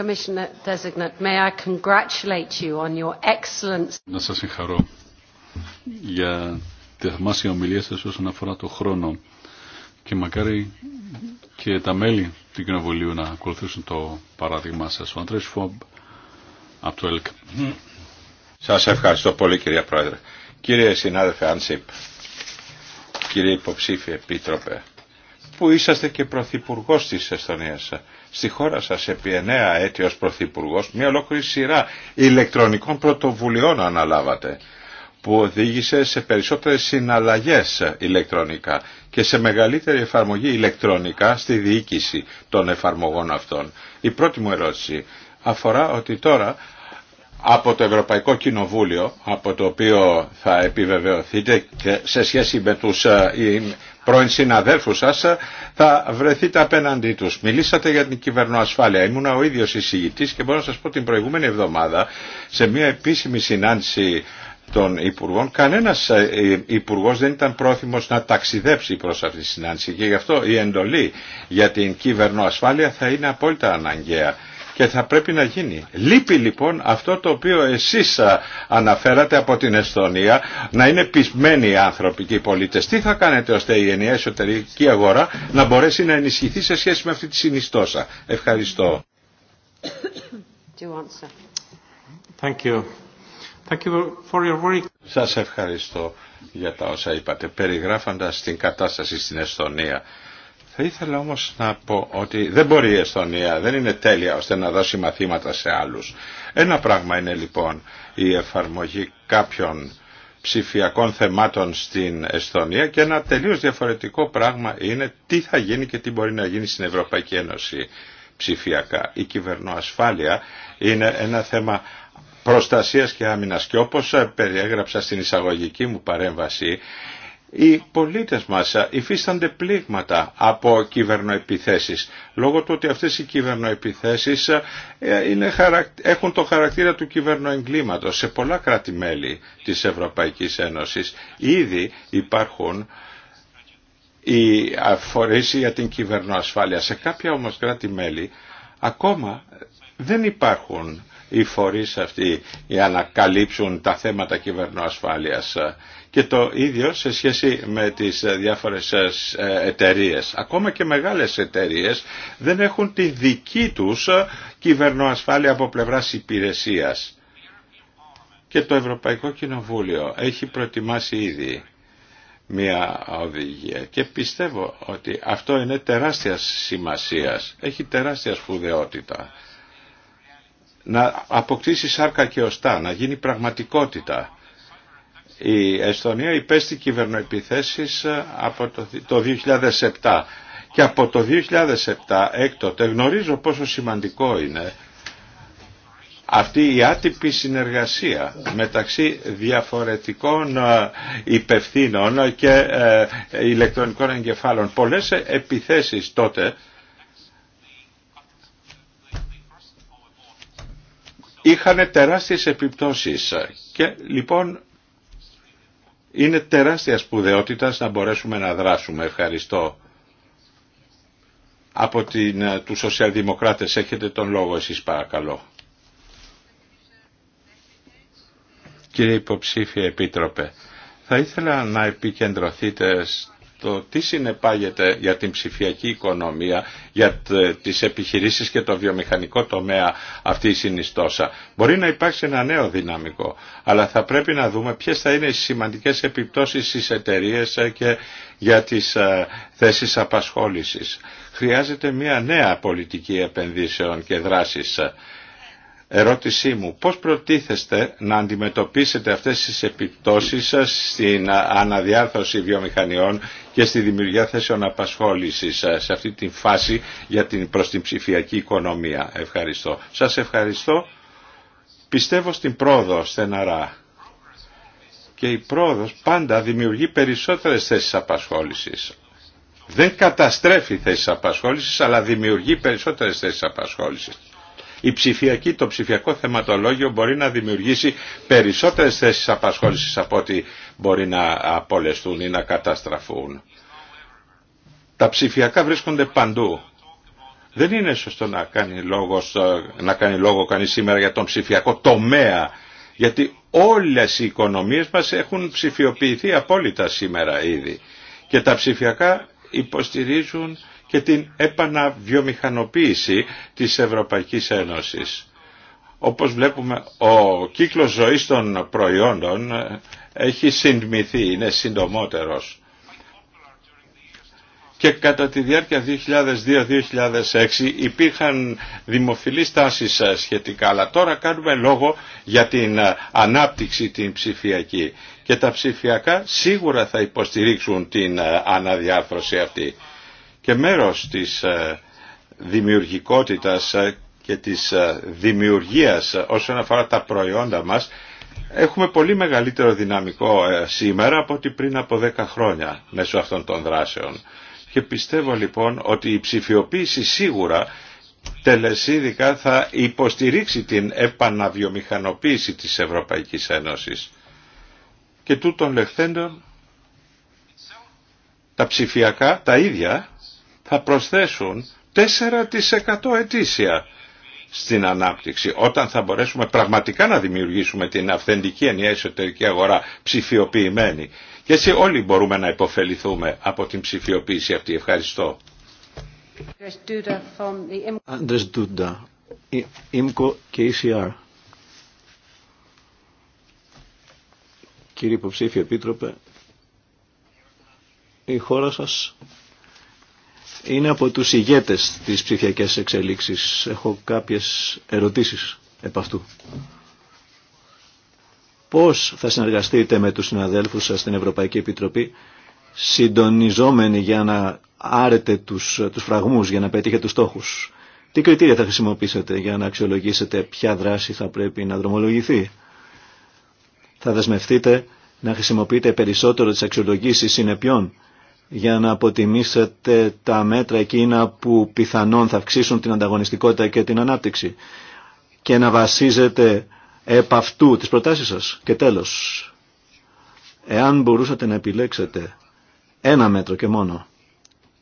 Commissioner Designate, may I congratulate you on your Να σας συγχαρώ για τη θαυμάσια ομιλία σας όσον αφορά το χρόνο και μακάρι και τα μέλη του Κοινοβουλίου να ακολουθήσουν το παράδειγμα σας. Ο Αντρέας Φόμπ από το ΕΛΚ. Σας ευχαριστώ πολύ κυρία Πρόεδρε. Κύριε συνάδελφε Άνσιπ, κύριε υποψήφιε επίτροπε, που είσαστε και Πρωθυπουργό της Εστονίας. Στη χώρα σας επί εννέα έτη ως Πρωθυπουργός μια ολόκληρη σειρά ηλεκτρονικών πρωτοβουλειών αναλάβατε που οδήγησε σε περισσότερες συναλλαγές ηλεκτρονικά και σε μεγαλύτερη εφαρμογή ηλεκτρονικά στη διοίκηση των εφαρμογών αυτών. Η πρώτη μου ερώτηση αφορά ότι τώρα από το Ευρωπαϊκό Κοινοβούλιο, από το οποίο θα επιβεβαιωθείτε σε σχέση με τους ε, πρώην συναδέλφου σα, θα βρεθείτε απέναντί του, Μιλήσατε για την κυβερνοασφάλεια. Ήμουν ο ίδιος εισηγητή και μπορώ να σας πω την προηγούμενη εβδομάδα σε μια επίσημη συνάντηση των Υπουργών. Κανένας ε, υπουργό δεν ήταν πρόθυμος να ταξιδέψει προς αυτή τη συνάντηση και γι' αυτό η εντολή για την κυβερνοασφάλεια θα είναι απόλυτα αναγκαία και θα πρέπει να γίνει. Λείπει λοιπόν αυτό το οποίο εσείς αναφέρατε από την Εσθονία να είναι πεισμένοι οι άνθρωποι και οι πολίτες. Τι θα κάνετε ώστε η ενιαία εσωτερική αγορά να μπορέσει να ενισχυθεί σε σχέση με αυτή τη συνιστόσα. Ευχαριστώ. Thank Σας ευχαριστώ για τα όσα είπατε περιγράφοντας την κατάσταση στην Εσθονία. Θα ήθελα όμως να πω ότι δεν μπορεί η Εστονία, δεν είναι τέλεια ώστε να δώσει μαθήματα σε άλλους. Ένα πράγμα είναι λοιπόν η εφαρμογή κάποιων ψηφιακών θεμάτων στην Εστονία και ένα τελείως διαφορετικό πράγμα είναι τι θα γίνει και τι μπορεί να γίνει στην Ευρωπαϊκή Ένωση ψηφιακά. Η κυβερνοασφάλεια είναι ένα θέμα προστασίας και άμυνας και όπως περιέγραψα στην εισαγωγική μου παρέμβαση οι πολίτες μας υφίστανται πλήγματα από κυβερνοεπιθέσεις λόγω του ότι αυτές οι κυβερνοεπιθέσεις ε, είναι, έχουν το χαρακτήρα του κυβερνοεγκλήματος σε πολλά κράτη-μέλη της Ευρωπαϊκής Ένωσης. Ήδη υπάρχουν οι φορείς για την κυβερνοασφάλεια. Σε κάποια όμως κράτη-μέλη ακόμα δεν υπάρχουν οι φορείς αυτοί για να καλύψουν τα θέματα κυβερνοασφάλειας. Και το ίδιο σε σχέση με τις διάφορες ε, εταιρείες. Ακόμα και μεγάλες εταιρείες δεν έχουν τη δική τους ε, κυβερνοασφάλεια από πλευράς υπηρεσίας. Και το Ευρωπαϊκό Κοινοβούλιο έχει προετοιμάσει ήδη μια οδηγία και πιστεύω ότι αυτό είναι τεράστια σημασίας, έχει τεράστια σπουδαιότητα. Να αποκτήσει σάρκα και οστά, να γίνει πραγματικότητα η Εστονία υπέστη κυβερνοεπιθέσεις ε, από το, το 2007 και από το 2007 έκτοτε γνωρίζω πόσο σημαντικό είναι αυτή η άτυπη συνεργασία μεταξύ διαφορετικών ε, υπευθύνων και ε, ηλεκτρονικών εγκεφάλων. Πολλές επιθέσεις τότε είχαν τεράστιες επιπτώσεις και λοιπόν είναι τεράστια σπουδαιότητα να μπορέσουμε να δράσουμε. Ευχαριστώ. Από την, ε, τους σοσιαλδημοκράτες έχετε τον λόγο εσείς παρακαλώ. Κύριε Υποψήφια Επίτροπε, θα ήθελα να επικεντρωθείτε το τι συνεπάγεται για την ψηφιακή οικονομία, για τις επιχειρήσεις και το βιομηχανικό τομέα αυτή η συνιστόσα. Μπορεί να υπάρξει ένα νέο δυναμικό, αλλά θα πρέπει να δούμε ποιες θα είναι οι σημαντικές επιπτώσεις στις εταιρείε ε, και για τις ε, θέσεις απασχόλησης. Χρειάζεται μια νέα πολιτική επενδύσεων και δράσης ε, Ερώτησή μου, πώς προτίθεστε να αντιμετωπίσετε αυτές τις επιπτώσεις σας στην αναδιάρθρωση βιομηχανιών και στη δημιουργία θέσεων απασχόλησης σε αυτή τη φάση για την προς την ψηφιακή οικονομία. Ευχαριστώ. Σας ευχαριστώ. Πιστεύω στην πρόοδο στεναρά. Και η πρόοδος πάντα δημιουργεί περισσότερες θέσεις απασχόλησης. Δεν καταστρέφει θέσεις απασχόλησης, αλλά δημιουργεί περισσότερες θέσεις απασχόλησης η ψηφιακή, το ψηφιακό θεματολόγιο μπορεί να δημιουργήσει περισσότερες θέσεις απασχόλησης από ό,τι μπορεί να απολεστούν ή να καταστραφούν. Τα ψηφιακά βρίσκονται παντού. Δεν είναι σωστό να κάνει, λόγο, να κάνει λόγο κανείς σήμερα για τον ψηφιακό τομέα, γιατί όλες οι οικονομίες μας έχουν ψηφιοποιηθεί απόλυτα σήμερα ήδη. Και τα ψηφιακά υποστηρίζουν και την επαναβιομηχανοποίηση της Ευρωπαϊκής Ένωσης. Όπως βλέπουμε, ο κύκλος ζωής των προϊόντων ε, έχει συντμηθεί, είναι συντομότερος και κατά τη διάρκεια 2002-2006 υπήρχαν δημοφιλείς τάσεις ε, σχετικά, αλλά τώρα κάνουμε λόγο για την ε, ανάπτυξη την ψηφιακή και τα ψηφιακά σίγουρα θα υποστηρίξουν την αναδιάρθρωση αυτή και μέρος της ε, δημιουργικότητας ε, και της ε, δημιουργίας όσον αφορά τα προϊόντα μας έχουμε πολύ μεγαλύτερο δυναμικό σήμερα από ότι πριν από 10 χρόνια μέσω αυτών των δράσεων. Και πιστεύω λοιπόν ότι η ψηφιοποίηση σίγουρα τελεσίδικα θα υποστηρίξει την επαναβιομηχανοποίηση της Ευρωπαϊκής Ένωσης. Και τούτων λεχθέντων τα ψηφιακά τα ίδια θα προσθέσουν 4% ετήσια στην ανάπτυξη, όταν θα μπορέσουμε πραγματικά να δημιουργήσουμε την αυθεντική ενιαία εσωτερική αγορά ψηφιοποιημένη. Και έτσι όλοι μπορούμε να υποφεληθούμε από την ψηφιοποίηση αυτή. Ευχαριστώ. Duda, και Κύριε Υποψήφιο Επίτροπε, η χώρα σας είναι από τους ηγέτες της ψηφιακές εξελίξεις. Έχω κάποιες ερωτήσεις επ' αυτού. Πώς θα συνεργαστείτε με τους συναδέλφους σας στην Ευρωπαϊκή Επιτροπή συντονιζόμενοι για να άρετε τους, τους φραγμούς, για να πετύχετε τους στόχους. Τι κριτήρια θα χρησιμοποιήσετε για να αξιολογήσετε ποια δράση θα πρέπει να δρομολογηθεί. Θα δεσμευτείτε να χρησιμοποιείτε περισσότερο τις αξιολογήσεις συνεπιών για να αποτιμήσετε τα μέτρα εκείνα που πιθανόν θα αυξήσουν την ανταγωνιστικότητα και την ανάπτυξη και να βασίζετε επ' αυτού τις προτάσεις σας. Και τέλος, εάν μπορούσατε να επιλέξετε ένα μέτρο και μόνο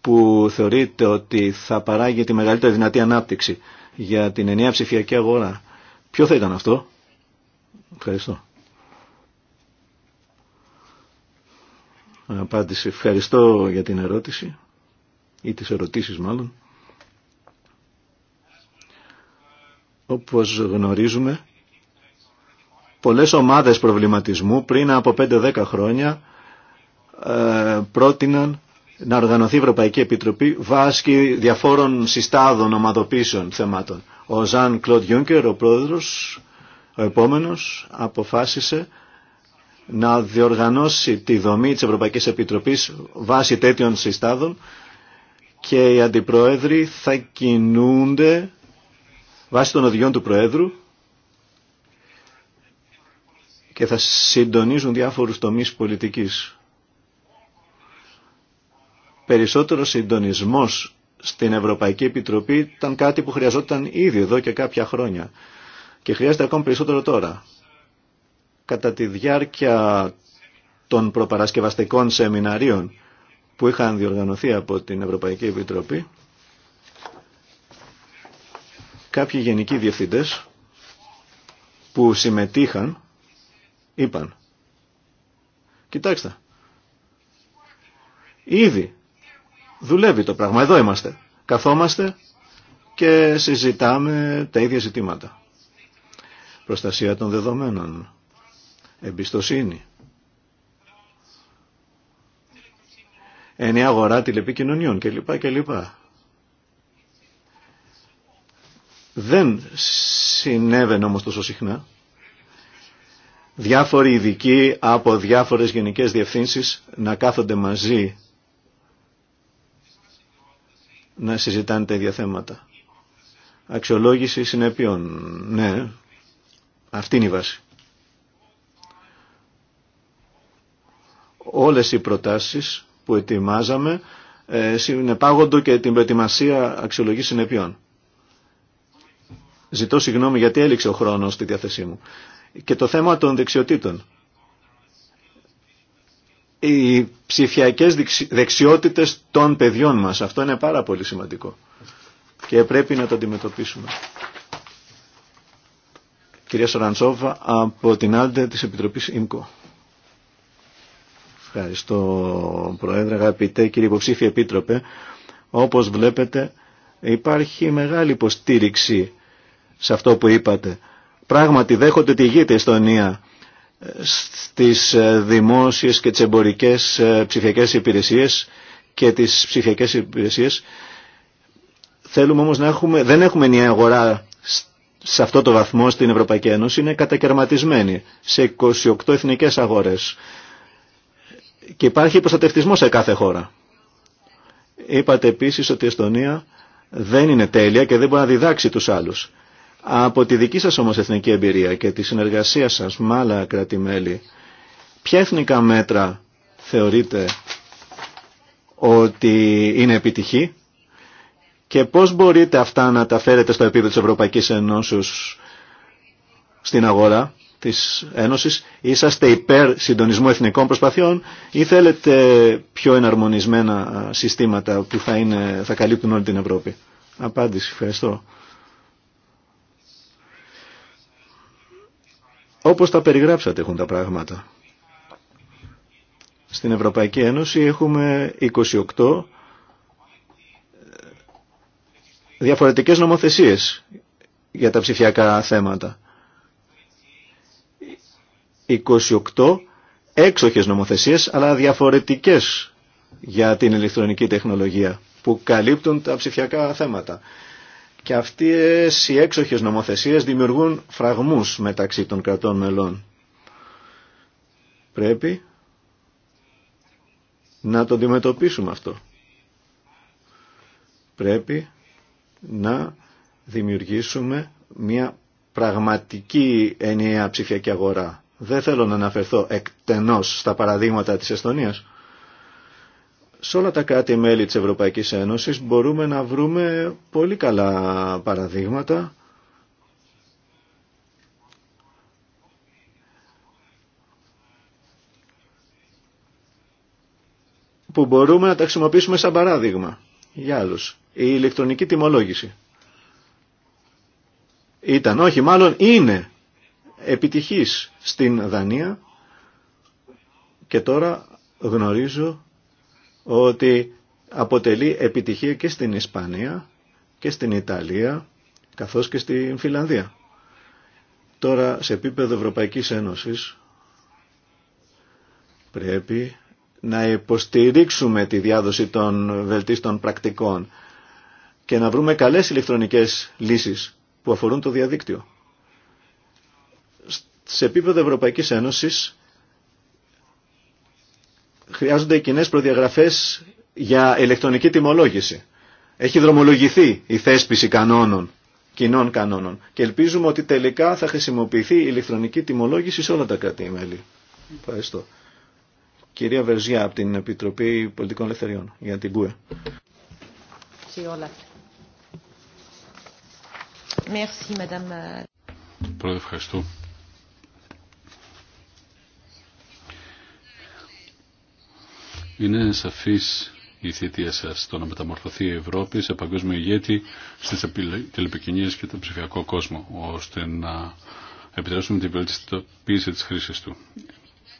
που θεωρείτε ότι θα παράγει τη μεγαλύτερη δυνατή ανάπτυξη για την ενιαία ψηφιακή αγορά, ποιο θα ήταν αυτό. Ευχαριστώ. Απάντηση. Ευχαριστώ για την ερώτηση ή τις ερωτήσεις μάλλον. Όπως γνωρίζουμε, πολλές ομάδες προβληματισμού πριν από 5-10 χρόνια ε, πρότειναν να οργανωθεί η Ευρωπαϊκή Επιτροπή βάσκη διαφόρων συστάδων ομαδοποίησεων θεμάτων. Ο Ζαν Κλοντ Γιούνκερ, ο πρόεδρος, ο επόμενος, αποφάσισε να διοργανώσει τη δομή της Ευρωπαϊκής Επιτροπής βάσει τέτοιων συστάδων και οι αντιπρόεδροι θα κινούνται βάσει των οδηγιών του Προέδρου και θα συντονίζουν διάφορους τομείς πολιτικής. Περισσότερο συντονισμός στην Ευρωπαϊκή Επιτροπή ήταν κάτι που χρειαζόταν ήδη εδώ και κάποια χρόνια και χρειάζεται ακόμα περισσότερο τώρα κατά τη διάρκεια των προπαρασκευαστικών σεμιναρίων που είχαν διοργανωθεί από την Ευρωπαϊκή Επιτροπή, κάποιοι γενικοί διευθυντές που συμμετείχαν είπαν «Κοιτάξτε, ήδη δουλεύει το πράγμα, εδώ είμαστε, καθόμαστε και συζητάμε τα ίδια ζητήματα. Προστασία των δεδομένων, εμπιστοσύνη. ενιαία αγορά τηλεπικοινωνιών κλπ. κλπ. Δεν συνέβαινε όμως τόσο συχνά. Διάφοροι ειδικοί από διάφορες γενικές διευθύνσεις να κάθονται μαζί να συζητάνε τα ίδια θέματα. Αξιολόγηση συνέπειων. Ναι, αυτή είναι η βάση. όλες οι προτάσεις που ετοιμάζαμε ε, συνεπάγονται και την προετοιμασία αξιολογής συνεπειών. Ζητώ συγγνώμη γιατί έληξε ο χρόνος στη διάθεσή μου. Και το θέμα των δεξιοτήτων. Οι ψηφιακές δεξιότητες των παιδιών μας. Αυτό είναι πάρα πολύ σημαντικό. Και πρέπει να το αντιμετωπίσουμε. Κυρία Σοραντσόβα από την Άλντε της Επιτροπής ΙΜΚΟ. Ευχαριστώ Προέδρε, αγαπητέ κύριε υποψήφιε επίτροπε. Όπως βλέπετε υπάρχει μεγάλη υποστήριξη σε αυτό που είπατε. Πράγματι δέχονται τη γη της Εστονία ε, στις ε, δημόσιες και τις εμπορικές ε, ψηφιακές υπηρεσίες και τις ψηφιακές υπηρεσίες. Θέλουμε όμως να έχουμε, δεν έχουμε μια αγορά σε αυτό το βαθμό στην Ευρωπαϊκή Ένωση, είναι κατακαιρματισμένη σε 28 εθνικές αγορές και υπάρχει προστατευτισμό σε κάθε χώρα. Είπατε επίση ότι η Εστονία δεν είναι τέλεια και δεν μπορεί να διδάξει τους άλλους. Από τη δική σας όμως εθνική εμπειρία και τη συνεργασία σας με άλλα ποια εθνικά μέτρα θεωρείτε ότι είναι επιτυχή και πώς μπορείτε αυτά να τα φέρετε στο επίπεδο της Ευρωπαϊκής Ενώσεως στην αγορά της Ένωσης, είσαστε υπέρ συντονισμού εθνικών προσπαθειών ή θέλετε πιο εναρμονισμένα συστήματα που θα, είναι, θα καλύπτουν όλη την Ευρώπη. Απάντηση, ευχαριστώ. Όπως τα περιγράψατε έχουν τα πράγματα. Στην Ευρωπαϊκή Ένωση έχουμε 28 ε, διαφορετικές νομοθεσίες για τα ψηφιακά θέματα. 28 έξοχες νομοθεσίες αλλά διαφορετικές για την ηλεκτρονική τεχνολογία που καλύπτουν τα ψηφιακά θέματα. Και αυτές οι έξοχες νομοθεσίες δημιουργούν φραγμούς μεταξύ των κρατών μελών. Πρέπει να το αντιμετωπίσουμε αυτό. Πρέπει να δημιουργήσουμε μια πραγματική ενιαία ψηφιακή αγορά δεν θέλω να αναφερθώ εκτενώς στα παραδείγματα της Εστονίας. Σε όλα τα κράτη-μέλη της Ευρωπαϊκής Ένωσης μπορούμε να βρούμε πολύ καλά παραδείγματα που μπορούμε να τα χρησιμοποιήσουμε σαν παράδειγμα για άλλους. Η ηλεκτρονική τιμολόγηση. Ήταν, όχι, μάλλον είναι επιτυχής στην Δανία και τώρα γνωρίζω ότι αποτελεί επιτυχία και στην Ισπανία και στην Ιταλία καθώς και στην Φιλανδία. Τώρα σε επίπεδο Ευρωπαϊκής Ένωσης πρέπει να υποστηρίξουμε τη διάδοση των βελτίστων πρακτικών και να βρούμε καλές ηλεκτρονικές λύσεις που αφορούν το διαδίκτυο. Σε επίπεδο Ευρωπαϊκής Ένωσης χρειάζονται κοινέ προδιαγραφές για ηλεκτρονική τιμολόγηση. Έχει δρομολογηθεί η θέσπιση κανόνων, κοινών κανόνων και ελπίζουμε ότι τελικά θα χρησιμοποιηθεί η ηλεκτρονική τιμολόγηση σε όλα τα κράτη-μέλη. Ευχαριστώ. Κυρία Βερζιά από την Επιτροπή Πολιτικών Ελευθεριών για την ΚΟΕ. ευχαριστώ. Είναι σαφή η θητεία σας το να μεταμορφωθεί η Ευρώπη σε παγκόσμιο ηγέτη στις τηλεπικοινίε και τον ψηφιακό κόσμο, ώστε να επιτρέψουμε την βελτιστοποίηση τη χρήση του.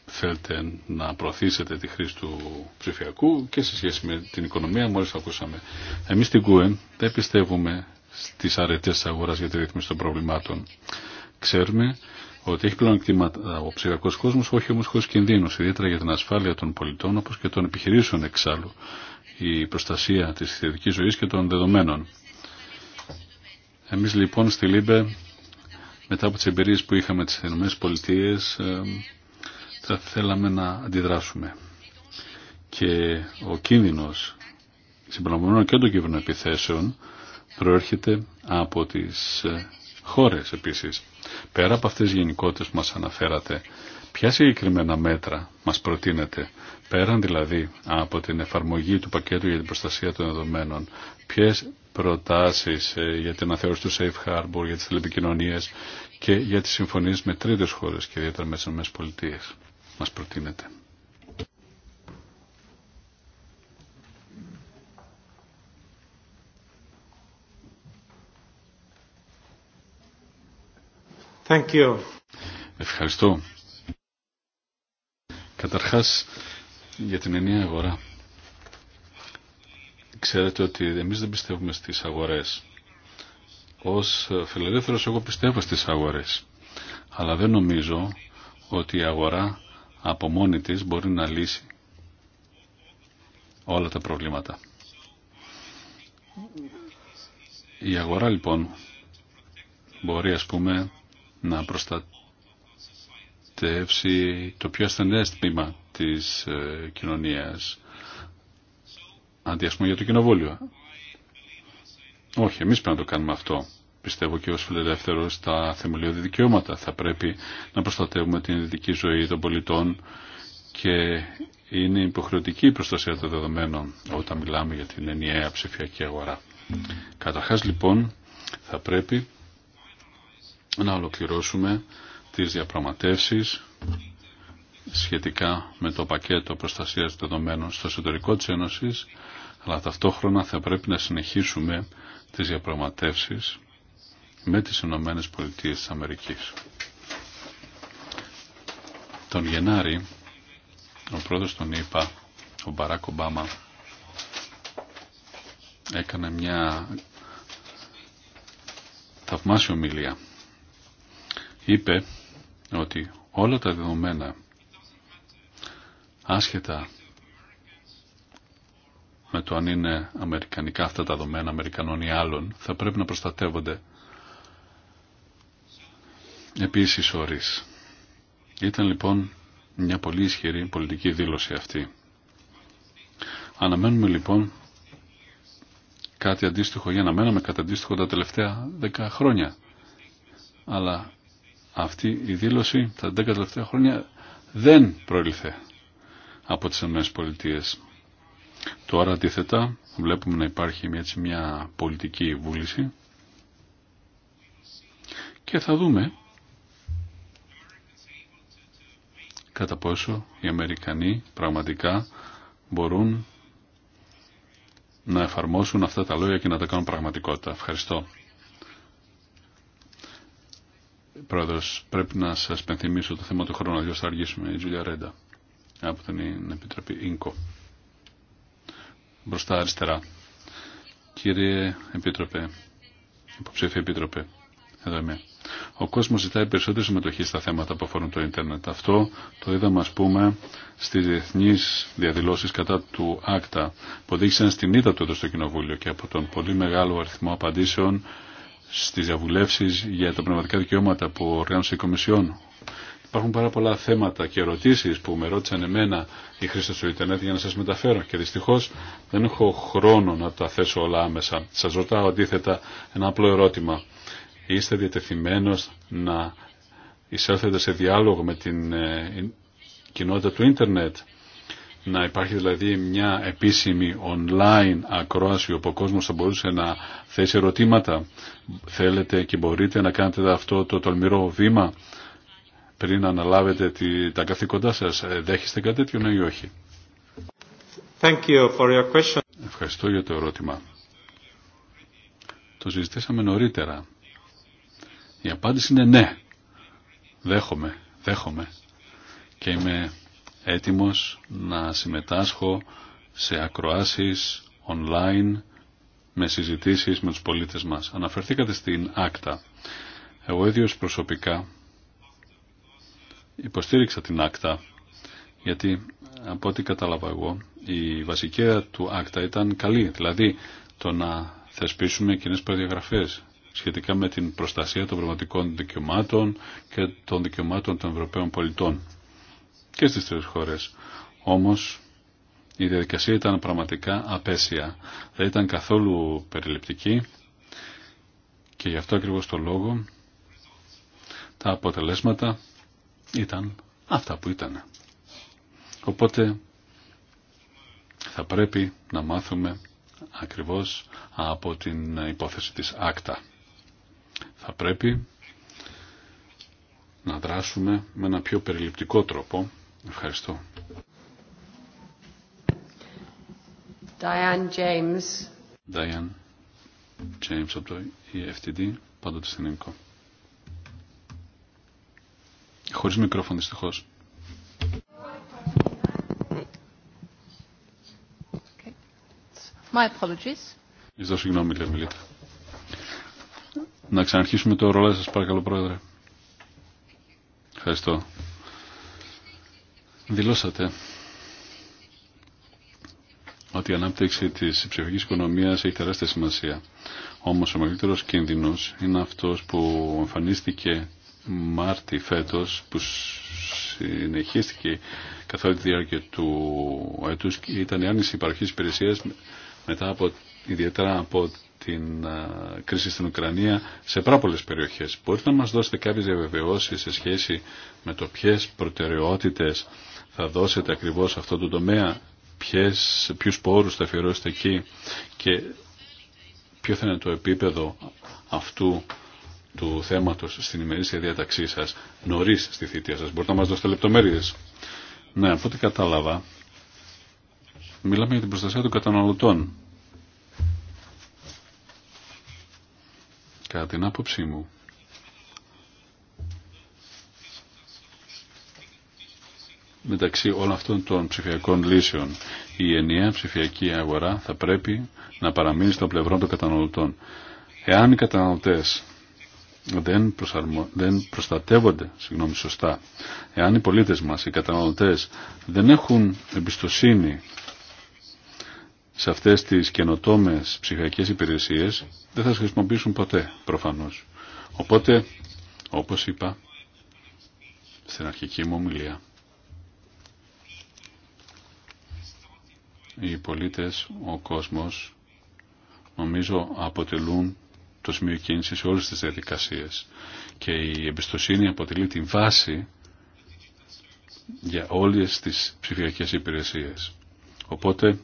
Θέλετε να προωθήσετε τη χρήση του ψηφιακού και σε σχέση με την οικονομία, μόλι το ακούσαμε. Εμείς στην ΚΟΕ δεν πιστεύουμε στις αρετές τη αγορά για τη ρύθμιση των προβλημάτων. Ξέρουμε ότι έχει πλέον κτήματα ο ψηφιακό κόσμο, όχι όμω χωρί κινδύνου, ιδιαίτερα για την ασφάλεια των πολιτών όπω και των επιχειρήσεων εξάλλου, η προστασία τη θετική ζωή και των δεδομένων. Εμεί λοιπόν στη ΛΥΜΠΕ, μετά από τι εμπειρίε που είχαμε τι ΗΠΑ, ε, θα θέλαμε να αντιδράσουμε. Και ο κίνδυνο συμπεριλαμβανομένων και των επιθέσεων προέρχεται από τι ε, χώρε επίση. Πέρα από αυτές τις γενικότητες που μας αναφέρατε, ποια συγκεκριμένα μέτρα μας προτείνετε, πέραν δηλαδή από την εφαρμογή του πακέτου για την προστασία των δεδομένων, ποιες προτάσεις ε, για την αναθεώρηση του Safe Harbor, για τις τηλεπικοινωνίες και για τις συμφωνίες με τρίτες χώρες και ιδιαίτερα με τις πολιτείες, μας προτείνεται. Thank you. Ευχαριστώ. Καταρχάς για την ενιαία αγορά. Ξέρετε ότι εμείς δεν πιστεύουμε στις αγορές. Ως φιλελεύθερος εγώ πιστεύω στις αγορές. Αλλά δεν νομίζω ότι η αγορά από μόνη της μπορεί να λύσει όλα τα προβλήματα. Η αγορά λοιπόν μπορεί ας πούμε να προστατεύσει το πιο ασθενές τμήμα της ε, κοινωνίας. Αντί για το κοινοβούλιο. Όχι, εμείς πρέπει να το κάνουμε αυτό. Πιστεύω και ως φιλελεύθερος στα θεμελιώδη δικαιώματα. Θα πρέπει να προστατεύουμε την ειδική ζωή των πολιτών και είναι υποχρεωτική η προστασία των δεδομένων όταν μιλάμε για την ενιαία ψηφιακή αγορά. Καταρχάς λοιπόν θα πρέπει να ολοκληρώσουμε τις διαπραγματεύσεις σχετικά με το πακέτο προστασίας δεδομένων στο εσωτερικό της Ένωσης, αλλά ταυτόχρονα θα πρέπει να συνεχίσουμε τις διαπραγματεύσεις με τις Ηνωμένες Πολιτείες της Αμερικής. Τον Γενάρη, ο πρόεδρος τον είπα, ο Μπαράκ Ομπάμα, έκανε μια θαυμάσια ομιλία είπε ότι όλα τα δεδομένα άσχετα με το αν είναι αμερικανικά αυτά τα δεδομένα Αμερικανών ή άλλων θα πρέπει να προστατεύονται επίσης όρις. Ήταν λοιπόν μια πολύ ισχυρή πολιτική δήλωση αυτή. Αναμένουμε λοιπόν κάτι αντίστοιχο για να μέναμε κατά αντίστοιχο τα τελευταία δέκα χρόνια. Αλλά αυτή η δήλωση τα 10 τελευταία χρόνια δεν προήλθε από τις πολιτείες. Τώρα αντίθετα βλέπουμε να υπάρχει μια, έτσι, μια πολιτική βούληση και θα δούμε κατά πόσο οι Αμερικανοί πραγματικά μπορούν να εφαρμόσουν αυτά τα λόγια και να τα κάνουν πραγματικότητα. Ευχαριστώ. Πρόεδρος, πρέπει να σας πενθυμίσω το θέμα του χρόνου, διότι θα αργήσουμε. Η Τζούλια Ρέντα από την Επιτροπή Ίνκο. Μπροστά αριστερά. Κύριε Επίτροπε, υποψήφιε Επίτροπε, εδώ είμαι. Ο κόσμος ζητάει περισσότερη συμμετοχή στα θέματα που αφορούν το ίντερνετ. Αυτό το είδαμε, ας πούμε, στις διεθνείς διαδηλώσεις κατά του ΆΚΤΑ, που οδήγησαν στην ήττα του εδώ στο Κοινοβούλιο και από τον πολύ μεγάλο αριθμό απαντήσεων στις διαβουλεύσεις για τα πνευματικά δικαιώματα που οργάνωσε η Κομισιόν. Υπάρχουν πάρα πολλά θέματα και ερωτήσεις που με ρώτησαν εμένα οι χρήστες του Ιντερνετ για να σας μεταφέρω και δυστυχώς δεν έχω χρόνο να τα θέσω όλα άμεσα. Σας ρωτάω αντίθετα ένα απλό ερώτημα. Είστε διατεθειμένος να εισέλθετε σε διάλογο με την ε, κοινότητα του ίντερνετ να υπάρχει δηλαδή μια επίσημη online ακρόαση όπου ο κόσμος θα μπορούσε να θέσει ερωτήματα. Θέλετε και μπορείτε να κάνετε αυτό το τολμηρό βήμα πριν αναλάβετε τη, τα καθήκοντά σας. Ε, δέχεστε κάτι τέτοιο ναι ή όχι. Ευχαριστώ για το ερώτημα. Το συζητήσαμε νωρίτερα. Η απάντηση είναι ναι. Δέχομαι, δέχομαι. Και είμαι έτοιμος να συμμετάσχω σε ακροάσεις online με συζητήσεις με τους πολίτες μας. Αναφερθήκατε στην άκτα. Εγώ ίδιος προσωπικά υποστήριξα την άκτα γιατί από ό,τι κατάλαβα εγώ η βασική του άκτα ήταν καλή. Δηλαδή το να θεσπίσουμε κοινέ προδιαγραφές σχετικά με την προστασία των πραγματικών δικαιωμάτων και των δικαιωμάτων των Ευρωπαίων πολιτών και στις τρεις χώρες. Όμως η διαδικασία ήταν πραγματικά απέσια. Δεν ήταν καθόλου περιληπτική και γι' αυτό ακριβώς το λόγο τα αποτελέσματα ήταν αυτά που ήταν. Οπότε θα πρέπει να μάθουμε ακριβώς από την υπόθεση της άκτα. Θα πρέπει να δράσουμε με ένα πιο περιληπτικό τρόπο Ευχαριστώ. Diane James. Diane James από το EFTD, πάντοτε στην ΕΜΚΟ. Χωρίς μικρόφωνο δυστυχώς. My apologies. Ζητώ συγγνώμη, λέει Μιλίτα. Να ξαναρχίσουμε το ρολόι σας, παρακαλώ, Πρόεδρε. Ευχαριστώ. Δηλώσατε ότι η ανάπτυξη τη ψυχική οικονομία έχει τεράστια σημασία. Όμω ο μεγαλύτερο κίνδυνο είναι αυτός που εμφανίστηκε Μάρτι φέτος που συνεχίστηκε καθ' όλη τη διάρκεια του Ετού. ήταν η άρνηση υπαρχή υπηρεσία μετά από, ιδιαίτερα από την κρίση στην Ουκρανία σε πάρα πολλέ περιοχές. Μπορείτε να μας δώσετε κάποιε διαβεβαιώσει σε σχέση με το ποιε προτεραιότητες θα δώσετε ακριβώς αυτό το τομέα, ποιες, ποιους πόρους θα αφιερώσετε εκεί και ποιο θα είναι το επίπεδο αυτού του θέματος στην ημερήσια διάταξή σας νωρίς στη θητεία σας. Μπορείτε να μας δώσετε λεπτομέρειες. Ναι, από ό,τι κατάλαβα, μιλάμε για την προστασία των καταναλωτών. Κατά την άποψή μου, μεταξύ όλων αυτών των ψηφιακών λύσεων. Η ενιαία ψηφιακή αγορά θα πρέπει να παραμείνει στο πλευρό των καταναλωτών. Εάν οι καταναλωτές δεν, δεν προστατεύονται συγγνώμη, σωστά, εάν οι πολίτες μας, οι καταναλωτές δεν έχουν εμπιστοσύνη σε αυτές τις καινοτόμες ψηφιακές υπηρεσίες, δεν θα τις χρησιμοποιήσουν ποτέ προφανώς. Οπότε, όπως είπα στην αρχική μου ομιλία, οι πολίτες, ο κόσμος, νομίζω αποτελούν το σημείο κίνηση σε όλες τις διαδικασίες. Και η εμπιστοσύνη αποτελεί τη βάση για όλες τις ψηφιακές υπηρεσίες. Οπότε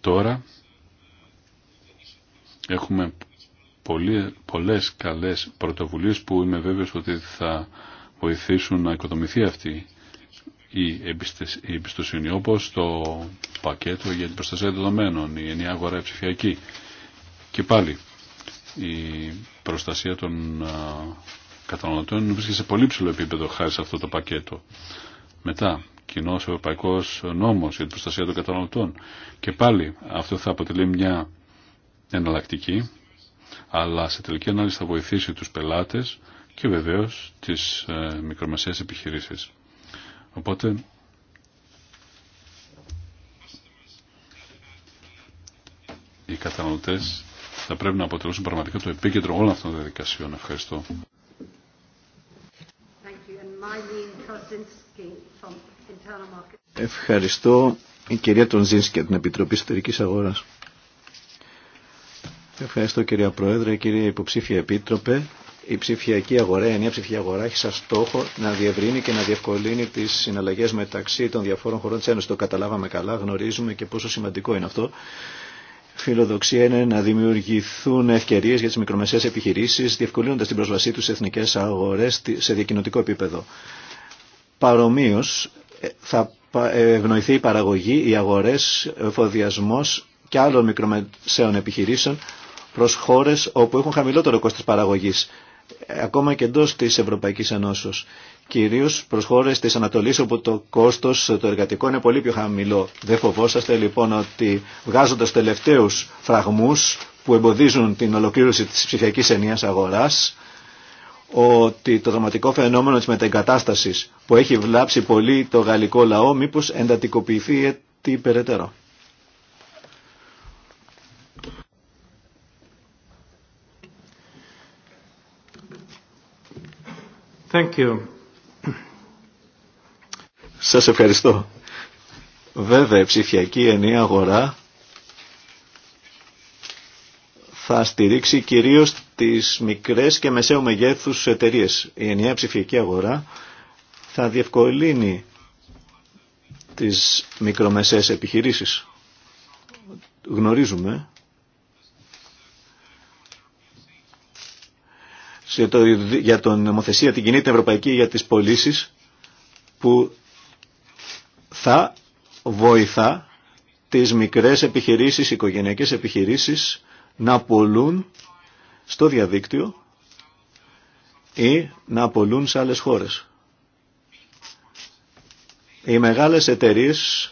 τώρα έχουμε πολλές καλές πρωτοβουλίες που είμαι βέβαιος ότι θα βοηθήσουν να οικοδομηθεί αυτή η εμπιστοσύνη όπως το πακέτο για την προστασία δεδομένων, η ενιαία αγορά ψηφιακή και πάλι η προστασία των καταναλωτών βρίσκεται σε πολύ ψηλό επίπεδο χάρη σε αυτό το πακέτο. Μετά, κοινό ευρωπαϊκό νόμο για την προστασία των καταναλωτών. Και πάλι αυτό θα αποτελεί μια εναλλακτική, αλλά σε τελική ανάλυση θα βοηθήσει τους πελάτες και βεβαίω τι ε, μικρομεσαίες επιχειρήσει. Οπότε οι καταναλωτέ θα πρέπει να αποτελούσουν πραγματικά το επίκεντρο όλων αυτών των διαδικασιών. Ευχαριστώ. Ευχαριστώ η κυρία Τονζίνσκη από την Επιτροπή Εσωτερικής Αγορά. Ευχαριστώ κυρία Πρόεδρε, κυρία Υποψήφια Επίτροπε η ψηφιακή αγορά, η ενιαία ψηφιακή αγορά έχει σαν στόχο να διευρύνει και να διευκολύνει τι συναλλαγέ μεταξύ των διαφόρων χωρών τη Ένωση. Το καταλάβαμε καλά, γνωρίζουμε και πόσο σημαντικό είναι αυτό. Φιλοδοξία είναι να δημιουργηθούν ευκαιρίε για τι μικρομεσαίες επιχειρήσει, διευκολύνοντα την πρόσβασή του σε εθνικέ αγορέ σε διακοινωτικό επίπεδο. Παρομοίω, ε, θα ε, ευνοηθεί η παραγωγή, οι αγορέ, ο εφοδιασμό και άλλων μικρομεσαίων επιχειρήσεων προ χώρε όπου έχουν χαμηλότερο κόστο παραγωγή ακόμα και εντό της Ευρωπαϊκής Ενώσεως. Κυρίως προς χώρες της Ανατολής όπου το κόστος το εργατικό είναι πολύ πιο χαμηλό. Δεν φοβόσαστε λοιπόν ότι βγάζοντας τελευταίους φραγμούς που εμποδίζουν την ολοκλήρωση της ψηφιακής ενίας αγοράς ότι το δραματικό φαινόμενο της μεταγκατάστασης που έχει βλάψει πολύ το γαλλικό λαό μήπως εντατικοποιηθεί περαιτέρω. Thank you. Σας ευχαριστώ. Βέβαια, η ψηφιακή ενιαία αγορά θα στηρίξει κυρίως τις μικρές και μεσαίου μεγέθους εταιρείες. Η ενιαία ψηφιακή αγορά θα διευκολύνει τις μικρομεσαίες επιχειρήσεις. Γνωρίζουμε το, για τον νομοθεσία την κοινή την ευρωπαϊκή για τις πωλήσει που θα βοηθά τις μικρές επιχειρήσεις, οικογενειακές επιχειρήσεις να πολλούν στο διαδίκτυο ή να πολλούν σε άλλες χώρες. Οι μεγάλες εταιρείες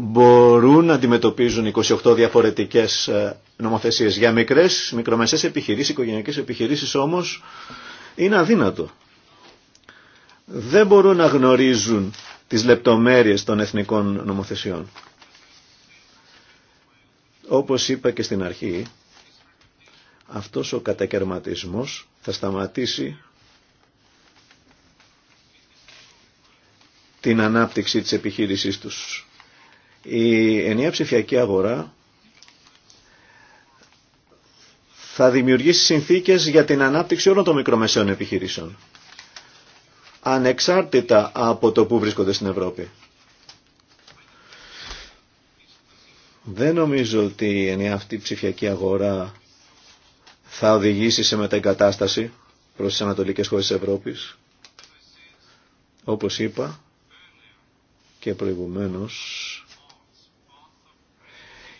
μπορούν να αντιμετωπίζουν 28 διαφορετικές ε, νομοθεσίες. Για μικρές, μικρομεσαίες επιχειρήσεις, οικογενειακές επιχειρήσεις όμως είναι αδύνατο. Δεν μπορούν να γνωρίζουν τις λεπτομέρειες των εθνικών νομοθεσιών. Όπως είπα και στην αρχή, αυτός ο κατακαιρματισμός θα σταματήσει την ανάπτυξη της επιχείρησής τους. Η ενιαία ψηφιακή αγορά θα δημιουργήσει συνθήκες για την ανάπτυξη όλων των μικρομεσαίων επιχειρήσεων. Ανεξάρτητα από το που βρίσκονται στην Ευρώπη. Δεν νομίζω ότι η αυτή ψηφιακή αγορά θα οδηγήσει σε μεταγκατάσταση προς τις ανατολικές χώρες της Ευρώπης. Όπως είπα και προηγουμένως,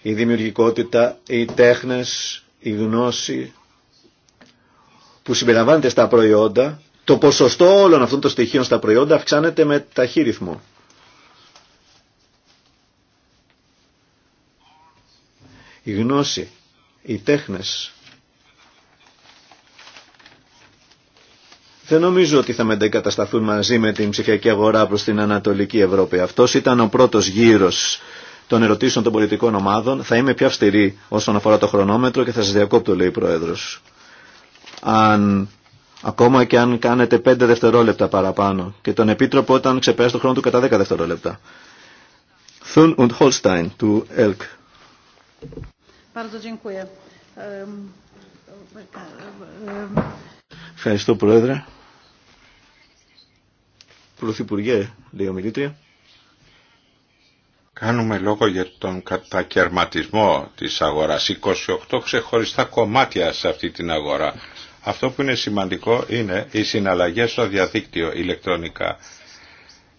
η δημιουργικότητα, οι τέχνες, η γνώση που συμπεριλαμβάνεται στα προϊόντα, το ποσοστό όλων αυτών των στοιχείων στα προϊόντα αυξάνεται με ταχύ ρυθμό. Η γνώση, οι τέχνες. Δεν νομίζω ότι θα μετεγκατασταθούν μαζί με την ψηφιακή αγορά προς την Ανατολική Ευρώπη. Αυτός ήταν ο πρώτος γύρος των ερωτήσεων των πολιτικών ομάδων. Θα είμαι πιο αυστηρή όσον αφορά το χρονόμετρο και θα σας διακόπτω, λέει ο Πρόεδρος. Αν, ακόμα και αν κάνετε 5 δευτερόλεπτα παραπάνω και τον Επίτροπο όταν ξεπεράσει το χρόνο του κατά 10 δευτερόλεπτα. Thun und Holstein του ΕΛΚ. Ευχαριστώ Πρόεδρε. Πρωθυπουργέ, λέει Μιλήτρια. Κάνουμε λόγο για τον κατακαιρματισμό της αγοράς. 28 ξεχωριστά κομμάτια σε αυτή την αγορά. Αυτό που είναι σημαντικό είναι οι συναλλαγές στο διαδίκτυο ηλεκτρονικά.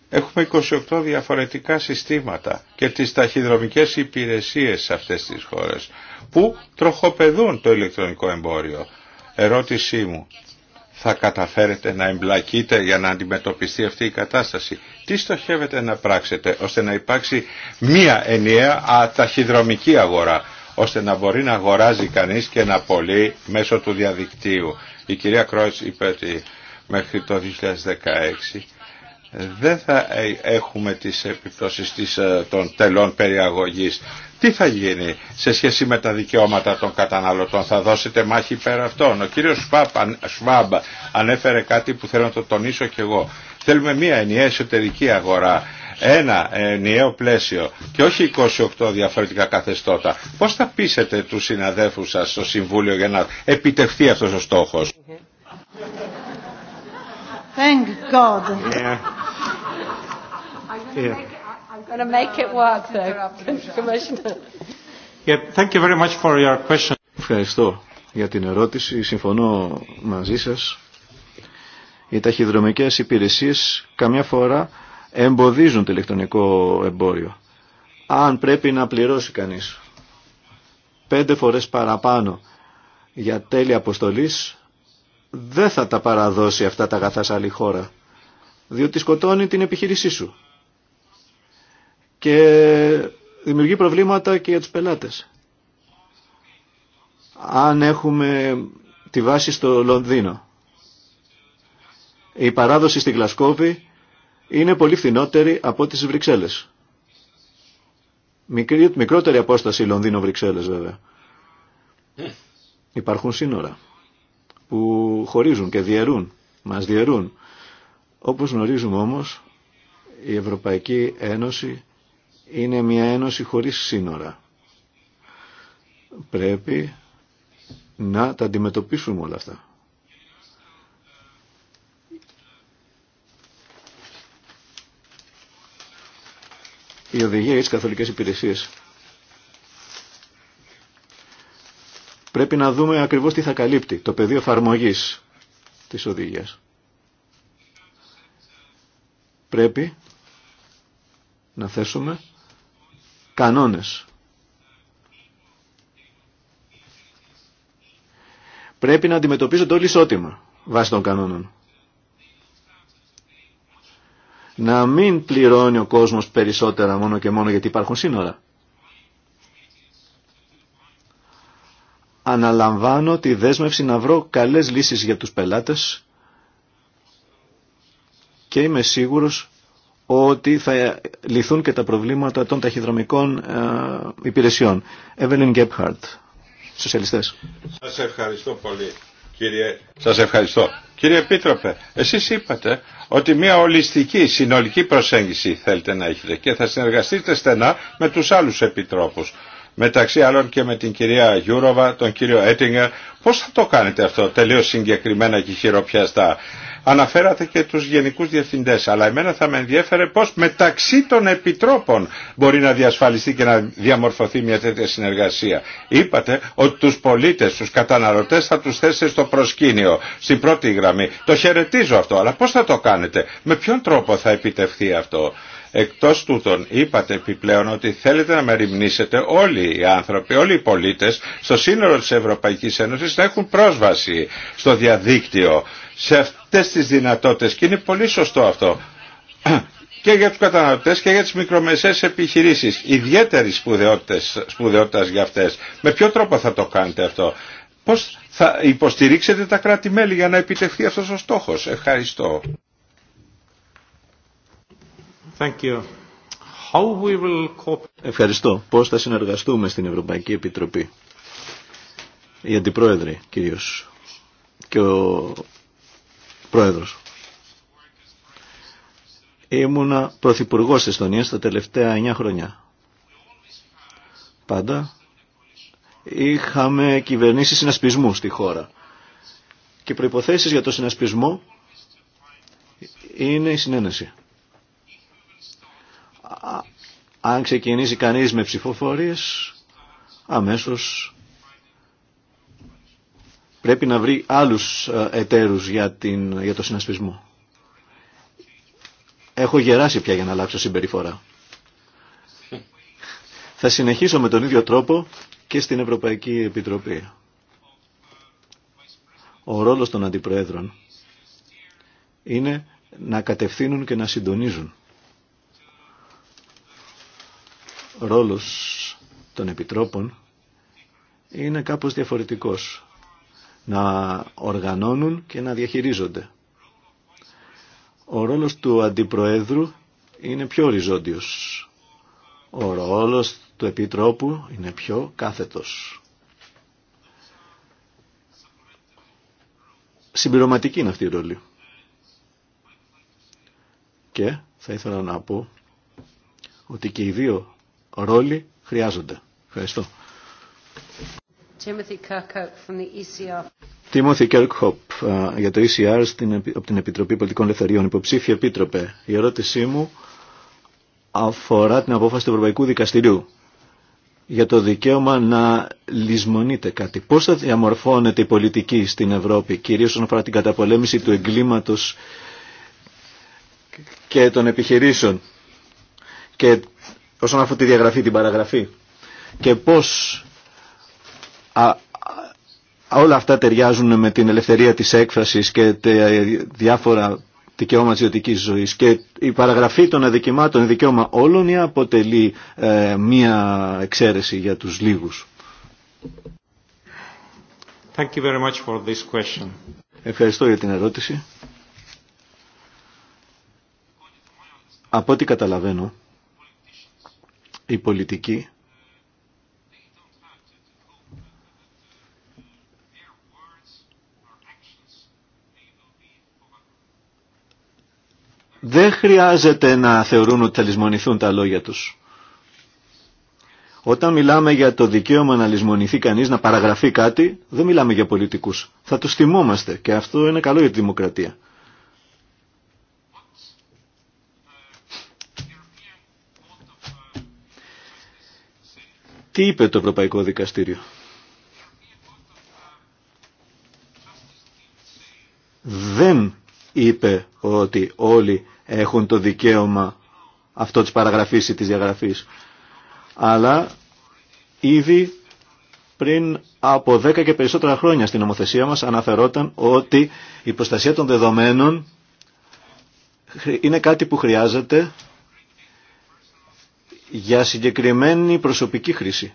Έχουμε 28 διαφορετικά συστήματα και τις ταχυδρομικές υπηρεσίες σε αυτές τις χώρες που τροχοπεδούν το ηλεκτρονικό εμπόριο. Ερώτησή μου, θα καταφέρετε να εμπλακείτε για να αντιμετωπιστεί αυτή η κατάσταση. Τι στοχεύετε να πράξετε ώστε να υπάρξει μία ενιαία αταχυδρομική αγορά ώστε να μπορεί να αγοράζει κανείς και να πωλεί μέσω του διαδικτύου. Η κυρία Κρότς είπε ότι μέχρι το 2016 δεν θα έχουμε τις επιπτώσεις της, ε, των τελών περιαγωγής. Τι θα γίνει σε σχέση με τα δικαιώματα των καταναλωτών, θα δώσετε μάχη πέρα αυτών. Ο κύριος Σφάμπ ανέφερε κάτι που θέλω να το τονίσω κι εγώ. Θέλουμε μια ενιαία εσωτερική αγορά ένα ενιαίο πλαίσιο και όχι 28 διαφορετικά καθεστώτα. Πώς θα πείσετε τους συναδέλφους σας στο Συμβούλιο για να επιτευχθεί αυτός ο στόχος. Thank God. Yeah. Ναι. I'm going to make it work, Yeah, question. Ευχαριστώ για την ερώτηση. Συμφωνώ μαζί σας. Οι ταχυδρομικές υπηρεσίες καμιά φορά εμποδίζουν το ηλεκτρονικό εμπόριο. Αν πρέπει να πληρώσει κανείς πέντε φορές παραπάνω για τέλη αποστολής, δεν θα τα παραδώσει αυτά τα αγαθά σε άλλη χώρα, διότι σκοτώνει την επιχείρησή σου και δημιουργεί προβλήματα και για τους πελάτες. Αν έχουμε τη βάση στο Λονδίνο, η παράδοση στη Γλασκόβη είναι πολύ φθηνότερη από τις Βρυξέλλες. Μικρή, μικρότερη απόσταση Λονδίνο-Βρυξέλλες βέβαια. Υπάρχουν σύνορα που χωρίζουν και διαιρούν, μας διαιρούν. Όπως γνωρίζουμε όμως, η Ευρωπαϊκή Ένωση είναι μια ένωση χωρίς σύνορα. Πρέπει να τα αντιμετωπίσουμε όλα αυτά. Η οδηγία για τις καθολικές υπηρεσίες. Πρέπει να δούμε ακριβώς τι θα καλύπτει το πεδίο εφαρμογή της οδηγίας. Πρέπει να θέσουμε κανόνες. Πρέπει να αντιμετωπίζονται όλοι ισότιμα βάσει των κανόνων. Να μην πληρώνει ο κόσμος περισσότερα μόνο και μόνο γιατί υπάρχουν σύνορα. Αναλαμβάνω τη δέσμευση να βρω καλές λύσεις για τους πελάτες και είμαι σίγουρος ότι θα λυθούν και τα προβλήματα των ταχυδρομικών ε, υπηρεσιών. Εβελίν Γκέπχαρτ, σοσιαλιστές. Σας ευχαριστώ πολύ. Κύριε... Σας ευχαριστώ. Κύριε Επίτροπε, εσείς είπατε ότι μια ολιστική συνολική προσέγγιση θέλετε να έχετε και θα συνεργαστείτε στενά με τους άλλους επιτρόπους μεταξύ άλλων και με την κυρία Γιούροβα, τον κύριο Έτιγκερ. Πώς θα το κάνετε αυτό τελείως συγκεκριμένα και χειροπιαστά. Αναφέρατε και τους γενικούς διευθυντές, αλλά εμένα θα με ενδιέφερε πώς μεταξύ των επιτρόπων μπορεί να διασφαλιστεί και να διαμορφωθεί μια τέτοια συνεργασία. Είπατε ότι τους πολίτες, τους καταναλωτές θα τους θέσετε στο προσκήνιο, στην πρώτη γραμμή. Το χαιρετίζω αυτό, αλλά πώς θα το κάνετε, με ποιον τρόπο θα επιτευχθεί αυτό. Εκτός τούτων είπατε επιπλέον ότι θέλετε να μεριμνήσετε όλοι οι άνθρωποι, όλοι οι πολίτες στο σύνολο της Ευρωπαϊκής Ένωσης να έχουν πρόσβαση στο διαδίκτυο σε αυτές τις δυνατότητες και είναι πολύ σωστό αυτό και για τους καταναλωτές και για τις μικρομεσαίες επιχειρήσεις ιδιαίτερη σπουδαιότητα για αυτές. Με ποιο τρόπο θα το κάνετε αυτό. Πώς θα υποστηρίξετε τα κράτη-μέλη για να επιτευχθεί αυτός ο στόχος. Ευχαριστώ. Ευχαριστώ. Πώς θα συνεργαστούμε στην Ευρωπαϊκή Επιτροπή. Οι αντιπρόεδροι κυρίως και ο πρόεδρος. Ήμουνα πρωθυπουργός τη Εστονίας τα τελευταία 9 χρόνια. Πάντα είχαμε κυβερνήσει συνασπισμού στη χώρα. Και προϋποθέσεις για το συνασπισμό είναι η συνένεση αν ξεκινήσει κανείς με ψηφοφορίες, αμέσως πρέπει να βρει άλλους ε, εταίρους για, την, για το συνασπισμό. Έχω γεράσει πια για να αλλάξω συμπεριφορά. Θα συνεχίσω με τον ίδιο τρόπο και στην Ευρωπαϊκή Επιτροπή. Ο ρόλος των αντιπροέδρων είναι να κατευθύνουν και να συντονίζουν. ρόλος των επιτρόπων είναι κάπως διαφορετικός. Να οργανώνουν και να διαχειρίζονται. Ο ρόλος του αντιπροέδρου είναι πιο οριζόντιος. Ο ρόλος του επιτρόπου είναι πιο κάθετος. Συμπληρωματική είναι αυτή η ρόλη. Και θα ήθελα να πω ότι και οι δύο ρόλοι χρειάζονται. Ευχαριστώ. Τίμωθη Κέρκχοπ e ε, για το ECR από την Επιτροπή Πολιτικών Ελευθεριών. Υποψήφια επίτροπε, η ερώτησή μου αφορά την απόφαση του Ευρωπαϊκού Δικαστηρίου για το δικαίωμα να λησμονείται κάτι. Πώς θα διαμορφώνεται η πολιτική στην Ευρώπη, κυρίως όσον αφορά την καταπολέμηση του εγκλήματος και των επιχειρήσεων και όσον αφού τη διαγραφή, την παραγραφή και πώς όλα αυτά ταιριάζουν με την ελευθερία της έκφρασης και διάφορα δικαιώματα ιδιωτική ζωή, ζωής και η παραγραφή των αδικημάτων, η δικαίωμα όλων ή αποτελεί ε, μία εξαίρεση για τους λίγους. Thank you very much for this question. Ευχαριστώ για την ερώτηση. Από ό,τι καταλαβαίνω, οι πολιτικοί δεν χρειάζεται να θεωρούν ότι θα λησμονηθούν τα λόγια τους. Όταν μιλάμε για το δικαίωμα να λησμονηθεί κανείς, να παραγραφεί κάτι, δεν μιλάμε για πολιτικούς. Θα τους θυμόμαστε και αυτό είναι καλό για τη δημοκρατία. Τι είπε το Ευρωπαϊκό Δικαστήριο. Δεν είπε ότι όλοι έχουν το δικαίωμα αυτό της παραγραφής ή της διαγραφής. Αλλά ήδη πριν από 10 και περισσότερα χρόνια στην νομοθεσία μας αναφερόταν ότι η προστασία των δεδομένων είναι κάτι που χρειάζεται για συγκεκριμένη προσωπική χρήση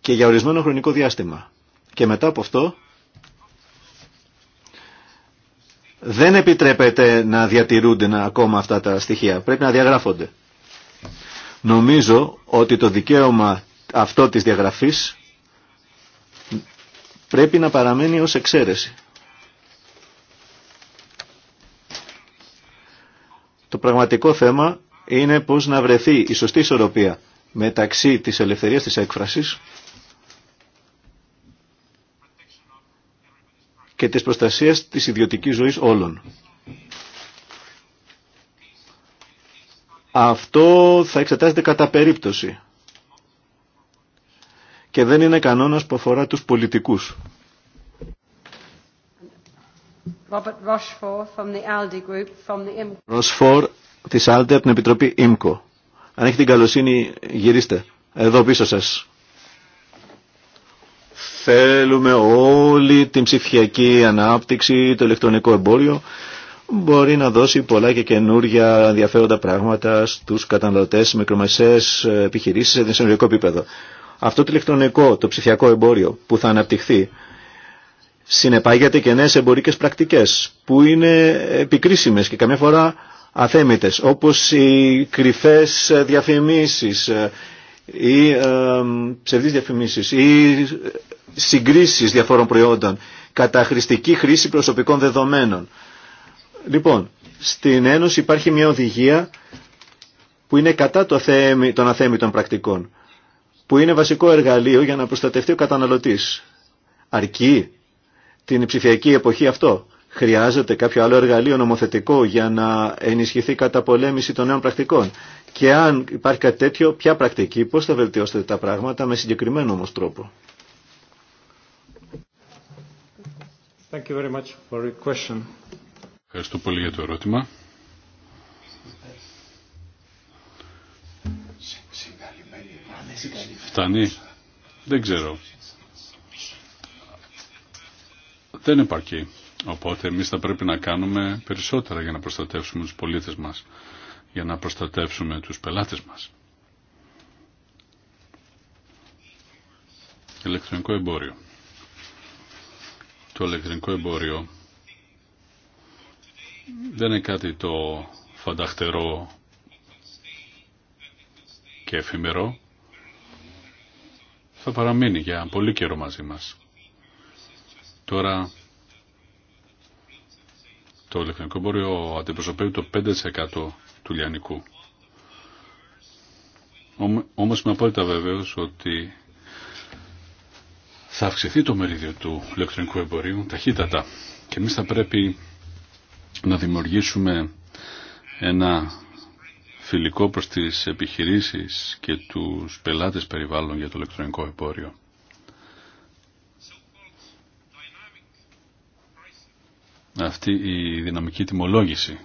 και για ορισμένο χρονικό διάστημα. Και μετά από αυτό δεν επιτρέπεται να διατηρούνται ακόμα αυτά τα στοιχεία. Πρέπει να διαγράφονται. Νομίζω ότι το δικαίωμα αυτό της διαγραφής πρέπει να παραμένει ως εξαίρεση. Το πραγματικό θέμα είναι πώς να βρεθεί η σωστή ισορροπία μεταξύ της ελευθερίας της έκφρασης και της προστασίας της ιδιωτικής ζωής όλων. Αυτό θα εξετάζεται κατά περίπτωση και δεν είναι κανόνας που αφορά τους πολιτικούς της ΑΛΤΕ από την Επιτροπή ΙΜΚΟ. Αν έχετε την καλοσύνη γυρίστε εδώ πίσω σας. Θέλουμε όλη την ψηφιακή ανάπτυξη, το ηλεκτρονικό εμπόριο μπορεί να δώσει πολλά και καινούργια ενδιαφέροντα πράγματα στους καταναλωτές, μικρομεσαίες επιχειρήσεις σε δημιουργικό επίπεδο. Αυτό το ηλεκτρονικό, το ψηφιακό εμπόριο που θα αναπτυχθεί συνεπάγεται και νέες εμπορικές πρακτικές που είναι επικρίσιμες και καμιά φορά αθέμητες, όπως οι κρυφές διαφημίσεις ε, ή ε, ψευδείς διαφημίσεις ή συγκρίσεις διαφόρων προϊόντων, καταχρηστική χρήση προσωπικών δεδομένων. Λοιπόν, στην Ένωση υπάρχει μια οδηγία που είναι κατά το θέμι των αθέμητων πρακτικών, που είναι βασικό εργαλείο για να προστατευτεί ο καταναλωτής. Αρκεί την ψηφιακή εποχή αυτό χρειάζεται κάποιο άλλο εργαλείο νομοθετικό για να ενισχυθεί κατά πολέμηση των νέων πρακτικών. Και αν υπάρχει κάτι τέτοιο, ποια πρακτική, πώς θα βελτιώσετε τα πράγματα με συγκεκριμένο όμως τρόπο. Ευχαριστώ πολύ για το ερώτημα. Φτάνει. Δεν ξέρω. Δεν υπάρχει. Οπότε εμεί θα πρέπει να κάνουμε περισσότερα για να προστατεύσουμε τους πολίτες μας, για να προστατεύσουμε τους πελάτες μας. Ηλεκτρονικό εμπόριο. Το ηλεκτρονικό εμπόριο δεν είναι κάτι το φανταχτερό και εφημερό. Θα παραμείνει για πολύ καιρό μαζί μας. Τώρα το ηλεκτρονικό εμπόριο αντιπροσωπεύει το 5% του λιανικού. Όμως είμαι απόλυτα βέβαιος ότι θα αυξηθεί το μερίδιο του ηλεκτρονικού εμπορίου ταχύτατα και εμείς θα πρέπει να δημιουργήσουμε ένα φιλικό προς τις επιχειρήσεις και τους πελάτες περιβάλλον για το ηλεκτρονικό εμπόριο. αυτή η δυναμική τιμολόγηση,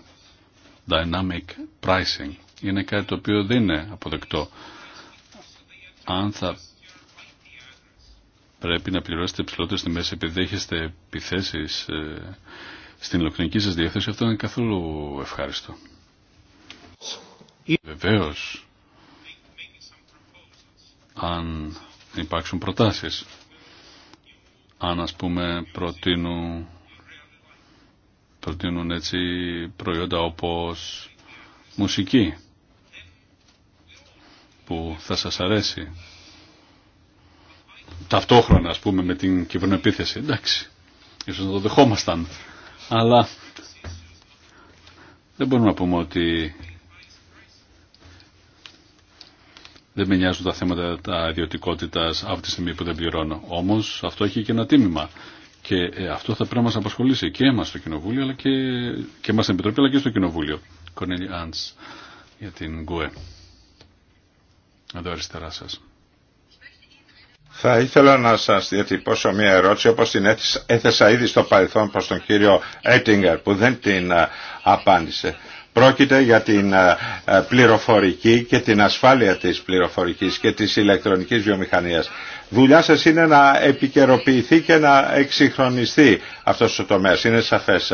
dynamic pricing, είναι κάτι το οποίο δεν είναι αποδεκτό. Αν θα πρέπει να πληρώσετε ψηλότερε τιμέ επειδή έχετε επιθέσει ε, στην ηλεκτρονική σα διεύθυνση, αυτό είναι καθόλου ευχάριστο. Βεβαίω, αν υπάρξουν προτάσεις, αν ας πούμε προτείνουν προτείνουν έτσι προϊόντα όπως μουσική που θα σας αρέσει ταυτόχρονα ας πούμε με την κυβερνοεπίθεση εντάξει ίσως να το δεχόμασταν αλλά δεν μπορούμε να πούμε ότι δεν με νοιάζουν τα θέματα τα ιδιωτικότητα από τη στιγμή που δεν πληρώνω. Όμω αυτό έχει και ένα τίμημα. Και ε, αυτό θα πρέπει να μας απασχολήσει και εμάς στο Κοινοβούλιο, αλλά και, και εμάς στην Επιτροπή, αλλά και στο Κοινοβούλιο. Κονέλη Άντς για την ΓΚΟΕ. Εδώ αριστερά σας. Θα ήθελα να σας διατυπώσω μια ερώτηση όπως την έθεσα ήδη στο παρελθόν προς τον κύριο Έτιγκερ που δεν την ε, απάντησε. Πρόκειται για την ε, ε, πληροφορική και την ασφάλεια της πληροφορικής και της ηλεκτρονικής βιομηχανίας. Δουλειά σας είναι να επικαιροποιηθεί και να εξυγχρονιστεί αυτός ο τομέας, είναι σαφές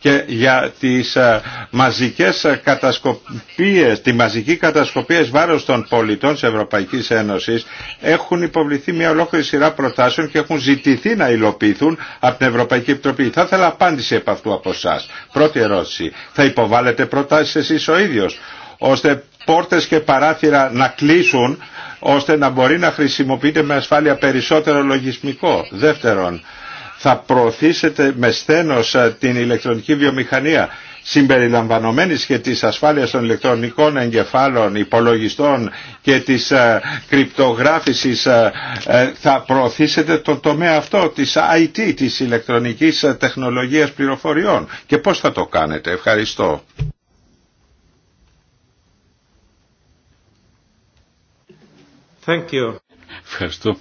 και για τις ε, μαζικές ε, κατασκοπίες, τη μαζική κατασκοπία βάρος των πολιτών της Ευρωπαϊκής Ένωσης έχουν υποβληθεί μια ολόκληρη σειρά προτάσεων και έχουν ζητηθεί να υλοποιηθούν από την Ευρωπαϊκή Επιτροπή. Θα ήθελα απάντηση από αυτού από εσά. Πρώτη ερώτηση. Θα υποβάλλετε προτάσεις εσείς ο ίδιος ώστε πόρτες και παράθυρα να κλείσουν ώστε να μπορεί να χρησιμοποιείται με ασφάλεια περισσότερο λογισμικό. Δεύτερον, θα προωθήσετε με σθένος την ηλεκτρονική βιομηχανία συμπεριλαμβανομένης και της ασφάλειας των ηλεκτρονικών εγκεφάλων, υπολογιστών και της κρυπτογράφησης ε, θα προωθήσετε το τομέα αυτό της IT, της ηλεκτρονικής τεχνολογίας πληροφοριών και πώς θα το κάνετε. Ευχαριστώ. Ευχαριστώ.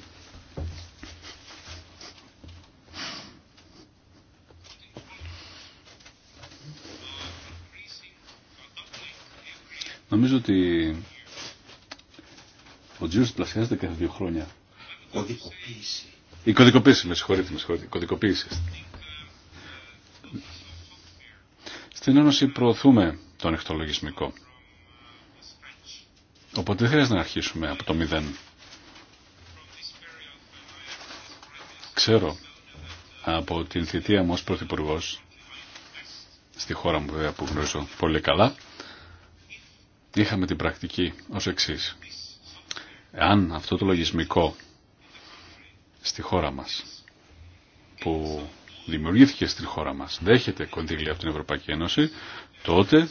Νομίζω ότι ο τζίρο πλασιάζεται κάθε δύο χρόνια. Κωδικοποίηση. Η κωδικοποίηση, με συγχωρείτε, με συγχωρείτε. κωδικοποίηση. Στην Ένωση προωθούμε το ανοιχτό λογισμικό. Οπότε δεν χρειάζεται να αρχίσουμε από το μηδέν. Ξέρω από την θητεία μου ως πρωθυπουργός στη χώρα μου βέβαια που γνωρίζω πολύ καλά είχαμε την πρακτική ως εξής. Εάν αυτό το λογισμικό στη χώρα μας που δημιουργήθηκε στη χώρα μας δέχεται κοντήλια από την Ευρωπαϊκή Ένωση, τότε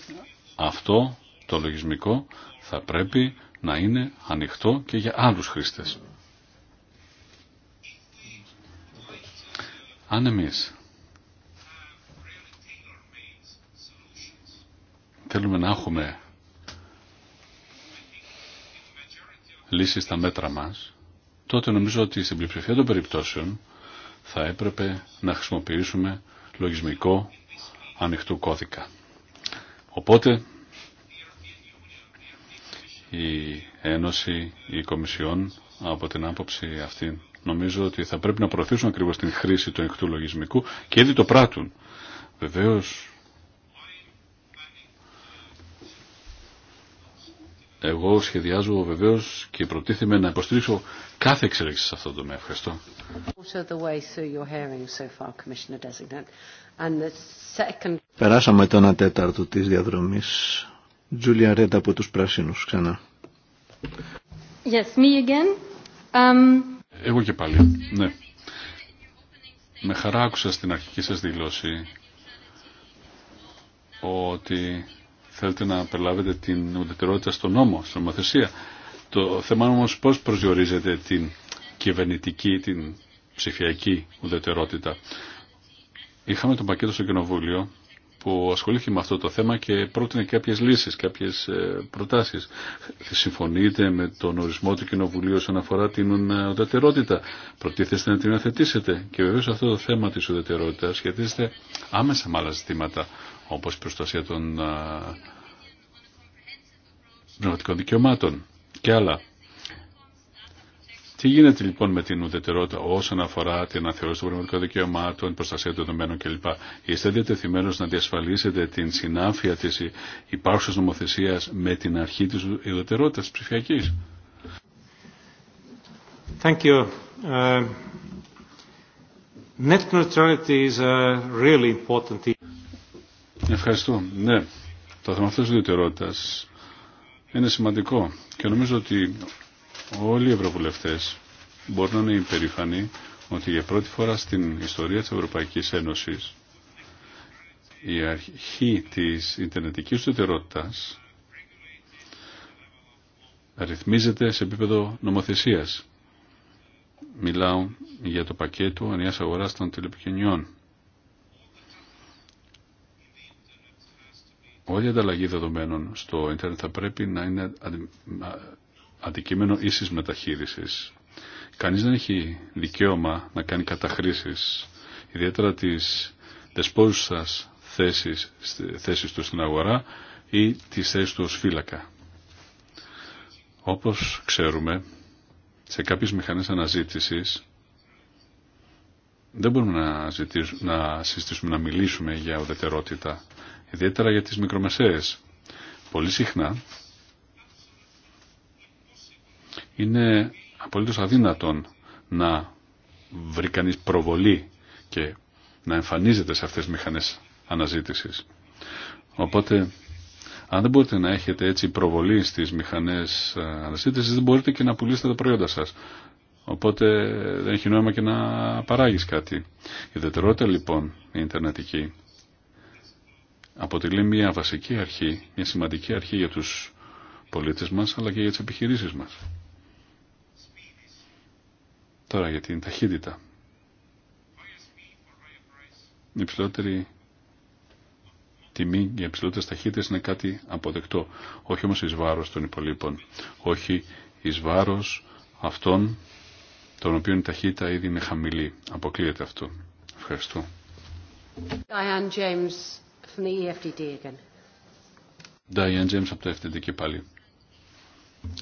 αυτό το λογισμικό θα πρέπει να είναι ανοιχτό και για άλλους χρήστες. Αν εμείς θέλουμε να έχουμε λύσει στα μέτρα μας, τότε νομίζω ότι στην πλειοψηφία των περιπτώσεων θα έπρεπε να χρησιμοποιήσουμε λογισμικό ανοιχτού κώδικα. Οπότε η Ένωση, η Κομισιόν από την άποψη αυτή νομίζω ότι θα πρέπει να προωθήσουν ακριβώς την χρήση του ανοιχτού λογισμικού και ήδη το πράττουν. Βεβαίως εγώ σχεδιάζω βεβαίως και προτίθεμαι να υποστηρίξω κάθε εξέλιξη σε αυτό το τομέα. Ευχαριστώ. Περάσαμε το 1 τέταρτο της διαδρομής. Τζούλια Ρέντα από τους Πράσινους ξανά. Yes, me again. Um, εγώ και πάλι, ναι. Με χαρά άκουσα στην αρχική σας δήλωση ότι θέλετε να περιλάβετε την ουδετερότητα στον νόμο, στην νομοθεσία. Το θέμα όμως πώς προσδιορίζετε την κυβερνητική, την ψηφιακή ουδετερότητα. Είχαμε τον πακέτο στο Κοινοβούλιο που ασχολήθηκε με αυτό το θέμα και πρότεινε κάποιες λύσεις, κάποιες ε, προτάσεις. Συμφωνείτε με τον ορισμό του Κοινοβουλίου όσον αφορά την ε, ουδετερότητα. Προτίθεστε να την αθετήσετε. Και βεβαίως αυτό το θέμα της ουδετερότητας σχετίζεται άμεσα με άλλα ζητήματα όπως η προστασία των πνευματικών δικαιωμάτων και άλλα. Τι γίνεται λοιπόν με την ουδετερότητα όσον αφορά την αναθεώρηση των πνευματικών δικαιωμάτων, προστασία των δεδομένων κλπ. Είστε διατεθειμένος να διασφαλίσετε την συνάφεια της υπάρχουσας νομοθεσίας με την αρχή της ουδετερότητας της ψηφιακής. Uh, net neutrality is a really important Ευχαριστώ. Ναι, το θέμα αυτής της είναι σημαντικό και νομίζω ότι όλοι οι ευρωβουλευτές μπορούν να είναι υπερήφανοι ότι για πρώτη φορά στην ιστορία της Ευρωπαϊκής Ένωσης η αρχή της Ιντερνετικής ιδιωτερότητας ρυθμίζεται σε επίπεδο νομοθεσίας. Μιλάω για το πακέτο ενιαίας αγοράς των τηλεπικοινωνιών. όλη η ανταλλαγή δεδομένων στο ίντερνετ θα πρέπει να είναι αντικείμενο ίσης μεταχείρισης. Κανείς δεν έχει δικαίωμα να κάνει καταχρήσεις, ιδιαίτερα της δεσπόζουσας θέσης, του στην αγορά ή της θέσης του ως φύλακα. Όπως ξέρουμε, σε κάποιες μηχανές αναζήτησης δεν μπορούμε να, να συστήσουμε να μιλήσουμε για ουδετερότητα ιδιαίτερα για τις μικρομεσαίες. Πολύ συχνά είναι απολύτως αδύνατον να βρει κανείς προβολή και να εμφανίζεται σε αυτές τις μηχανές αναζήτησης. Οπότε, αν δεν μπορείτε να έχετε έτσι προβολή στις μηχανές ε, αναζήτησης, δεν μπορείτε και να πουλήσετε τα προϊόντα σας. Οπότε δεν έχει νόημα και να παράγεις κάτι. Η ιδιαιτερότητα λοιπόν η Ιντερνετική αποτελεί μια βασική αρχή, μια σημαντική αρχή για τους πολίτες μας αλλά και για τις επιχειρήσεις μας. Τώρα για την ταχύτητα. Η υψηλότερη τιμή για υψηλότερες ταχύτητες είναι κάτι αποδεκτό. Όχι όμως εις βάρος των υπολείπων. Όχι εις βάρος αυτών των οποίων η ταχύτητα ήδη είναι χαμηλή. Αποκλείεται αυτό. Ευχαριστώ from the EFDD Diane James από το FTD και πάλι.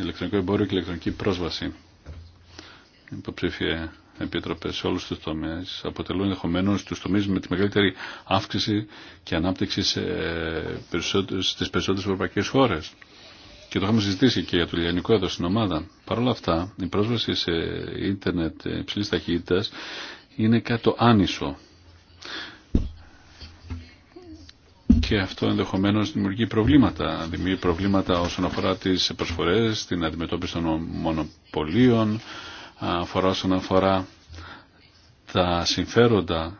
Ηλεκτρονικό εμπόριο και ηλεκτρονική πρόσβαση. Υποψήφια επίτροπε σε όλου του τομεί αποτελούν ενδεχομένω του τομεί με τη μεγαλύτερη αύξηση και ανάπτυξη ε, στι περισσότερε ευρωπαϊκέ χώρε. Και το είχαμε συζητήσει και για το λιανικό εδώ στην ομάδα. Παρ' όλα αυτά, η πρόσβαση σε ίντερνετ υψηλή ταχύτητα είναι κάτι το άνισο και αυτό ενδεχομένως δημιουργεί προβλήματα. Δημιουργεί προβλήματα όσον αφορά τις προσφορέ, την αντιμετώπιση των μονοπωλίων, αφορά όσον αφορά τα συμφέροντα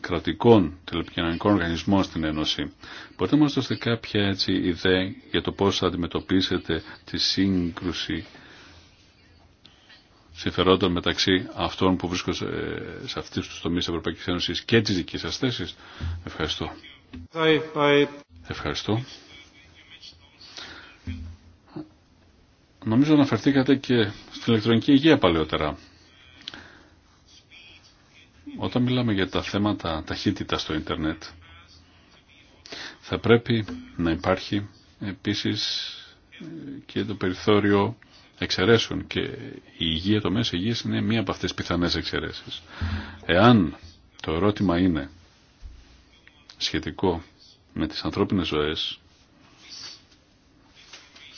κρατικών τηλεπικοινωνικών οργανισμών στην Ένωση. Μπορείτε να μα δώσετε κάποια έτσι ιδέα για το πώς θα αντιμετωπίσετε τη σύγκρουση συμφερόντων μεταξύ αυτών που βρίσκονται σε αυτού του τομεί της Ευρωπαϊκής Ένωσης και τη δική σα θέση Ευχαριστώ. Ευχαριστώ. Νομίζω αναφερθήκατε και στην ηλεκτρονική υγεία παλαιότερα. Όταν μιλάμε για τα θέματα ταχύτητα στο ίντερνετ, θα πρέπει να υπάρχει επίσης και το περιθώριο εξαιρέσεων και η υγεία, το μέσο υγείας είναι μία από αυτές τις πιθανές εξαιρέσεις. Εάν το ερώτημα είναι σχετικό με τις ανθρώπινες ζωές,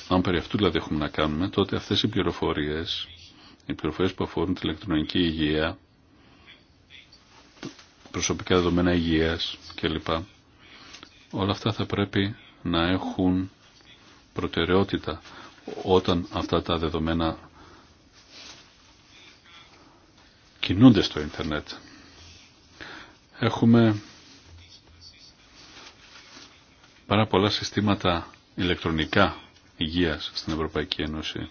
αν περί αυτού δηλαδή έχουμε να κάνουμε, τότε αυτές οι πληροφορίες, οι πληροφορίες που αφορούν την ηλεκτρονική υγεία, προσωπικά δεδομένα υγείας κλπ. Όλα αυτά θα πρέπει να έχουν προτεραιότητα όταν αυτά τα δεδομένα κινούνται στο ίντερνετ. Έχουμε πάρα πολλά συστήματα ηλεκτρονικά υγείας στην Ευρωπαϊκή Ένωση.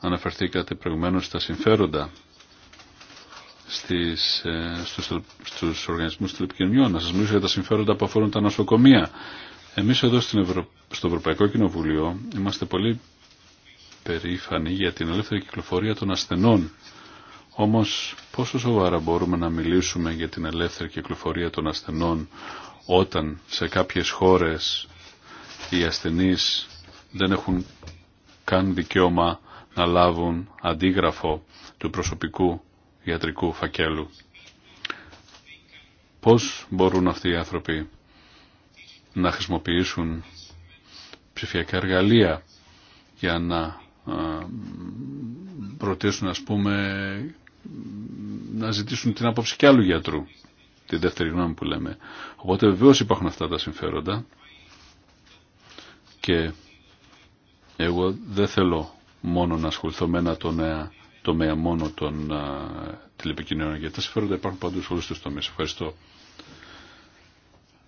Αναφερθήκατε προηγουμένως στα συμφέροντα στις, ε, στους, στους οργανισμούς τηλεπικοινωνιών. Να σας μιλήσω για τα συμφέροντα που αφορούν τα νοσοκομεία. Εμείς εδώ στην στο Ευρωπαϊκό Κοινοβουλίο είμαστε πολύ περήφανοι για την ελεύθερη κυκλοφορία των ασθενών. Όμως πόσο σοβαρά μπορούμε να μιλήσουμε για την ελεύθερη κυκλοφορία των ασθενών όταν σε κάποιες χώρες οι ασθενείς δεν έχουν καν δικαίωμα να λάβουν αντίγραφο του προσωπικού ιατρικού φακέλου. Πώς μπορούν αυτοί οι άνθρωποι να χρησιμοποιήσουν ψηφιακά εργαλεία για να ε, ρωτήσουν, πούμε να ζητήσουν την άποψη κι άλλου γιατρού τη δεύτερη γνώμη που λέμε. Οπότε βεβαίως υπάρχουν αυτά τα συμφέροντα και εγώ δεν θέλω μόνο να ασχοληθώ με ένα τομέα, τομέα μόνο των τηλεπικοινωνιών γιατί τα συμφέροντα υπάρχουν παντού σε όλους τους τομείς. Ευχαριστώ.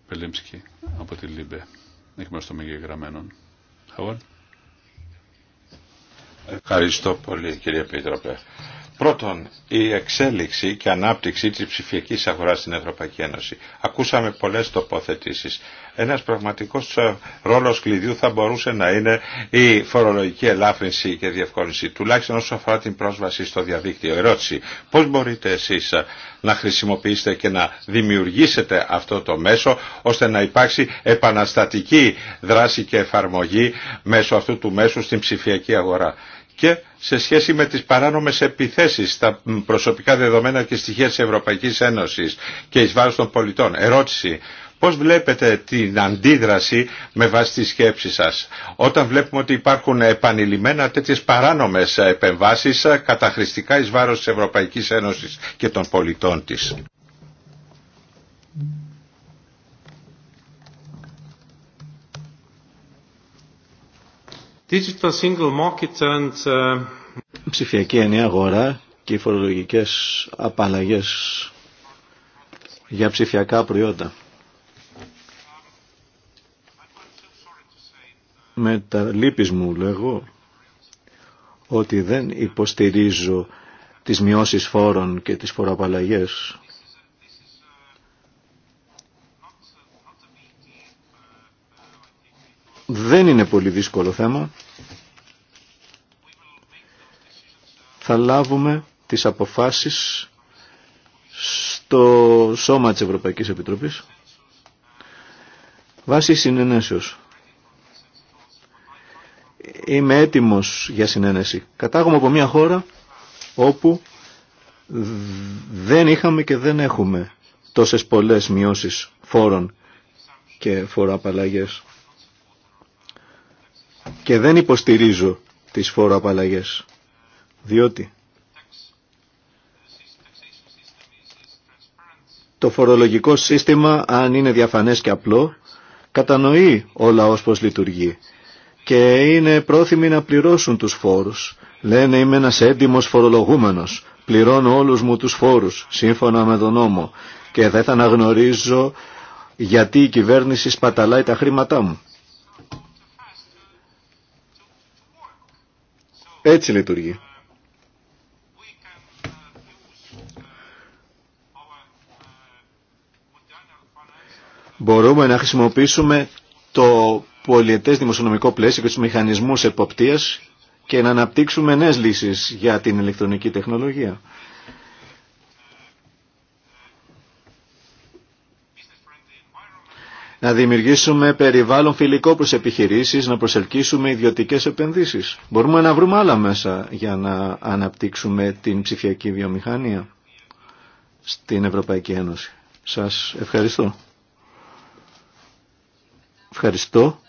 Πελέμψικη από τη Λίμπε, Έχει μέσα το γεγραμμένων. γραμμένον. Ευχαριστώ πολύ κύριε Πίτροπε. Πρώτον, η εξέλιξη και ανάπτυξη της ψηφιακής αγοράς στην Ευρωπαϊκή Ένωση. Ακούσαμε πολλές τοποθετήσεις. Ένας πραγματικός ε, ρόλος κλειδιού θα μπορούσε να είναι η φορολογική ελάφρυνση και διευκόλυνση, τουλάχιστον όσο αφορά την πρόσβαση στο διαδίκτυο. Ερώτηση, πώς μπορείτε εσείς ε, να χρησιμοποιήσετε και να δημιουργήσετε αυτό το μέσο, ώστε να υπάρξει επαναστατική δράση και εφαρμογή μέσω αυτού του μέσου στην ψηφιακή αγορά και σε σχέση με τις παράνομες επιθέσεις στα προσωπικά δεδομένα και στοιχεία της Ευρωπαϊκής Ένωσης και εις βάρος των πολιτών. Ερώτηση. Πώς βλέπετε την αντίδραση με βάση τη σκέψη σας όταν βλέπουμε ότι υπάρχουν επανειλημμένα τέτοιες παράνομες επεμβάσεις καταχρηστικά εις βάρος της Ευρωπαϊκής Ένωσης και των πολιτών της. Uh, Ψηφιακή ενιαία αγορά και οι φορολογικές απαλλαγές για ψηφιακά προϊόντα. Με τα λύπη μου λέγω ότι δεν υποστηρίζω τις μειώσεις φόρων και τις φοροαπαλλαγές Δεν είναι πολύ δύσκολο θέμα. Θα λάβουμε τις αποφάσεις στο σώμα της Ευρωπαϊκής Επιτροπής βάσει συνενέσεως. Είμαι έτοιμος για συνένεση. Κατάγομαι από μια χώρα όπου δεν είχαμε και δεν έχουμε τόσες πολλές μειώσεις φόρων και φοροαπαλλαγές και δεν υποστηρίζω τις φοροαπαλλαγές. Διότι το φορολογικό σύστημα, αν είναι διαφανές και απλό, κατανοεί όλα λαός πώς λειτουργεί και είναι πρόθυμοι να πληρώσουν τους φόρους. Λένε είμαι ένας έντιμος φορολογούμενος, πληρώνω όλους μου τους φόρους, σύμφωνα με τον νόμο και δεν θα αναγνωρίζω γιατί η κυβέρνηση σπαταλάει τα χρήματά μου. Έτσι λειτουργεί. Μπορούμε να χρησιμοποιήσουμε το πολιετές δημοσιονομικό πλαίσιο και τους μηχανισμούς εποπτείας και να αναπτύξουμε νέες λύσεις για την ηλεκτρονική τεχνολογία. να δημιουργήσουμε περιβάλλον φιλικό προς επιχειρήσεις, να προσελκύσουμε ιδιωτικές επενδύσεις. Μπορούμε να βρούμε άλλα μέσα για να αναπτύξουμε την ψηφιακή βιομηχανία στην Ευρωπαϊκή Ένωση. Σας ευχαριστώ. Ευχαριστώ.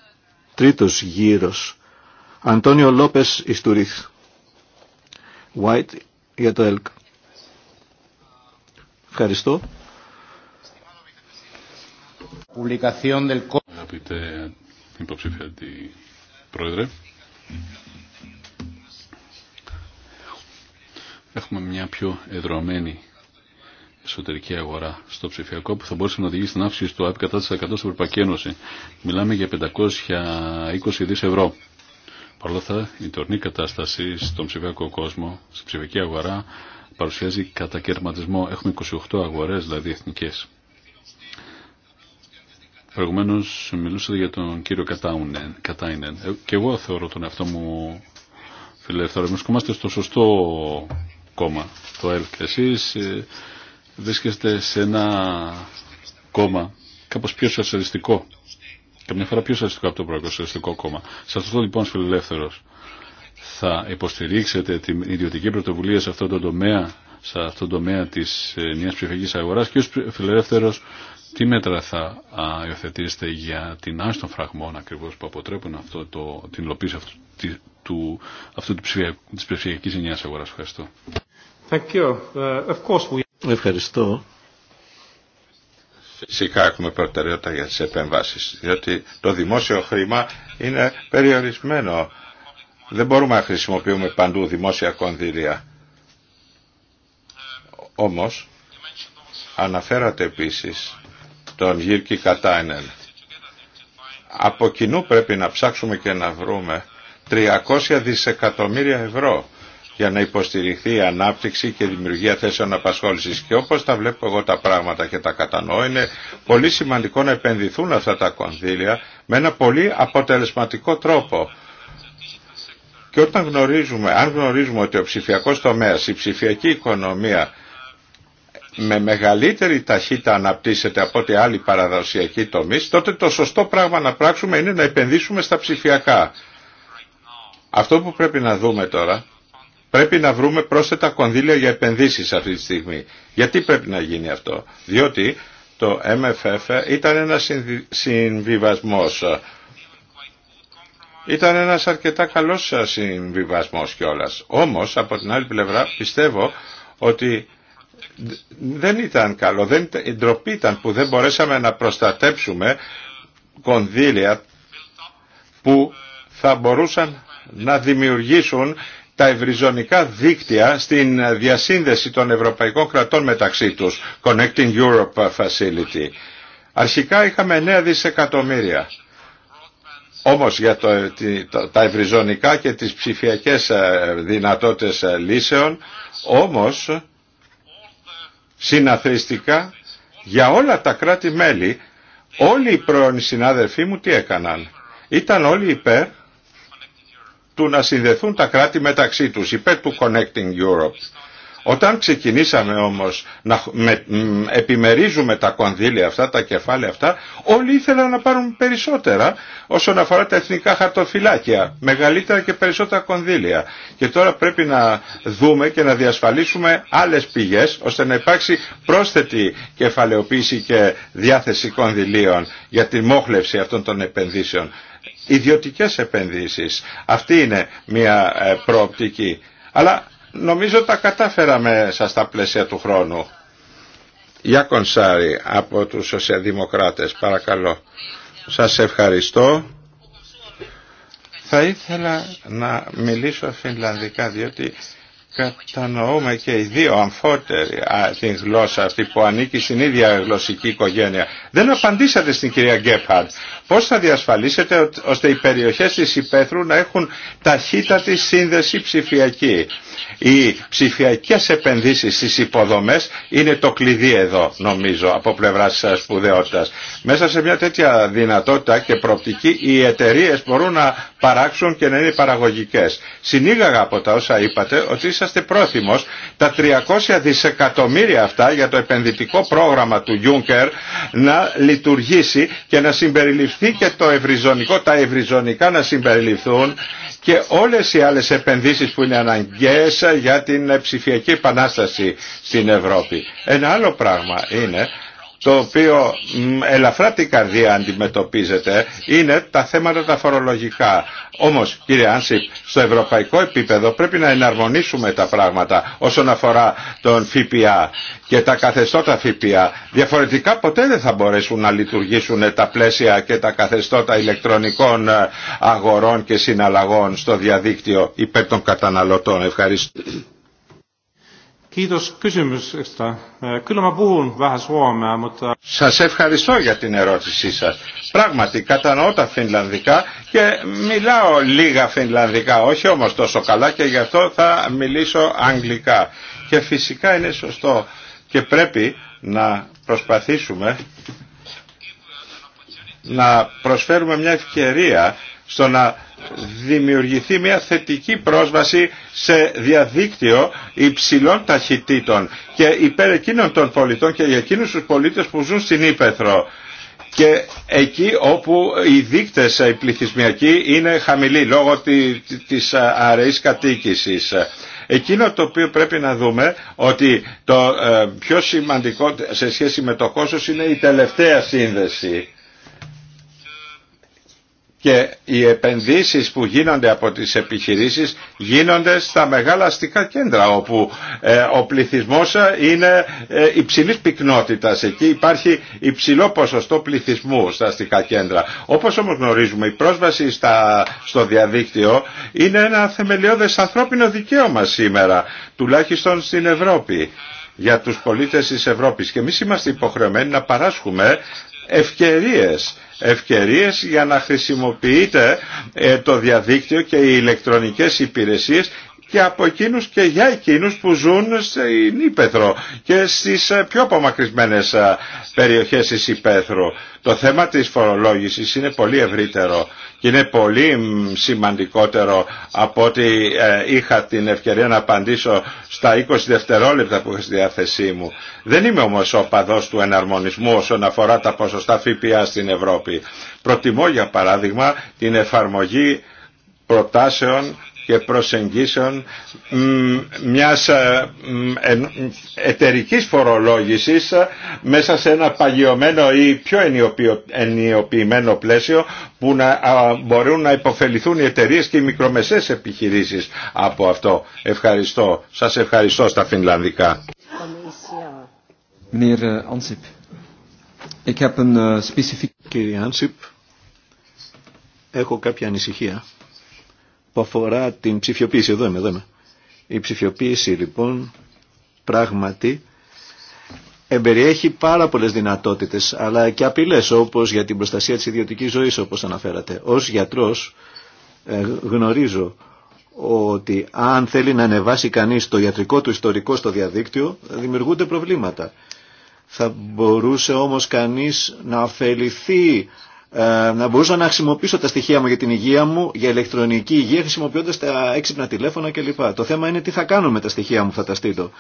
Τρίτος γύρος. Αντώνιο Λόπες Ιστουρίθ. White για το ΕΛΚ. Ευχαριστώ. Αγαπητέ υποψήφια Πρόεδρε, έχουμε μια πιο εδρωμένη εσωτερική αγορά στο ψηφιακό που θα μπορούσε να οδηγήσει στην αύξηση του ΑΕΠ κατά 100% στην Ευρωπαϊκή Ένωση. Μιλάμε για 520 δις ευρώ. Παρ' όλα αυτά, η τωρινή κατάσταση στον ψηφιακό κόσμο, στην ψηφιακή αγορά, παρουσιάζει κατακαιρματισμό. Έχουμε 28 αγορές, δηλαδή εθνικέ. Προηγουμένω μιλούσατε για τον κύριο Κατάουνεν, Κατάινεν. Ε, και εγώ θεωρώ τον εαυτό μου φιλελεύθερο. Εμεί κομμάστε στο σωστό κόμμα, το ΕΛΚ. Εσεί ε, βρίσκεστε σε ένα κόμμα κάπω πιο σοσιαλιστικό. Καμιά φορά πιο σοσιαλιστικό από το πρώτο κόμμα. Σα αυτό λοιπόν φιλελεύθερος. Θα υποστηρίξετε την ιδιωτική πρωτοβουλία σε αυτό το τομέα σε αυτόν τον τομέα της νέας ε, ψηφιακής αγοράς και ως φιλελεύθερος τι μέτρα θα υιοθετήσετε για την άστον των φραγμών που αποτρέπουν αυτό το, την υλοποίηση αυτού, τη, του, αυτού του της ψηφιακής αγοράς. Ευχαριστώ. Thank uh, Ευχαριστώ. Φυσικά έχουμε προτεραιότητα για τις επεμβάσεις, διότι το δημόσιο χρήμα είναι περιορισμένο. Δεν μπορούμε να χρησιμοποιούμε παντού δημόσια κονδύλια. Όμως, αναφέρατε επίσης τον Γύρκη Κατάινεν. Από κοινού πρέπει να ψάξουμε και να βρούμε 300 δισεκατομμύρια ευρώ για να υποστηριχθεί η ανάπτυξη και η δημιουργία θέσεων απασχόλησης. Και όπως τα βλέπω εγώ τα πράγματα και τα κατανοώ, είναι πολύ σημαντικό να επενδυθούν αυτά τα κονδύλια με ένα πολύ αποτελεσματικό τρόπο. Και όταν γνωρίζουμε, αν γνωρίζουμε ότι ο ψηφιακός τομέας, η ψηφιακή οικονομία με μεγαλύτερη ταχύτητα αναπτύσσεται από ό,τι άλλοι παραδοσιακοί τομεί, τότε το σωστό πράγμα να πράξουμε είναι να επενδύσουμε στα ψηφιακά. Αυτό που πρέπει να δούμε τώρα, πρέπει να βρούμε πρόσθετα κονδύλια για επενδύσεις αυτή τη στιγμή. Γιατί πρέπει να γίνει αυτό. Διότι το MFF ήταν ένας συμβιβασμός. Ήταν ένας αρκετά καλός συμβιβασμός κιόλας. Όμως, από την άλλη πλευρά, πιστεύω ότι δεν ήταν καλό, δεν, η ντροπή ήταν που δεν μπορέσαμε να προστατέψουμε κονδύλια που θα μπορούσαν να δημιουργήσουν τα ευρυζωνικά δίκτυα στην διασύνδεση των ευρωπαϊκών κρατών μεταξύ τους, Connecting Europe Facility. Αρχικά είχαμε 9 δισεκατομμύρια. Όμως για το, τα ευρυζωνικά και τις ψηφιακές ε, δυνατότητες ε, λύσεων, όμως συναθρηστικά για όλα τα κράτη-μέλη. Όλοι οι πρώην συνάδελφοί μου τι έκαναν. Ήταν όλοι υπέρ του να συνδεθούν τα κράτη μεταξύ τους, υπέρ του Connecting Europe. Όταν ξεκινήσαμε όμως να επιμερίζουμε τα κονδύλια αυτά, τα κεφάλαια αυτά, όλοι ήθελαν να πάρουν περισσότερα όσον αφορά τα εθνικά χαρτοφυλάκια, μεγαλύτερα και περισσότερα κονδύλια. Και τώρα πρέπει να δούμε και να διασφαλίσουμε άλλες πηγές, ώστε να υπάρξει πρόσθετη κεφαλαιοποίηση και διάθεση κονδυλίων για τη μόχλευση αυτών των επενδύσεων. Ιδιωτικές επενδύσεις. Αυτή είναι μια ε, προοπτική. Αλλά Νομίζω τα κατάφεραμε σας στα πλαίσια του χρόνου. Για κονσάρι από τους Σοσιαδημοκράτες, παρακαλώ. Σας ευχαριστώ. Θα ήθελα να μιλήσω φινλανδικά διότι κατανοούμε και οι δύο αμφότεροι την γλώσσα αυτή που ανήκει στην ίδια γλωσσική οικογένεια. Δεν απαντήσατε στην κυρία Γκέπαρντ. Πώς θα διασφαλίσετε ώστε οι περιοχές της υπαίθρου να έχουν ταχύτατη σύνδεση ψηφιακή. Οι ψηφιακές επενδύσεις στις υποδομές είναι το κλειδί εδώ νομίζω από πλευρά πλευράς σπουδαιότητας. Μέσα σε μια τέτοια δυνατότητα και προοπτική οι εταιρείε μπορούν να παράξουν και να είναι παραγωγικές. Συνήγαγα από τα όσα είπατε ότι είσαστε πρόθυμος τα 300 δισεκατομμύρια αυτά για το επενδυτικό πρόγραμμα του Juncker να λειτουργήσει και να συμπεριληφθεί και το ευρυζωνικό, τα ευρυζωνικά να συμπεριληφθούν και όλες οι άλλες επενδύσεις που είναι αναγκαίες για την ψηφιακή επανάσταση στην Ευρώπη. Ένα άλλο πράγμα είναι το οποίο ελαφρά την καρδία αντιμετωπίζεται είναι τα θέματα τα φορολογικά. Όμως κύριε Άνσιπ, στο ευρωπαϊκό επίπεδο πρέπει να εναρμονίσουμε τα πράγματα όσον αφορά τον ΦΠΑ και τα καθεστώτα ΦΠΑ. Διαφορετικά ποτέ δεν θα μπορέσουν να λειτουργήσουν τα πλαίσια και τα καθεστώτα ηλεκτρονικών ε, αγορών και συναλλαγών στο διαδίκτυο υπέρ των καταναλωτών. Ευχαριστώ. Σα Σας äh, ευχαριστώ για την ερώτησή σας. Πράγματι, κατανοώ τα φινλανδικά και μιλάω λίγα φινλανδικά, όχι όμως τόσο καλά και γι' αυτό θα μιλήσω αγγλικά. Και φυσικά είναι σωστό και πρέπει να προσπαθήσουμε να προσφέρουμε μια ευκαιρία στο να δημιουργηθεί μια θετική πρόσβαση σε διαδίκτυο υψηλών ταχυτήτων και υπέρ εκείνων των πολιτών και για εκείνους τους πολίτες που ζουν στην Ήπεθρο και εκεί όπου οι δείκτες οι πληθυσμιακοί είναι χαμηλοί λόγω της αραιής κατοίκησης. Εκείνο το οποίο πρέπει να δούμε ότι το ε, πιο σημαντικό σε σχέση με το κόστος είναι η τελευταία σύνδεση και οι επενδύσεις που γίνονται από τις επιχειρήσεις γίνονται στα μεγάλα αστικά κέντρα όπου ε, ο πληθυσμός είναι ε, υψηλής πυκνότητας. Εκεί υπάρχει υψηλό ποσοστό πληθυσμού στα αστικά κέντρα. Όπως όμως γνωρίζουμε η πρόσβαση στο διαδίκτυο είναι ένα θεμελιώδες ανθρώπινο δικαίωμα σήμερα, τουλάχιστον στην Ευρώπη για τους πολίτες της Ευρώπης και εμείς είμαστε υποχρεωμένοι να παράσχουμε ευκαιρίες ευκαιρίες για να χρησιμοποιείτε ε, το διαδίκτυο και οι ηλεκτρονικές υπηρεσίες και από και για εκείνους που ζουν στην Ήπεθρο και στις ε, πιο απομακρυσμένες ε, περιοχές της Ήπεθρου. Το θέμα της φορολόγησης είναι πολύ ευρύτερο και είναι πολύ σημαντικότερο από ότι ε, είχα την ευκαιρία να απαντήσω στα 20 δευτερόλεπτα που είχα στη διάθεσή μου. Δεν είμαι όμως οπαδός του εναρμονισμού όσον αφορά τα ποσοστά ΦΠΑ στην Ευρώπη. Προτιμώ για παράδειγμα την εφαρμογή προτάσεων και προσεγγίσεων μιας ε, εταιρικής φορολόγησης ε, μέσα σε ένα παγιωμένο ή πιο ενιοποιημένο πλαίσιο που να μπορούν να υποφεληθούν οι εταιρείε και οι μικρομεσαίες επιχειρήσεις από αυτό. Ευχαριστώ. Σας ευχαριστώ στα φινλανδικά. Ε, Κύριε Άνσιπ, έχω κάποια ανησυχία που αφορά την ψηφιοποίηση. Εδώ είμαι, εδώ είμαι. Η ψηφιοποίηση λοιπόν πράγματι εμπεριέχει πάρα πολλές δυνατότητες αλλά και απειλές όπως για την προστασία της ιδιωτικής ζωής όπως αναφέρατε. Ως γιατρός ε, γνωρίζω ότι αν θέλει να ανεβάσει κανείς το ιατρικό του ιστορικό στο διαδίκτυο δημιουργούνται προβλήματα. Θα μπορούσε όμως κανείς να αφεληθεί ε, να μπορούσα να χρησιμοποιήσω τα στοιχεία μου για την υγεία μου, για ηλεκτρονική υγεία, χρησιμοποιώντα τα έξυπνα τηλέφωνα κλπ. Το θέμα είναι τι θα κάνω με τα στοιχεία μου θα τα στείλω.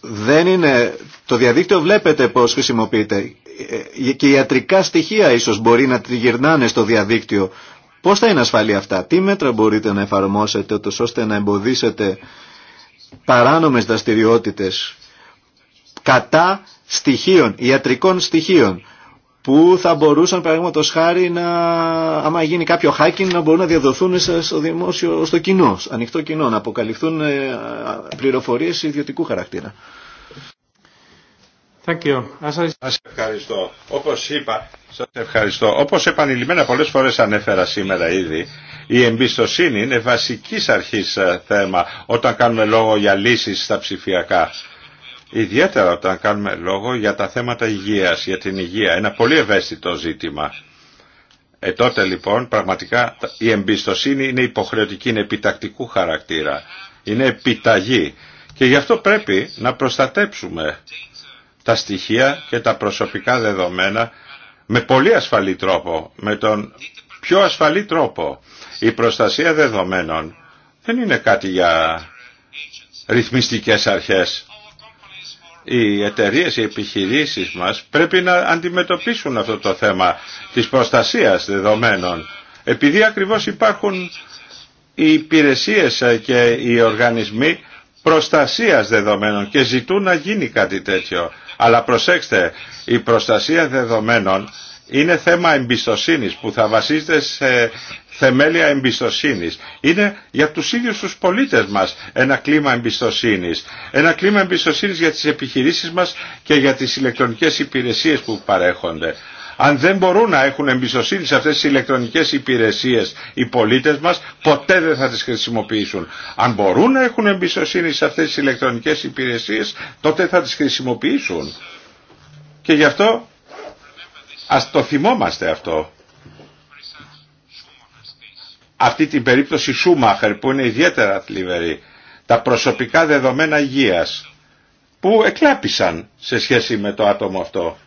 Δεν είναι. Το διαδίκτυο βλέπετε πώ χρησιμοποιείται. Ε, και ιατρικά στοιχεία ίσω μπορεί να τριγυρνάνε στο διαδίκτυο. Πώ θα είναι ασφαλή αυτά, τι μέτρα μπορείτε να εφαρμόσετε ώστε να εμποδίσετε παράνομε δραστηριότητε κατά στοιχείων, ιατρικών στοιχείων που θα μπορούσαν παραδείγματο χάρη να, άμα γίνει κάποιο hacking, να μπορούν να διαδοθούν στο δημόσιο, στο κοινό, ανοιχτό κοινό, να αποκαλυφθούν ε, πληροφορίες ιδιωτικού χαρακτήρα. Thank Σας ευχαριστώ. Όπως είπα, σας ευχαριστώ. Όπως επανειλημμένα πολλές φορές ανέφερα σήμερα ήδη, η εμπιστοσύνη είναι βασικής αρχής ε, θέμα όταν κάνουμε λόγο για λύσεις στα ψηφιακά. Ιδιαίτερα όταν κάνουμε λόγο για τα θέματα υγείας, για την υγεία. Ένα πολύ ευαίσθητο ζήτημα. Ε, τότε λοιπόν πραγματικά η εμπιστοσύνη είναι υποχρεωτική, είναι επιτακτικού χαρακτήρα. Είναι επιταγή. Και γι' αυτό πρέπει να προστατέψουμε τα στοιχεία και τα προσωπικά δεδομένα με πολύ ασφαλή τρόπο, με τον πιο ασφαλή τρόπο. Η προστασία δεδομένων δεν είναι κάτι για ρυθμιστικές αρχές οι εταιρείε, οι επιχειρήσεις μας πρέπει να αντιμετωπίσουν αυτό το θέμα της προστασίας δεδομένων. Επειδή ακριβώς υπάρχουν οι υπηρεσίες και οι οργανισμοί προστασίας δεδομένων και ζητούν να γίνει κάτι τέτοιο. Αλλά προσέξτε, η προστασία δεδομένων είναι θέμα εμπιστοσύνης που θα βασίζεται σε θεμέλια εμπιστοσύνης. Είναι για τους ίδιους τους πολίτες μας ένα κλίμα εμπιστοσύνης. Ένα κλίμα εμπιστοσύνης για τις επιχειρήσεις μας και για τις ηλεκτρονικές υπηρεσίες που παρέχονται. Αν δεν μπορούν να έχουν εμπιστοσύνη σε αυτές τις ηλεκτρονικές υπηρεσίες οι πολίτες μας, ποτέ δεν θα τις χρησιμοποιήσουν. Αν μπορούν να έχουν εμπιστοσύνη σε αυτές τις ηλεκτρονικές υπηρεσίες, τότε θα τις χρησιμοποιήσουν. Και γι' αυτό ας το θυμόμαστε αυτό αυτή την περίπτωση Σούμαχερ που είναι ιδιαίτερα θλιβερή. Τα προσωπικά δεδομένα υγείας που εκλάπησαν σε σχέση με το άτομο αυτό,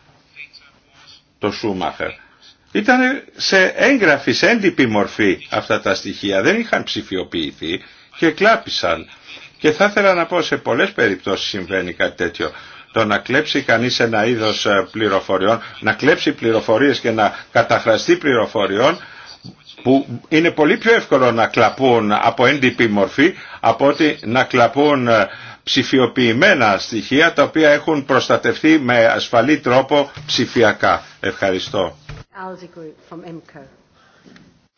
το Σούμαχερ. Ήταν σε έγγραφη, σε έντυπη μορφή αυτά τα στοιχεία, δεν είχαν ψηφιοποιηθεί και εκλάπησαν. Και θα ήθελα να πω σε πολλές περιπτώσεις συμβαίνει κάτι τέτοιο. Το να κλέψει κανείς ένα είδος ε, πληροφοριών, να κλέψει πληροφορίες και να καταχραστεί πληροφοριών που είναι πολύ πιο εύκολο να κλαπούν από NDP μορφή από ότι να κλαπούν ε, ψηφιοποιημένα στοιχεία τα οποία έχουν προστατευτεί με ασφαλή τρόπο ψηφιακά. Ευχαριστώ.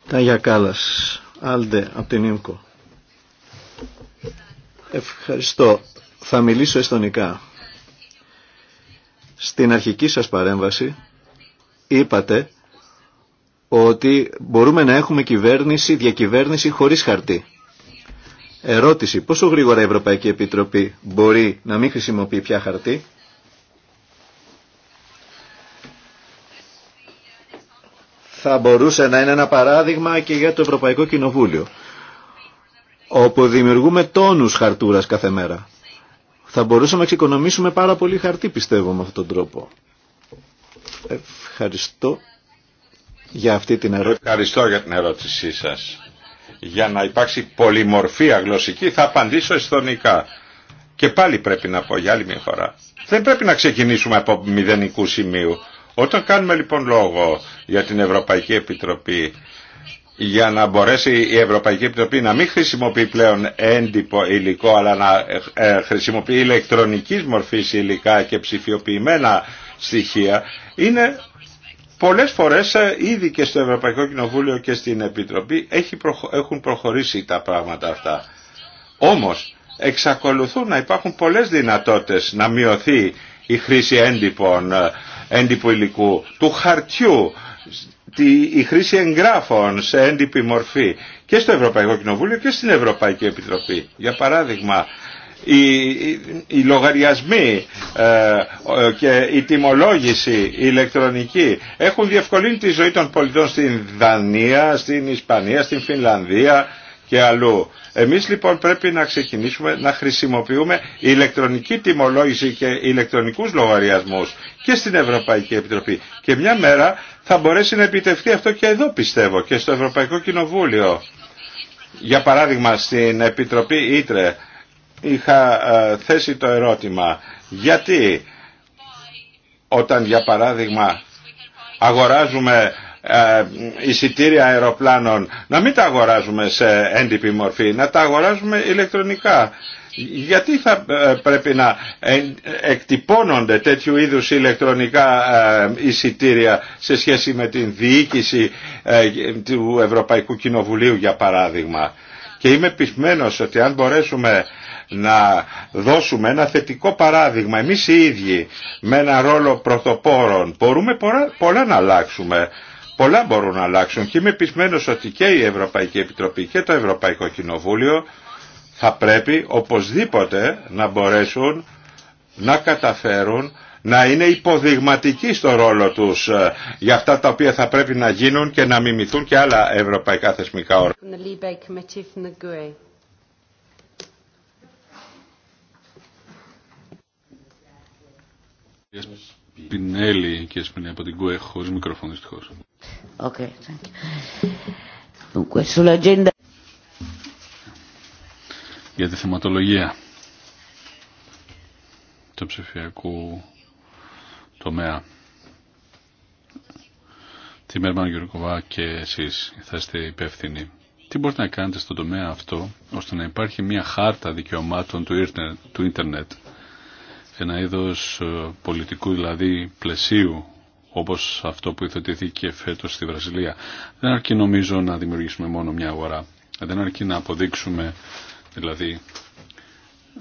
Τάγια Κάλλας, Άλντε από την ΕΜΚΟ. Ευχαριστώ. Θα μιλήσω εστονικά. Στην αρχική σας παρέμβαση είπατε ότι μπορούμε να έχουμε κυβέρνηση, διακυβέρνηση χωρίς χαρτί. Ερώτηση, πόσο γρήγορα η Ευρωπαϊκή Επιτροπή μπορεί να μην χρησιμοποιεί πια χαρτί. Θα μπορούσε να είναι ένα παράδειγμα και για το Ευρωπαϊκό Κοινοβούλιο, όπου δημιουργούμε τόνους χαρτούρας κάθε μέρα. Θα μπορούσαμε να εξοικονομήσουμε πάρα πολύ χαρτί, πιστεύω, με αυτόν τον τρόπο. Ευχαριστώ για αυτή την ερώτηση. Ευχαριστώ για την ερώτησή σας. Για να υπάρξει πολυμορφία γλωσσική θα απαντήσω εσθονικά. Και πάλι πρέπει να πω για άλλη μια φορά. Δεν πρέπει να ξεκινήσουμε από μηδενικού σημείου. Όταν κάνουμε λοιπόν λόγο για την Ευρωπαϊκή Επιτροπή για να μπορέσει η Ευρωπαϊκή Επιτροπή να μην χρησιμοποιεί πλέον έντυπο υλικό αλλά να ε, χρησιμοποιεί ηλεκτρονικής μορφής υλικά και ψηφιοποιημένα στοιχεία είναι πολλές φορές ε, ήδη και στο Ευρωπαϊκό Κοινοβούλιο και στην Επιτροπή έχουν προχωρήσει τα πράγματα αυτά. Όμως εξακολουθούν να υπάρχουν πολλές δυνατότητες να μειωθεί η χρήση έντυπων, ε, έντυπου υλικού, του χαρτιού, η χρήση εγγράφων σε έντυπη μορφή και στο Ευρωπαϊκό Κοινοβούλιο και στην Ευρωπαϊκή Επιτροπή. Για παράδειγμα, οι, λογαριασμοί ε, και η τιμολόγηση ηλεκτρονική έχουν διευκολύνει τη ζωή των πολιτών στην Δανία, στην Ισπανία, στην Φινλανδία και αλλού. Εμείς λοιπόν πρέπει να ξεκινήσουμε να χρησιμοποιούμε ηλεκτρονική τιμολόγηση και ηλεκτρονικούς λογαριασμούς και στην Ευρωπαϊκή Επιτροπή. Και μια μέρα θα μπορέσει να επιτευχθεί αυτό και εδώ πιστεύω και στο Ευρωπαϊκό Κοινοβούλιο. Για παράδειγμα στην Επιτροπή Ήτρε είχα ε, θέσει το ερώτημα γιατί όταν για παράδειγμα αγοράζουμε ε, εισιτήρια αεροπλάνων να μην τα αγοράζουμε σε έντυπη μορφή, να τα αγοράζουμε ηλεκτρονικά. Γιατί θα ε, πρέπει να εκτυπώνονται τέτοιου είδους ηλεκτρονικά εισιτήρια σε σχέση με την διοίκηση του Ευρωπαϊκού Κοινοβουλίου για παράδειγμα. Και είμαι πεισμένος ότι αν μπορέσουμε να δώσουμε ένα θετικό παράδειγμα εμείς οι ίδιοι με ένα ρόλο πρωτοπόρων μπορούμε πολλά, να αλλάξουμε πολλά μπορούν να αλλάξουν και είμαι πεισμένος ότι και η Ευρωπαϊκή Επιτροπή και το Ευρωπαϊκό Κοινοβούλιο θα πρέπει οπωσδήποτε να μπορέσουν να καταφέρουν να είναι υποδειγματικοί στο ρόλο τους ε, για αυτά τα οποία θα πρέπει να γίνουν και να μιμηθούν και άλλα ευρωπαϊκά θεσμικά όργανα. Σπινέλη, κύριε Σπινέλη, από την ΚΟΕ, χωρίς μικρόφωνο δυστυχώς. Για τη θεματολογία του ψηφιακού τομέα. Τι Μέρμαν Γιουρκοβά και εσείς θα είστε υπεύθυνοι. Τι μπορείτε να κάνετε στον τομέα αυτό, ώστε να υπάρχει μια χάρτα δικαιωμάτων του ίντερνετ ένα είδος ε, πολιτικού δηλαδή πλαισίου όπως αυτό που υιοθετήθηκε φέτος στη Βραζιλία. Δεν αρκεί νομίζω να δημιουργήσουμε μόνο μια αγορά. Δεν αρκεί να αποδείξουμε δηλαδή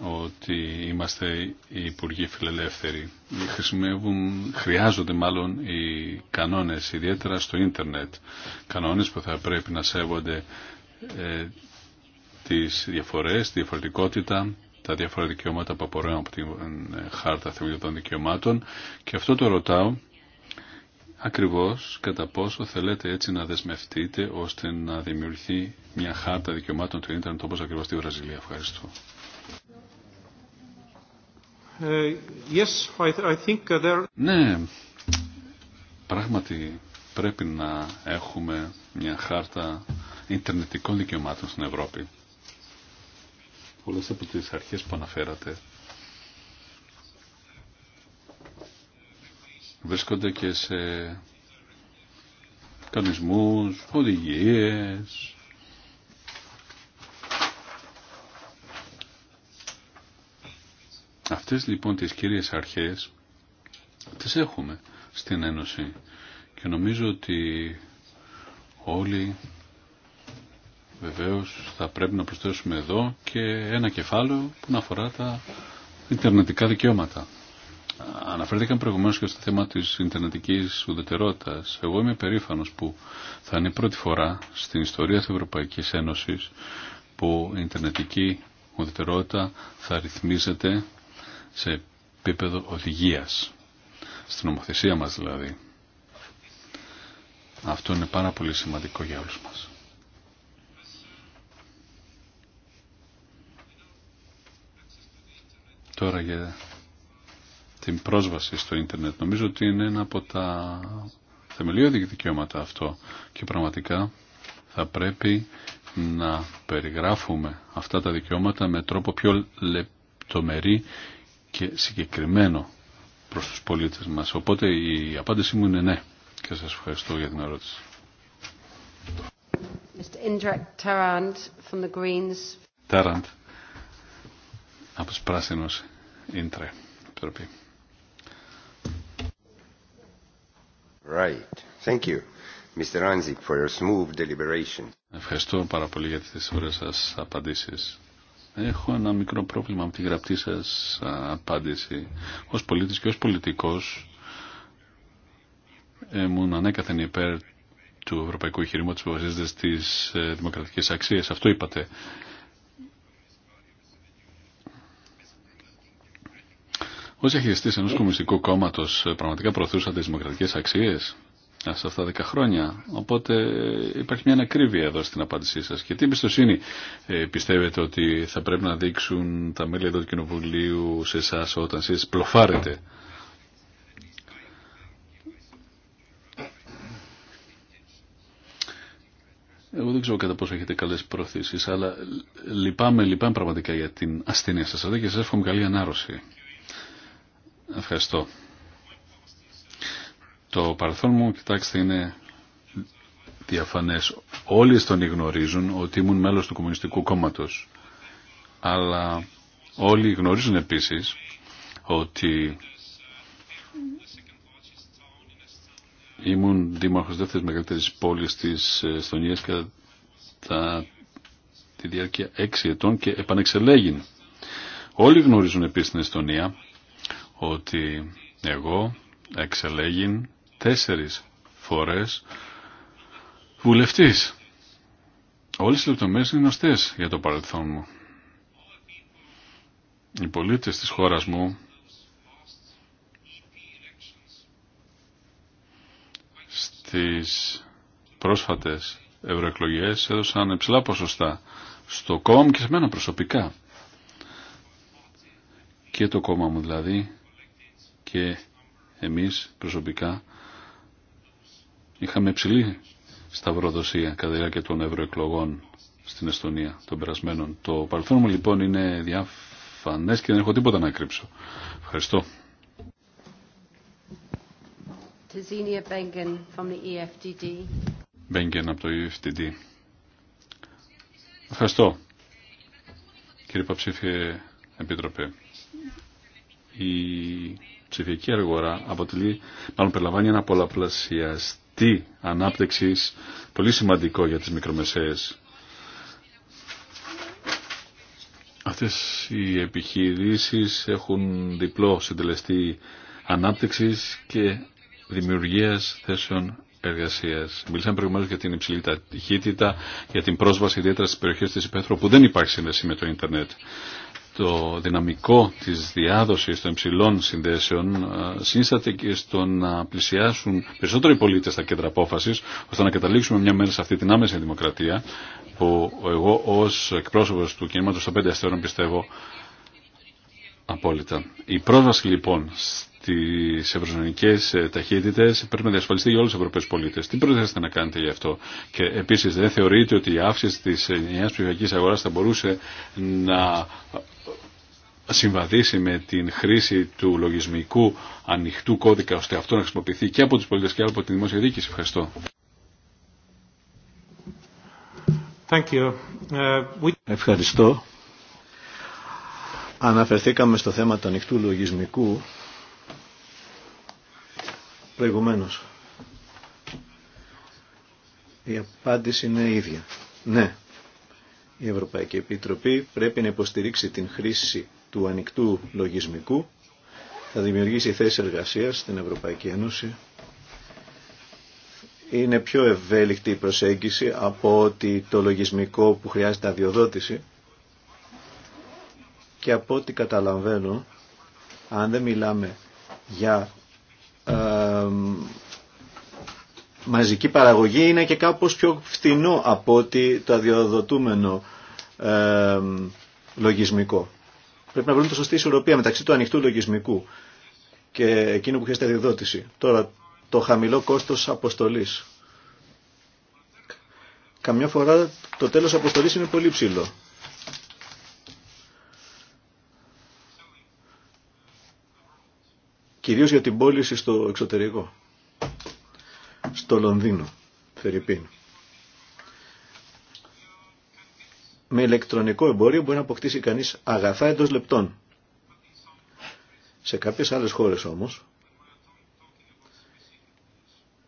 ότι είμαστε οι υπουργοί φιλελεύθεροι. Χρησιμεύουν, χρειάζονται μάλλον οι κανόνες, ιδιαίτερα στο ίντερνετ. Κανόνες που θα πρέπει να σέβονται ε, τις διαφορές, τη διαφορετικότητα, τα διάφορα δικαιώματα που απορρέουν από την ε, Χάρτα Θεμελιωδών Δικαιωμάτων και αυτό το ρωτάω ακριβώς κατά πόσο θέλετε έτσι να δεσμευτείτε ώστε να δημιουργηθεί μια χάρτα δικαιωμάτων του ίντερνετ όπως ακριβώς στη Βραζιλία. Ευχαριστώ. Uh, yes, I think there... Ναι, πράγματι πρέπει να έχουμε μια χάρτα ιντερνετικών δικαιωμάτων στην Ευρώπη πολλές από τις αρχές που αναφέρατε βρίσκονται και σε κανισμούς, οδηγίες, Αυτές λοιπόν τις κύριες αρχές τις έχουμε στην Ένωση και νομίζω ότι όλοι βεβαίως θα πρέπει να προσθέσουμε εδώ και ένα κεφάλαιο που να αφορά τα Ιντερνετικά δικαιώματα. Αναφέρθηκαν προηγουμένως και στο θέμα της Ιντερνετικής ουδετερότητας. Εγώ είμαι περήφανος που θα είναι η πρώτη φορά στην ιστορία της Ευρωπαϊκής Ένωσης που η Ιντερνετική ουδετερότητα θα ρυθμίζεται σε επίπεδο οδηγίας. Στην ομοθεσία μας δηλαδή. Αυτό είναι πάρα πολύ σημαντικό για όλους μας. Τώρα για την πρόσβαση στο ίντερνετ. Νομίζω ότι είναι ένα από τα θεμελιώδη δικαιώματα αυτό και πραγματικά θα πρέπει να περιγράφουμε αυτά τα δικαιώματα με τρόπο πιο λεπτομερή και συγκεκριμένο προς τους πολίτες μας. Οπότε η απάντησή μου είναι ναι και σας ευχαριστώ για την ερώτηση. Mr. from the Greens από τους πράσινους Ίντρε. Right. Thank you, Mr. Anzik, for your smooth deliberation. Ευχαριστώ πάρα πολύ για τις ώρες σας απαντήσεις. Έχω ένα μικρό πρόβλημα με τη γραπτή σας απάντηση. Ως πολίτης και ως πολιτικός ήμουν ανέκαθεν υπέρ του ευρωπαϊκού εγχειρήματος που βασίζεται στις ε, δημοκρατικές αξίες. Αυτό είπατε. Ω διαχειριστή ενό κομμουνιστικού κόμματο, ε, πραγματικά προωθούσατε τι δημοκρατικέ αξίε σε αυτά τα 10 χρόνια. Οπότε ε, υπάρχει μια ανακρίβεια εδώ στην απάντησή σα. Και τι εμπιστοσύνη ε, πιστεύετε ότι θα πρέπει να δείξουν τα μέλη εδώ του Κοινοβουλίου σε εσά όταν εσεί πλοφάρετε. Εγώ δεν ξέρω κατά πόσο έχετε καλέ προθήσει, αλλά λυπάμαι, λυπάμαι πραγματικά για την ασθένεια σα εδώ και σα εύχομαι καλή ανάρρωση. Ευχαριστώ. Το παρελθόν μου, κοιτάξτε, είναι διαφανές. Όλοι στον γνωρίζουν ότι ήμουν μέλος του Κομμουνιστικού Κόμματος. Αλλά όλοι γνωρίζουν επίσης ότι ήμουν δήμαρχος δεύτερης μεγαλύτερης πόλης της Εστονίας κατά τη διάρκεια έξι ετών και επανεξελέγην. Όλοι γνωρίζουν επίσης την Εστονία ότι εγώ εξελέγην τέσσερις φορές βουλευτής. Όλες οι λεπτομέρειες είναι γνωστές για το παρελθόν μου. Οι πολίτες της χώρας μου στις πρόσφατες ευρωεκλογέ έδωσαν υψηλά ποσοστά στο κόμμα και σε μένα προσωπικά. Και το κόμμα μου δηλαδή και εμείς προσωπικά είχαμε ψηλή σταυροδοσία κατά τη διάρκεια των ευρωεκλογών στην Εστονία των περασμένων. Το παρελθόν μου λοιπόν είναι διαφανές και δεν έχω τίποτα να κρύψω. Ευχαριστώ. Μπέγγεν e από το EFTD. Ευχαριστώ. Κύριε Παψήφιε Επίτροπε, η ψηφιακή αγορά αποτελεί, μάλλον περιλαμβάνει ένα πολλαπλασιαστή ανάπτυξη πολύ σημαντικό για τις μικρομεσαίες. Αυτές οι επιχειρήσεις έχουν διπλό συντελεστή ανάπτυξης και δημιουργίας θέσεων εργασίας. Μιλήσαμε προηγουμένως για την υψηλή ταχύτητα, για την πρόσβαση ιδιαίτερα στις περιοχές της υπαίθρου που δεν υπάρχει σύνδεση με το ίντερνετ το δυναμικό της διάδοσης των υψηλών συνδέσεων ε, σύνσταται και στο να πλησιάσουν περισσότεροι οι πολίτες στα κέντρα απόφασης ώστε να καταλήξουμε μια μέρα σε αυτή την άμεση δημοκρατία που εγώ ως εκπρόσωπος του κινήματος των πέντε αστέρων πιστεύω απόλυτα. Η πρόσβαση λοιπόν τις ευρωζωνικές ε, ταχύτητες πρέπει να διασφαλιστεί για όλους τους Ευρωπαίους πολίτες. Τι προθέσετε να κάνετε γι' αυτό. Και επίσης δεν θεωρείτε ότι η αύξηση της νέας ψηφιακής αγοράς θα μπορούσε να συμβαδίσει με την χρήση του λογισμικού ανοιχτού κώδικα ώστε αυτό να χρησιμοποιηθεί και από τους πολίτες και από τη δημόσια διοίκηση. Ευχαριστώ. Thank you. Uh, Ευχαριστώ. Αναφερθήκαμε στο θέμα του ανοιχτού λογισμικού προηγουμένως. Η απάντηση είναι η ίδια. Ναι, η Ευρωπαϊκή Επιτροπή πρέπει να υποστηρίξει την χρήση του ανοιχτού λογισμικού, θα δημιουργήσει θέσει εργασίας στην Ευρωπαϊκή Ένωση. Είναι πιο ευέλικτη η προσέγγιση από ότι το λογισμικό που χρειάζεται αδειοδότηση και από ό,τι καταλαβαίνω, αν δεν μιλάμε για ε, μαζική παραγωγή είναι και κάπως πιο φτηνό από ότι το αδειοδοτούμενο ε, λογισμικό. Πρέπει να βρούμε το σωστή ισορροπία μεταξύ του ανοιχτού λογισμικού και εκείνου που χρειάζεται αδειοδότηση. Τώρα, το χαμηλό κόστος αποστολής. Καμιά φορά το τέλος αποστολής είναι πολύ ψηλό. κυρίως για την πώληση στο εξωτερικό, στο Λονδίνο, Φερρυπίν. Με ηλεκτρονικό εμπόριο μπορεί να αποκτήσει κανείς αγαθά εντός λεπτών. Σε κάποιες άλλες χώρες όμως,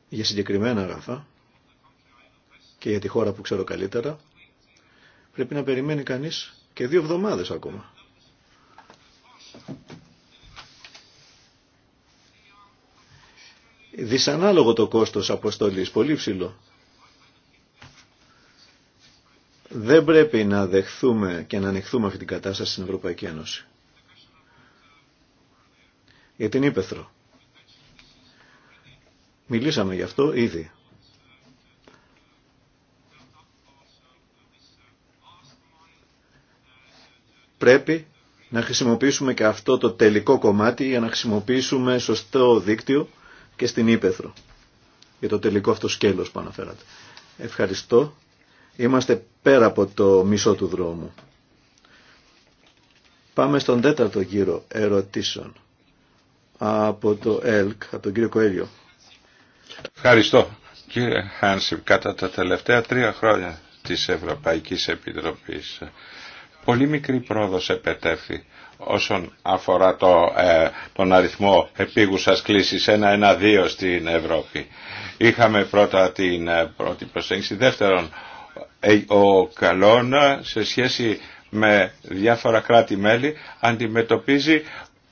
για συγκεκριμένα αγαθά και για τη χώρα που ξέρω καλύτερα, πρέπει να περιμένει κανείς και δύο εβδομάδες ακόμα. δυσανάλογο το κόστος αποστολής, πολύ ψηλό. Δεν πρέπει να δεχθούμε και να ανεχθούμε αυτή την κατάσταση στην Ευρωπαϊκή Ένωση. Για την Ήπεθρο. Μιλήσαμε γι' αυτό ήδη. Πρέπει να χρησιμοποιήσουμε και αυτό το τελικό κομμάτι για να χρησιμοποιήσουμε σωστό δίκτυο και στην Ήπεθρο. Για το τελικό αυτό σκέλος που αναφέρατε. Ευχαριστώ. Είμαστε πέρα από το μισό του δρόμου. Πάμε στον τέταρτο γύρο ερωτήσεων από το ΕΛΚ, από τον κύριο Κοέλιο. Ευχαριστώ. Κύριε Χάνσιμ, κατά τα τελευταία τρία χρόνια της Ευρωπαϊκής Επιτροπής, πολύ μικρή πρόοδος επετέφθη όσον αφορά το, ε, τον αριθμό επίγουσας κλίσης 1-1-2 στην Ευρώπη. Είχαμε πρώτα την ε, πρώτη προσέγγιση. Δεύτερον, ε, ο Καλόν σε σχέση με διάφορα κράτη-μέλη αντιμετωπίζει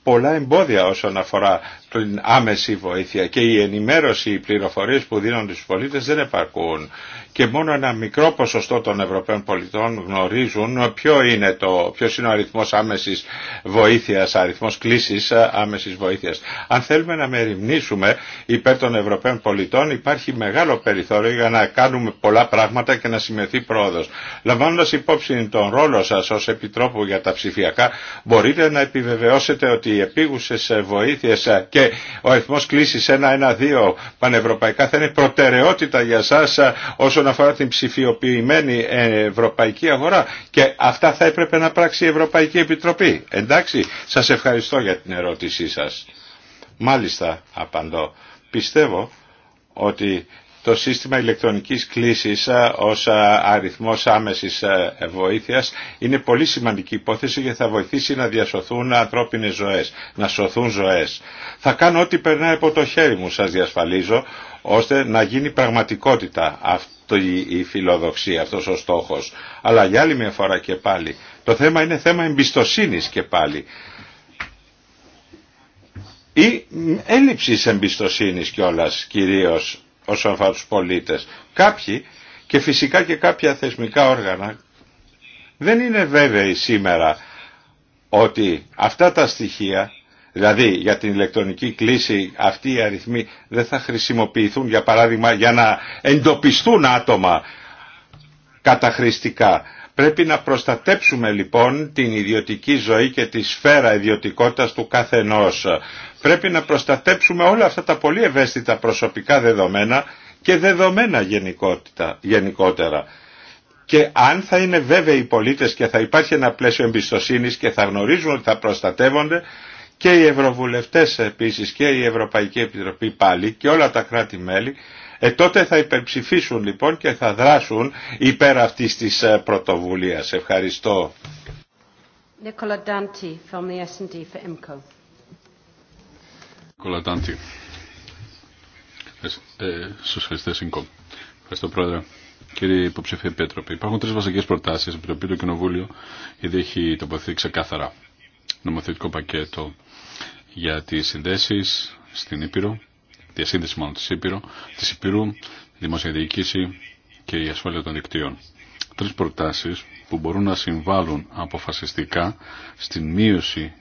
πολλά εμπόδια όσον αφορά την άμεση βοήθεια και η ενημέρωση, οι πληροφορίες που δίνουν στους πολίτες δεν επαρκούν και μόνο ένα μικρό ποσοστό των Ευρωπαίων πολιτών γνωρίζουν ποιο είναι, το, ποιος είναι ο αριθμός άμεσης βοήθειας, αριθμός κλήσης ε, άμεσης βοήθειας. Αν θέλουμε να μεριμνήσουμε υπέρ των Ευρωπαίων πολιτών υπάρχει μεγάλο περιθώριο για να κάνουμε πολλά πράγματα και να σημειωθεί πρόοδος. λαμβάνοντα υπόψη τον ρόλο σας ως Επιτρόπου για τα ψηφιακά μπορείτε να επιβεβαιώσετε ότι οι επίγουσες ε, βοήθειες ε, και ο αριθμό κλήση 2 πανευρωπαϊκά θα είναι προτεραιότητα για εσά όσον αφορά την ψηφιοποιημένη ε, ευρωπαϊκή αγορά και αυτά θα έπρεπε να πράξει η Ευρωπαϊκή Επιτροπή. Εντάξει, σας ευχαριστώ για την ερώτησή σας. Μάλιστα, απαντώ. Πιστεύω ότι το σύστημα ηλεκτρονικής κλήσης ως αριθμός άμεσης βοήθειας είναι πολύ σημαντική υπόθεση γιατί θα βοηθήσει να διασωθούν ανθρώπινες ζωές, να σωθούν ζωές. Θα κάνω ό,τι περνάει από το χέρι μου, σας διασφαλίζω, ώστε να γίνει πραγματικότητα αυτή η φιλοδοξία, αυτός ο στόχος. Αλλά για άλλη μια φορά και πάλι, το θέμα είναι θέμα εμπιστοσύνης και πάλι ή έλλειψης εμπιστοσύνης κιόλας κυρίως όσον αφορά τους πολίτες. Κάποιοι και φυσικά και κάποια θεσμικά όργανα δεν είναι βέβαιοι σήμερα ότι αυτά τα στοιχεία, δηλαδή για την ηλεκτρονική κλίση αυτοί οι αριθμοί δεν θα χρησιμοποιηθούν για παράδειγμα για να εντοπιστούν άτομα καταχρηστικά. Πρέπει να προστατέψουμε λοιπόν την ιδιωτική ζωή και τη σφαίρα ιδιωτικότητας του καθενός. Πρέπει να προστατέψουμε όλα αυτά τα πολύ ευαίσθητα προσωπικά δεδομένα και δεδομένα γενικότερα. Και αν θα είναι βέβαιοι οι πολίτες και θα υπάρχει ένα πλαίσιο εμπιστοσύνης και θα γνωρίζουν ότι θα προστατεύονται και οι ευρωβουλευτές επίσης και η Ευρωπαϊκή Επιτροπή πάλι και όλα τα κράτη-μέλη ε, τότε θα υπερψηφίσουν λοιπόν και θα δράσουν υπέρ αυτής της ε, πρωτοβουλίας. Ευχαριστώ. Νίκολα Ντάντι, from the S&D for ε, ε, Ευχαριστώ Πρόεδρε. Κύριε Υποψήφιε Επίτροπη, υπάρχουν τρεις βασικές προτάσεις από το οποίο το Κοινοβούλιο ήδη έχει τοποθετεί ξεκάθαρα. Νομοθετικό πακέτο για τις συνδέσεις στην Ήπειρο, διασύνδεση μάλλον της, Ήπειρο, της Ήπειρου, δημόσια διοίκηση και η ασφάλεια των δικτύων. Τρεις προτάσεις που μπορούν να συμβάλλουν αποφασιστικά στην μείωση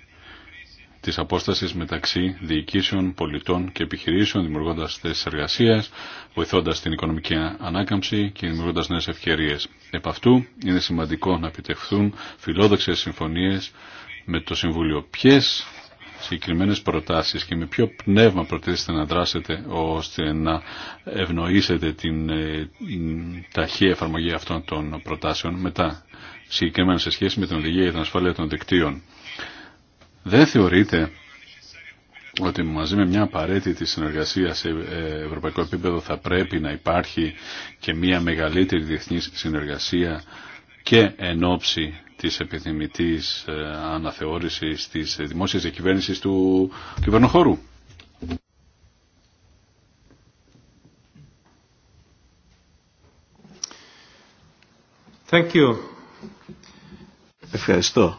της απόστασης μεταξύ διοικήσεων, πολιτών και επιχειρήσεων, δημιουργώντας θέσεις εργασίας, βοηθώντας την οικονομική ανάκαμψη και δημιουργώντας νέες ευκαιρίες. Επ' αυτού είναι σημαντικό να επιτευχθούν φιλόδοξες συμφωνίες με το Συμβούλιο. Ποιες συγκεκριμένε προτάσεις και με ποιο πνεύμα προτείνετε να δράσετε ώστε να ευνοήσετε την ε, ταχεία εφαρμογή αυτών των προτάσεων μετά συγκεκριμένα σε σχέση με την οδηγία για την ασφάλεια των δικτύων. Δεν θεωρείτε ότι μαζί με μια απαραίτητη συνεργασία σε ε, ευρωπαϊκό επίπεδο θα πρέπει να υπάρχει και μια μεγαλύτερη διεθνή συνεργασία και εν της επιθυμητής ε, αναθεώρησης της δημόσιας διακυβέρνησης του κυβερνοχώρου. Ευχαριστώ.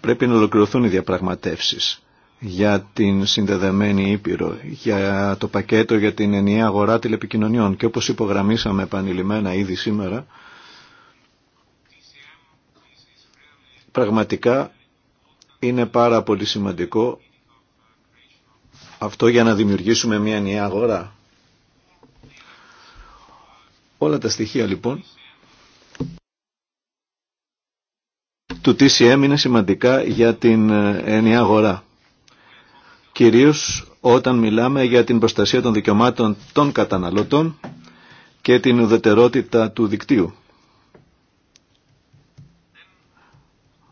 Πρέπει να ολοκληρωθούν οι διαπραγματεύσεις για την συνδεδεμένη Ήπειρο, για το πακέτο για την ενιαία αγορά τηλεπικοινωνιών και όπως υπογραμμίσαμε επανειλημμένα ήδη σήμερα, πραγματικά είναι πάρα πολύ σημαντικό αυτό για να δημιουργήσουμε μια ενιαία αγορά. Όλα τα στοιχεία λοιπόν του TCM είναι σημαντικά για την ενιαία αγορά κυρίως όταν μιλάμε για την προστασία των δικαιωμάτων των καταναλωτών και την ουδετερότητα του δικτύου.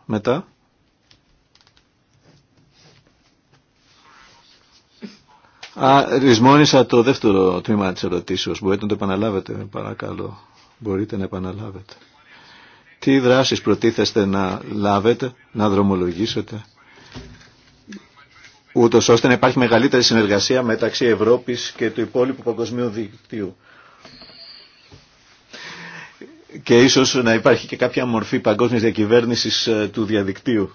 Μετά. Α, το δεύτερο τμήμα της ερωτήσεως. Μπορείτε να το επαναλάβετε, παρακαλώ. Μπορείτε να επαναλάβετε. Τι δράσεις προτίθεστε να λάβετε, να δρομολογήσετε ούτω ώστε να υπάρχει μεγαλύτερη συνεργασία μεταξύ Ευρώπης και του υπόλοιπου παγκοσμίου δικτύου. Και ίσως να υπάρχει και κάποια μορφή παγκόσμιας διακυβέρνησης ε, του διαδικτύου.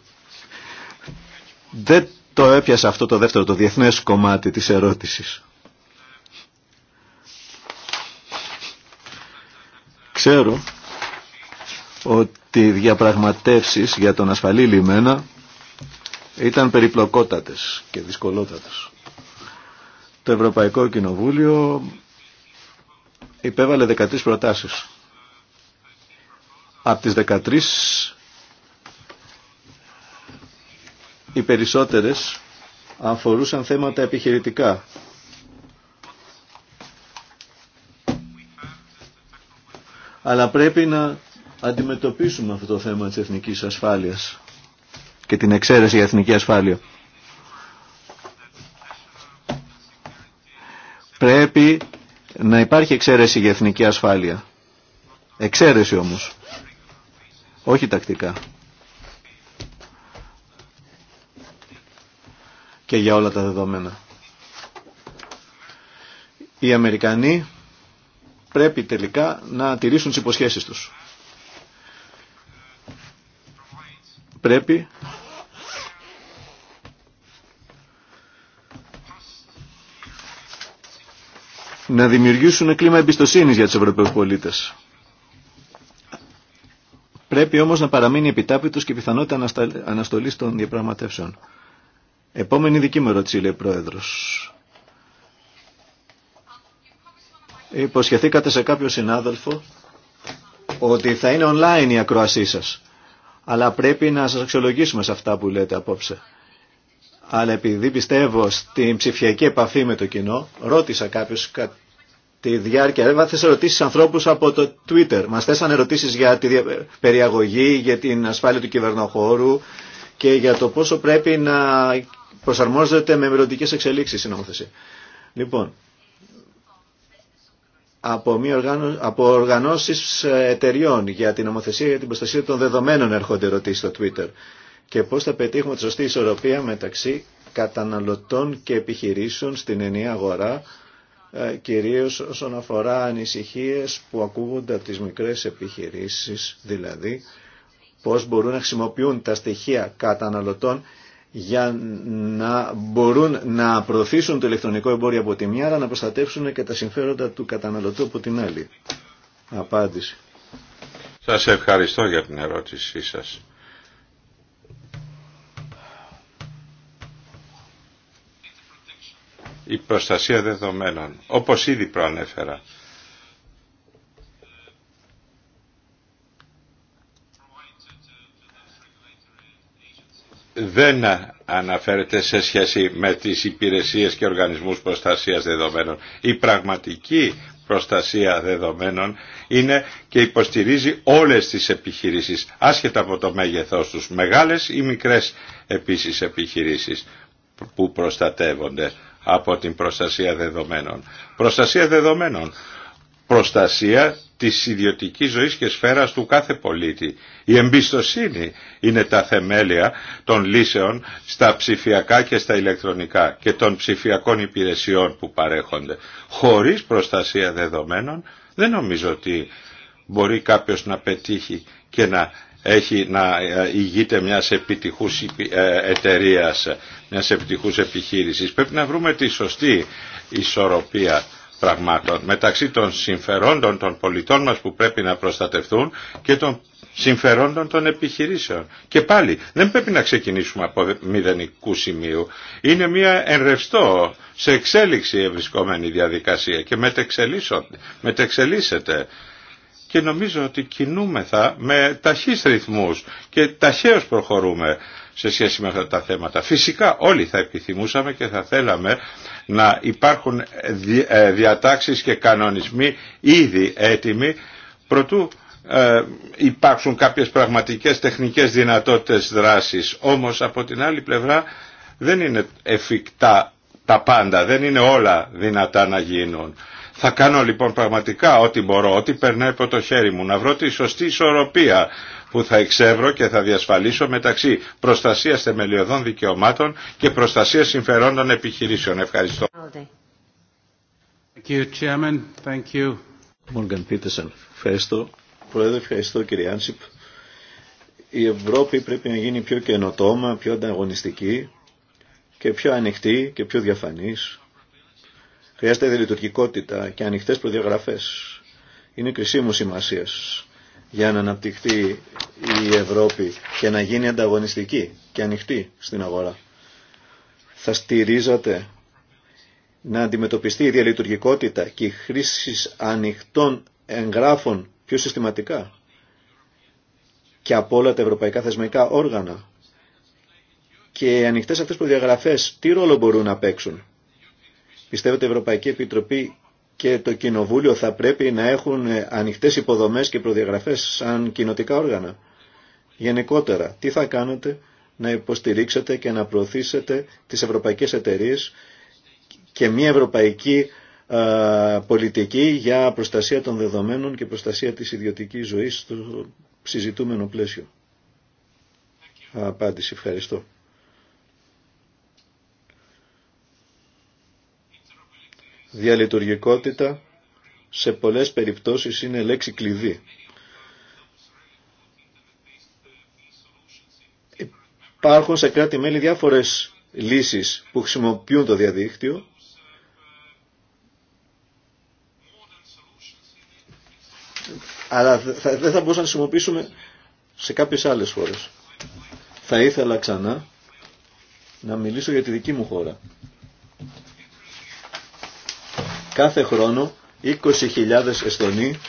Δεν το έπιασα αυτό το δεύτερο, το διεθνές κομμάτι της ερώτησης. Ξέρω ότι οι διαπραγματεύσεις για τον ασφαλή λιμένα ήταν περιπλοκότατες και δυσκολότατες. Το Ευρωπαϊκό Κοινοβούλιο υπέβαλε 13 προτάσεις. Από τις 13 οι περισσότερες αφορούσαν θέματα επιχειρητικά. Αλλά πρέπει να αντιμετωπίσουμε αυτό το θέμα της εθνικής ασφάλειας και την εξαίρεση για εθνική ασφάλεια. Πρέπει να υπάρχει εξαίρεση για εθνική ασφάλεια. Εξαίρεση όμως. Όχι τακτικά. Και για όλα τα δεδομένα. Οι Αμερικανοί πρέπει τελικά να τηρήσουν τις υποσχέσεις τους. Πρέπει να δημιουργήσουν κλίμα εμπιστοσύνης για τους Ευρωπαίους πολίτες. Πρέπει όμως να παραμείνει επιτάπητος και η πιθανότητα αναστολής των διαπραγματεύσεων. Επόμενη δική μου ερώτηση, λέει Πρόεδρος. Υποσχεθήκατε σε κάποιο συνάδελφο ότι θα είναι online η ακροασή σας. Αλλά πρέπει να σας αξιολογήσουμε σε αυτά που λέτε απόψε αλλά επειδή πιστεύω στην ψηφιακή επαφή με το κοινό, ρώτησα κάποιους κατά τη διάρκεια, βάθησα ερωτήσεις ανθρώπους από το Twitter. Μας θέσανε ερωτήσεις για τη περιαγωγή, για την ασφάλεια του κυβερνοχώρου και για το πόσο πρέπει να προσαρμόζεται με μελλοντικέ εξελίξεις η νομοθεσία. Λοιπόν, από, οργανώσει οργανω... από οργανώσεις ε, εταιριών για την νομοθεσία για την προστασία των δεδομένων έρχονται ερωτήσεις στο Twitter και πώς θα πετύχουμε τη σωστή ισορροπία μεταξύ καταναλωτών και επιχειρήσεων στην ενιαία αγορά, ε, κυρίως όσον αφορά ανησυχίες που ακούγονται από τις μικρές επιχειρήσεις, δηλαδή πώς μπορούν να χρησιμοποιούν τα στοιχεία καταναλωτών για να μπορούν να προωθήσουν το ηλεκτρονικό εμπόριο από τη μια, αλλά να προστατεύσουν και τα συμφέροντα του καταναλωτού από την άλλη. Απάντηση. Σας ευχαριστώ για την ερώτησή σας. η προστασία δεδομένων, όπως ήδη προανέφερα. δεν αναφέρεται σε σχέση με τις υπηρεσίες και οργανισμούς προστασίας δεδομένων. Η πραγματική προστασία δεδομένων είναι και υποστηρίζει όλες τις επιχειρήσεις, άσχετα από το μέγεθός τους, μεγάλες ή μικρές επίσης επιχειρήσεις που προστατεύονται από την προστασία δεδομένων. Προστασία δεδομένων. Προστασία της ιδιωτικής ζωής και σφαίρας του κάθε πολίτη. Η εμπιστοσύνη είναι τα θεμέλια των λύσεων στα ψηφιακά και στα ηλεκτρονικά και των ψηφιακών υπηρεσιών που παρέχονται. Χωρίς προστασία δεδομένων δεν νομίζω ότι μπορεί κάποιος να πετύχει και να έχει να ε, ηγείται μιας επιτυχούς ε, εταιρείας, μιας επιτυχούς επιχείρησης. Πρέπει να βρούμε τη σωστή ισορροπία πραγμάτων μεταξύ των συμφερόντων των πολιτών μας που πρέπει να προστατευτούν και των συμφερόντων των επιχειρήσεων. Και πάλι δεν πρέπει να ξεκινήσουμε από μηδενικού σημείου. Είναι μια ενρευστό σε εξέλιξη ευρισκόμενη διαδικασία και μετεξελίσσεται και νομίζω ότι κινούμεθα με ταχύς ρυθμούς και ταχαίως προχωρούμε σε σχέση με αυτά τα θέματα. Φυσικά όλοι θα επιθυμούσαμε και θα θέλαμε να υπάρχουν ε, διατάξεις και κανονισμοί ήδη έτοιμοι προτού ε, υπάρξουν κάποιες πραγματικές τεχνικές δυνατότητες δράσης. Όμως από την άλλη πλευρά δεν είναι εφικτά τα πάντα, δεν είναι όλα δυνατά να γίνουν. Θα κάνω λοιπόν πραγματικά ό,τι μπορώ, ό,τι περνάει από το χέρι μου, να βρω τη σωστή ισορροπία που θα εξεύρω και θα διασφαλίσω μεταξύ προστασίας θεμελιωδών δικαιωμάτων και προστασίας συμφερόντων επιχειρήσεων. Ευχαριστώ. Morgan Ευχαριστώ. Πρόεδρε, ευχαριστώ κύριε Άνσιπ. Η Ευρώπη πρέπει να γίνει πιο καινοτόμα, πιο ανταγωνιστική και πιο ανοιχτή και πιο διαφανής Χρειάζεται λειτουργικότητα και ανοιχτέ προδιαγραφέ. Είναι κρισίμου σημασία για να αναπτυχθεί η Ευρώπη και να γίνει ανταγωνιστική και ανοιχτή στην αγορά. Θα στηρίζατε να αντιμετωπιστεί η διαλειτουργικότητα και η χρήση ανοιχτών εγγράφων πιο συστηματικά και από όλα τα ευρωπαϊκά θεσμικά όργανα. Και οι ανοιχτέ αυτέ προδιαγραφέ τι ρόλο μπορούν να παίξουν Πιστεύετε η Ευρωπαϊκή Επιτροπή και το Κοινοβούλιο θα πρέπει να έχουν ε, ανοιχτές υποδομές και προδιαγραφές σαν κοινοτικά όργανα. Γενικότερα, τι θα κάνετε να υποστηρίξετε και να προωθήσετε τις ευρωπαϊκές εταιρείες και μια ευρωπαϊκή πολιτική για προστασία των δεδομένων και προστασία της ιδιωτικής ζωής στο συζητούμενο πλαίσιο. Απάντηση, ευχαριστώ. Διαλειτουργικότητα σε πολλές περιπτώσεις είναι λέξη κλειδί. Υπάρχουν σε κράτη-μέλη διάφορες λύσεις που χρησιμοποιούν το διαδίκτυο αλλά δεν θα μπορούσαμε να χρησιμοποιήσουμε σε κάποιες άλλες φορές Θα ήθελα ξανά να μιλήσω για τη δική μου χώρα. Κάθε χρόνο 20.000 Εστονοί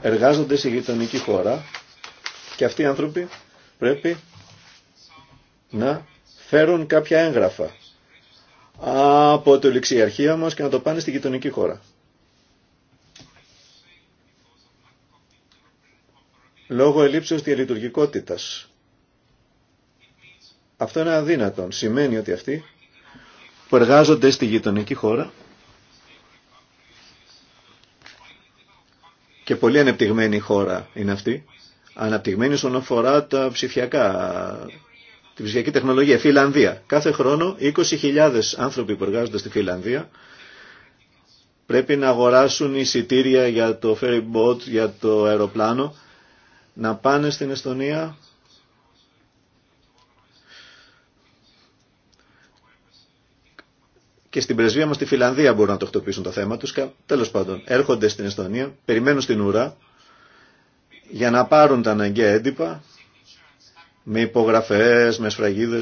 εργάζονται σε γειτονική χώρα και αυτοί οι άνθρωποι πρέπει να φέρουν κάποια έγγραφα από το ληξιαρχείο μας και να το πάνε στη γειτονική χώρα. Λόγω ελλείψεως διαλειτουργικότητας. Αυτό είναι αδύνατον. Σημαίνει ότι αυτοί που εργάζονται στη γειτονική χώρα και πολύ ανεπτυγμένη χώρα είναι αυτή. Αναπτυγμένη όσον αφορά τα ψηφιακά, την ψηφιακή τεχνολογία. Φιλανδία. Κάθε χρόνο 20.000 άνθρωποι που εργάζονται στη Φιλανδία πρέπει να αγοράσουν εισιτήρια για το ferry boat, για το αεροπλάνο, να πάνε στην Εστονία και στην πρεσβεία μας στη Φιλανδία μπορούν να το το θέμα τους. Τέλος πάντων, έρχονται στην Εστονία, περιμένουν στην ουρά για να πάρουν τα αναγκαία έντυπα με υπογραφές, με σφραγίδε.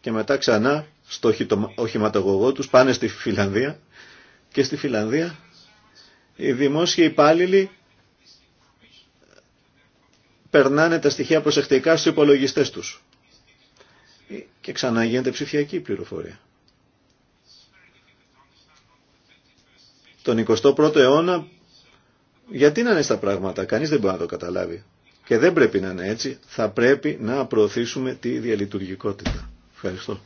και μετά ξανά στο οχηματογωγό του, πάνε στη Φιλανδία και στη Φιλανδία οι δημόσιοι υπάλληλοι περνάνε τα στοιχεία προσεκτικά στους υπολογιστές τους και ξανά γίνεται ψηφιακή πληροφορία. τον 21ο αιώνα γιατί να είναι στα πράγματα, κανείς δεν μπορεί να το καταλάβει. Και δεν πρέπει να είναι έτσι, θα πρέπει να προωθήσουμε τη διαλειτουργικότητα. Ευχαριστώ.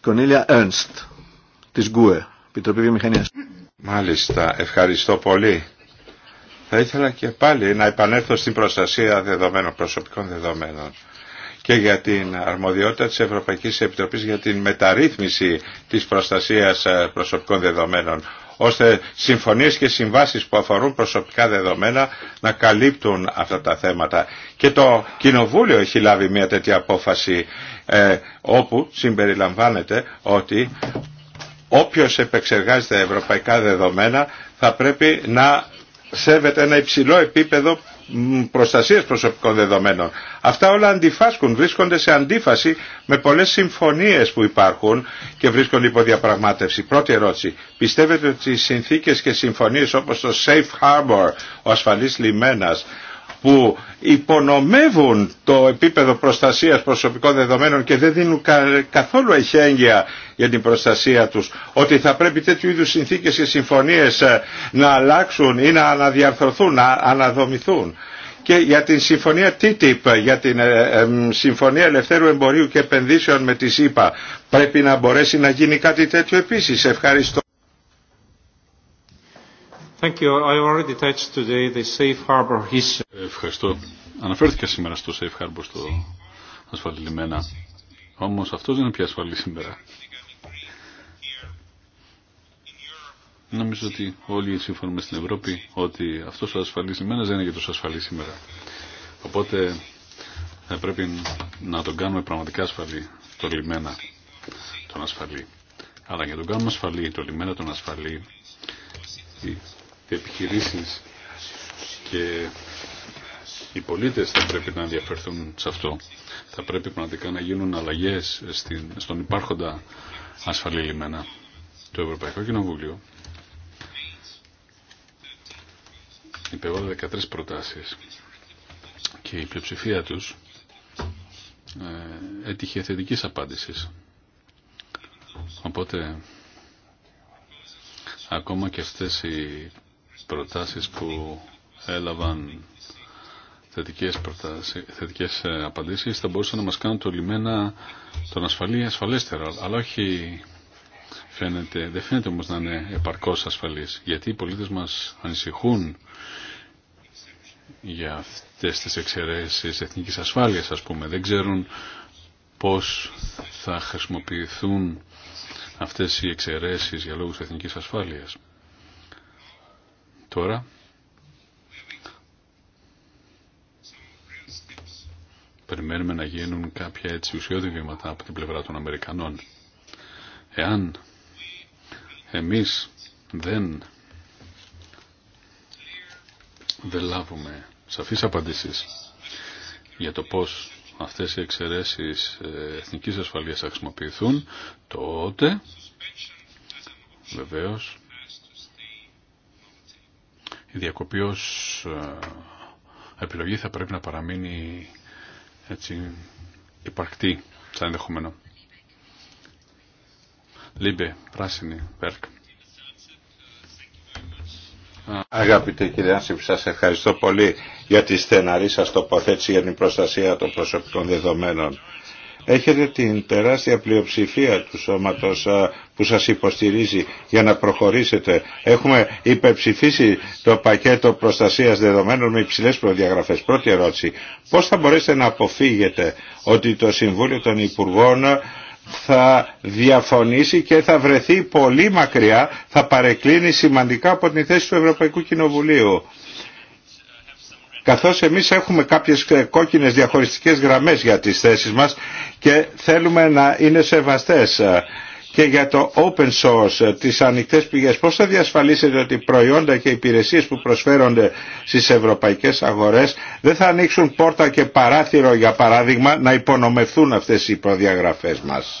Κονίλια Έρνστ, της ΓΚΟΕ, Επιτροπή Βιομηχανίας. Μάλιστα, ευχαριστώ πολύ. Θα ήθελα και πάλι να επανέλθω στην προστασία δεδομένων, προσωπικών δεδομένων και για την αρμοδιότητα της Ευρωπαϊκής Επιτροπής για την μεταρρύθμιση της προστασίας ε, προσωπικών δεδομένων ώστε συμφωνίες και συμβάσεις που αφορούν προσωπικά δεδομένα να καλύπτουν αυτά τα θέματα. Και το Κοινοβούλιο έχει λάβει μια τέτοια απόφαση ε, όπου συμπεριλαμβάνεται ότι όποιος επεξεργάζεται ευρωπαϊκά δεδομένα θα πρέπει να σέβεται ένα υψηλό επίπεδο προστασίας προσωπικών δεδομένων. Αυτά όλα αντιφάσκουν, βρίσκονται σε αντίφαση με πολλές συμφωνίες που υπάρχουν και βρίσκονται υπό διαπραγμάτευση. Πρώτη ερώτηση. Πιστεύετε ότι οι συνθήκες και συμφωνίες όπως το Safe Harbor, ο ασφαλής λιμένας, που υπονομεύουν το επίπεδο προστασίας προσωπικών δεδομένων και δεν δίνουν καθόλου εχέγγυα για την προστασία τους. Ότι θα πρέπει τέτοιου είδους συνθήκες και συμφωνίες ε, να αλλάξουν ή να αναδιαρθρωθούν, να αναδομηθούν. Και για την συμφωνία TTIP, για την ε, συμφωνία ελευθέρου εμπορίου και επενδύσεων με τη ΣΥΠΑ, πρέπει να μπορέσει να γίνει κάτι τέτοιο επίσης. Ευχαριστώ. Ευχαριστώ. Αναφέρθηκα σήμερα στο safe harbor στο ασφαλή λιμένα. Όμως αυτό δεν είναι πια ασφαλή σήμερα. Νομίζω ότι όλοι συμφωνούμε στην Ευρώπη ότι αυτός ο ασφαλής λιμένας δεν είναι για τόσο ασφαλή σήμερα. Οπότε θα ε, πρέπει να τον κάνουμε πραγματικά ασφαλή το λιμένα τον ασφαλή. Αλλά για τον κάνουμε ασφαλή το λιμένα τον ασφαλή επιχειρήσεις και οι πολίτες θα πρέπει να ενδιαφερθούν σε αυτό. Θα πρέπει πραγματικά να γίνουν αλλαγές στον υπάρχοντα ασφαλή λιμένα. Το Ευρωπαϊκό Κοινοβούλιο υπέβαλε 13 προτάσεις και η πλειοψηφία τους ε, έτυχε θετικής απάντησης. Οπότε ακόμα και αυτές οι προτάσεις που έλαβαν θετικές, προτάσεις, θετικές ε, απαντήσεις θα μπορούσαν να μας κάνουν το λιμένα τον ασφαλή ασφαλέστερο. αλλά όχι φαίνεται, δεν φαίνεται όμως να είναι επαρκώς ασφαλής γιατί οι πολίτες μας ανησυχούν για αυτές τις εξαιρέσεις εθνικής ασφάλειας ας πούμε δεν ξέρουν πώς θα χρησιμοποιηθούν αυτές οι εξαιρέσεις για λόγους εθνικής ασφάλειας. Τώρα περιμένουμε να γίνουν κάποια έτσι ουσιώδη βήματα από την πλευρά των Αμερικανών. Εάν εμείς δεν δεν λάβουμε σαφείς απαντήσεις για το πώς αυτές οι εξαιρέσεις ε, εθνικής ασφαλείας θα χρησιμοποιηθούν, τότε βεβαίως η διακοπή ως ε, επιλογή θα πρέπει να παραμείνει έτσι υπαρκτή σαν ενδεχόμενο. Λίμπε, πράσινη, Βέρκ. Αγαπητέ κύριε σας ευχαριστώ πολύ για τη στεναρή σας τοποθέτηση για την προστασία των προσωπικών δεδομένων έχετε την τεράστια πλειοψηφία του σώματος που σας υποστηρίζει για να προχωρήσετε. Έχουμε υπεψηφίσει το πακέτο προστασίας δεδομένων με υψηλές προδιαγραφές. Πρώτη ερώτηση, πώς θα μπορέσετε να αποφύγετε ότι το Συμβούλιο των Υπουργών θα διαφωνήσει και θα βρεθεί πολύ μακριά, θα παρεκκλίνει σημαντικά από την θέση του Ευρωπαϊκού Κοινοβουλίου καθώς εμείς έχουμε κάποιες ε, κόκκινες διαχωριστικές γραμμές για τις θέσεις μας και θέλουμε να είναι σεβαστές ε, και για το open source, ε, τις ανοιχτές πηγές. Πώς θα διασφαλίσετε ότι προϊόντα και υπηρεσίες που προσφέρονται στις ευρωπαϊκές αγορές δεν θα ανοίξουν πόρτα και παράθυρο, για παράδειγμα, να υπονομευθούν αυτές οι προδιαγραφές μας.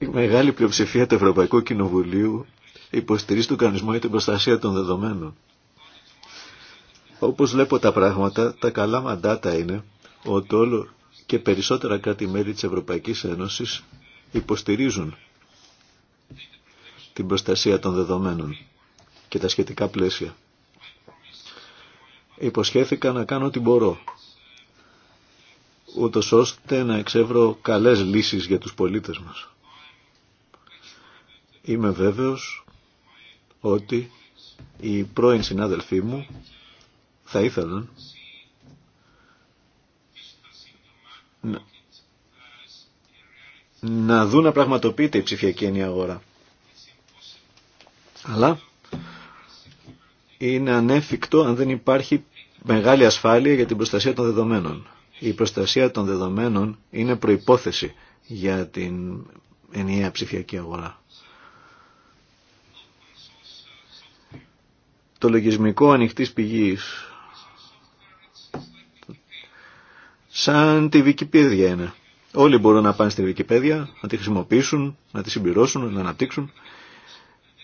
Η μεγάλη πλειοψηφία του Ευρωπαϊκού Κοινοβουλίου υποστηρίζει τον κανονισμό για την προστασία των δεδομένων. Όπως βλέπω τα πράγματα, τα καλά μαντάτα είναι ότι όλο και περισσότερα κράτη-μέλη της Ευρωπαϊκής Ένωσης υποστηρίζουν την προστασία των δεδομένων και τα σχετικά πλαίσια. Υποσχέθηκα να κάνω ό,τι μπορώ ούτως ώστε να εξεύρω καλές λύσεις για τους πολίτες μας. Είμαι βέβαιος ότι οι πρώην συνάδελφοί μου θα ήθελαν να, δουν να πραγματοποιείται η ψηφιακή ενιαγόρα. αγορά. Αλλά είναι ανέφικτο αν δεν υπάρχει μεγάλη ασφάλεια για την προστασία των δεδομένων. Η προστασία των δεδομένων είναι προϋπόθεση για την ενιαία ψηφιακή αγορά. Το λογισμικό ανοιχτής πηγής σαν τη Wikipedia είναι. Όλοι μπορούν να πάνε στη Wikipedia, να τη χρησιμοποιήσουν, να τη συμπληρώσουν, να αναπτύξουν.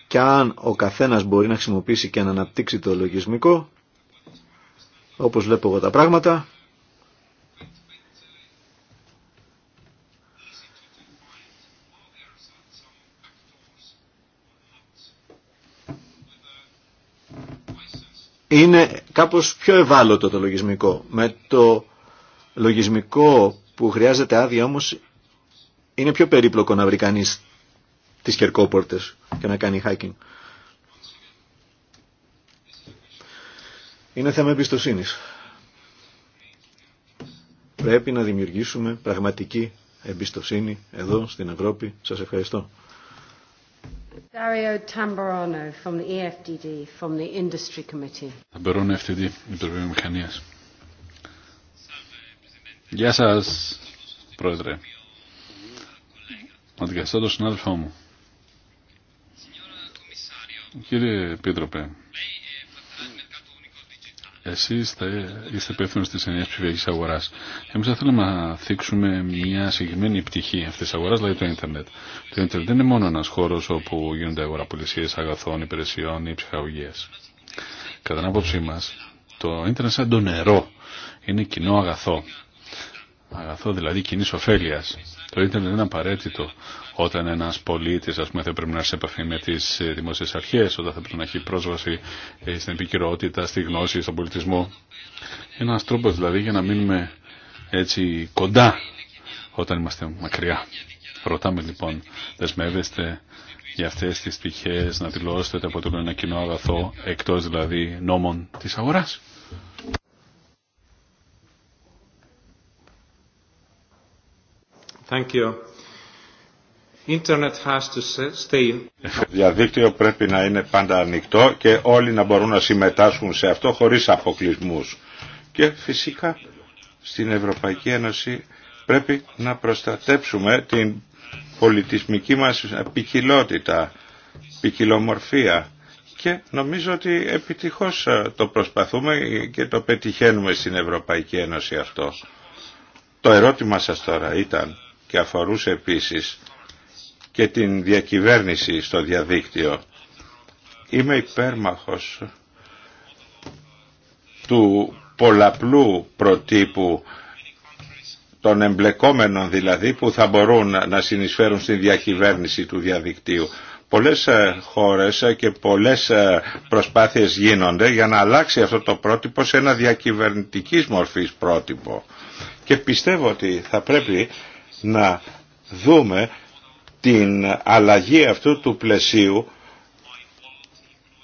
Και αν ο καθένας μπορεί να χρησιμοποιήσει και να αναπτύξει το λογισμικό, όπως βλέπω εγώ τα πράγματα, είναι κάπως πιο ευάλωτο το λογισμικό. Με το λογισμικό που χρειάζεται άδεια όμως είναι πιο περίπλοκο να βρει κανείς τις χερκόπορτες και να κάνει hacking. Είναι θέμα εμπιστοσύνη. Πρέπει να δημιουργήσουμε πραγματική εμπιστοσύνη εδώ στην Ευρώπη. Σας ευχαριστώ. Dario Tamburano from the EFDD, from the Industry Committee. Tamburano EFDD, Επιτροπή Μηχανίας. Γεια σας, Πρόεδρε. Αντικαθιστώ τον συνάδελφό μου. Κύριε Πίτροπε, Εσεί είστε υπεύθυνοι της ενιαίας ψηφιακής αγορά. Εμεί θα θέλαμε να θίξουμε μια συγκεκριμένη πτυχή αυτή τη αγορά, δηλαδή το ίντερνετ. Το ίντερνετ δεν είναι μόνο ένας χώρος όπου γίνονται αγοραπολισίε αγαθών, υπηρεσιών ή ψυχαγωγίε. Κατά την άποψή μα. το ίντερνετ σαν το νερό είναι κοινό αγαθό αγαθό δηλαδή κοινή ωφέλεια. Το ίντερνετ είναι απαραίτητο όταν ένα πολίτη θα πρέπει να έρθει σε επαφή με τι ε, δημόσιε αρχέ, όταν θα πρέπει να έχει πρόσβαση ε, στην επικαιρότητα, στη γνώση, στον πολιτισμό. Είναι ένα τρόπο δηλαδή για να μείνουμε έτσι κοντά όταν είμαστε μακριά. Ρωτάμε λοιπόν, δεσμεύεστε για αυτέ τι πτυχέ να δηλώσετε ότι αποτελούν ένα κοινό αγαθό εκτό δηλαδή νόμων τη αγορά. Thank you. Διαδίκτυο πρέπει να είναι πάντα ανοιχτό και όλοι να μπορούν να συμμετάσχουν σε αυτό χωρίς αποκλεισμούς. Και φυσικά στην Ευρωπαϊκή Ένωση πρέπει να προστατέψουμε την πολιτισμική μας ποικιλότητα, ποικιλομορφία και νομίζω ότι επιτυχώς ε, το προσπαθούμε και το πετυχαίνουμε στην Ευρωπαϊκή Ένωση αυτό. Το ερώτημα σας τώρα ήταν και αφορούσε επίσης και την διακυβέρνηση στο διαδίκτυο. Είμαι υπέρμαχος του πολλαπλού προτύπου των εμπλεκόμενων δηλαδή που θα μπορούν να συνεισφέρουν στην διακυβέρνηση του διαδικτύου. Πολλές ε, χώρες και πολλές ε, προσπάθειες γίνονται για να αλλάξει αυτό το πρότυπο σε ένα διακυβερνητικής μορφής πρότυπο. Και πιστεύω ότι θα πρέπει να δούμε την αλλαγή αυτού του πλαισίου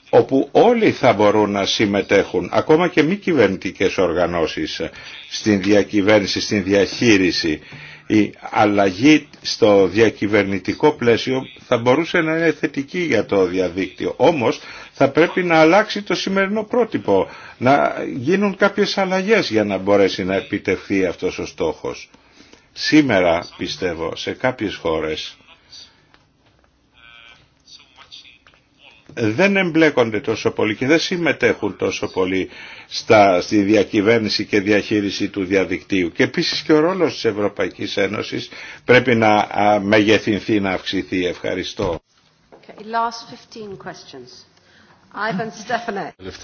όπου όλοι θα μπορούν να συμμετέχουν, ακόμα και μη κυβερνητικές οργανώσεις, στην διακυβέρνηση, στην διαχείριση. Η αλλαγή στο διακυβερνητικό πλαίσιο θα μπορούσε να είναι θετική για το διαδίκτυο. Όμως θα πρέπει να αλλάξει το σημερινό πρότυπο, να γίνουν κάποιες αλλαγές για να μπορέσει να επιτευχθεί αυτός ο στόχος. Σήμερα πιστεύω σε κάποιες χώρες δεν εμπλέκονται τόσο πολύ και δεν συμμετέχουν τόσο πολύ στη διακυβέρνηση και διαχείριση του διαδικτύου. Και επίσης και ο ρόλος της Ευρωπαϊκής Ένωσης πρέπει να μεγεθυνθεί, να αυξηθεί. Ευχαριστώ. last 15 questions. 15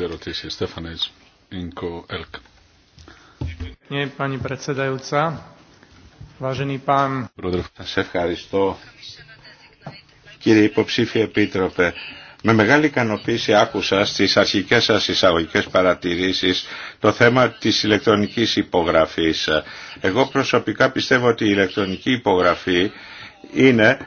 ε, ερωτήσεις. Στέφανες, Ινκο, Ελκ. Σας ευχαριστώ. Κύριε υποψήφιε επίτροπε, με μεγάλη ικανοποίηση άκουσα στις αρχικές σας εισαγωγικές παρατηρήσεις το θέμα της ηλεκτρονικής υπογραφής. Εγώ προσωπικά πιστεύω ότι η ηλεκτρονική υπογραφή είναι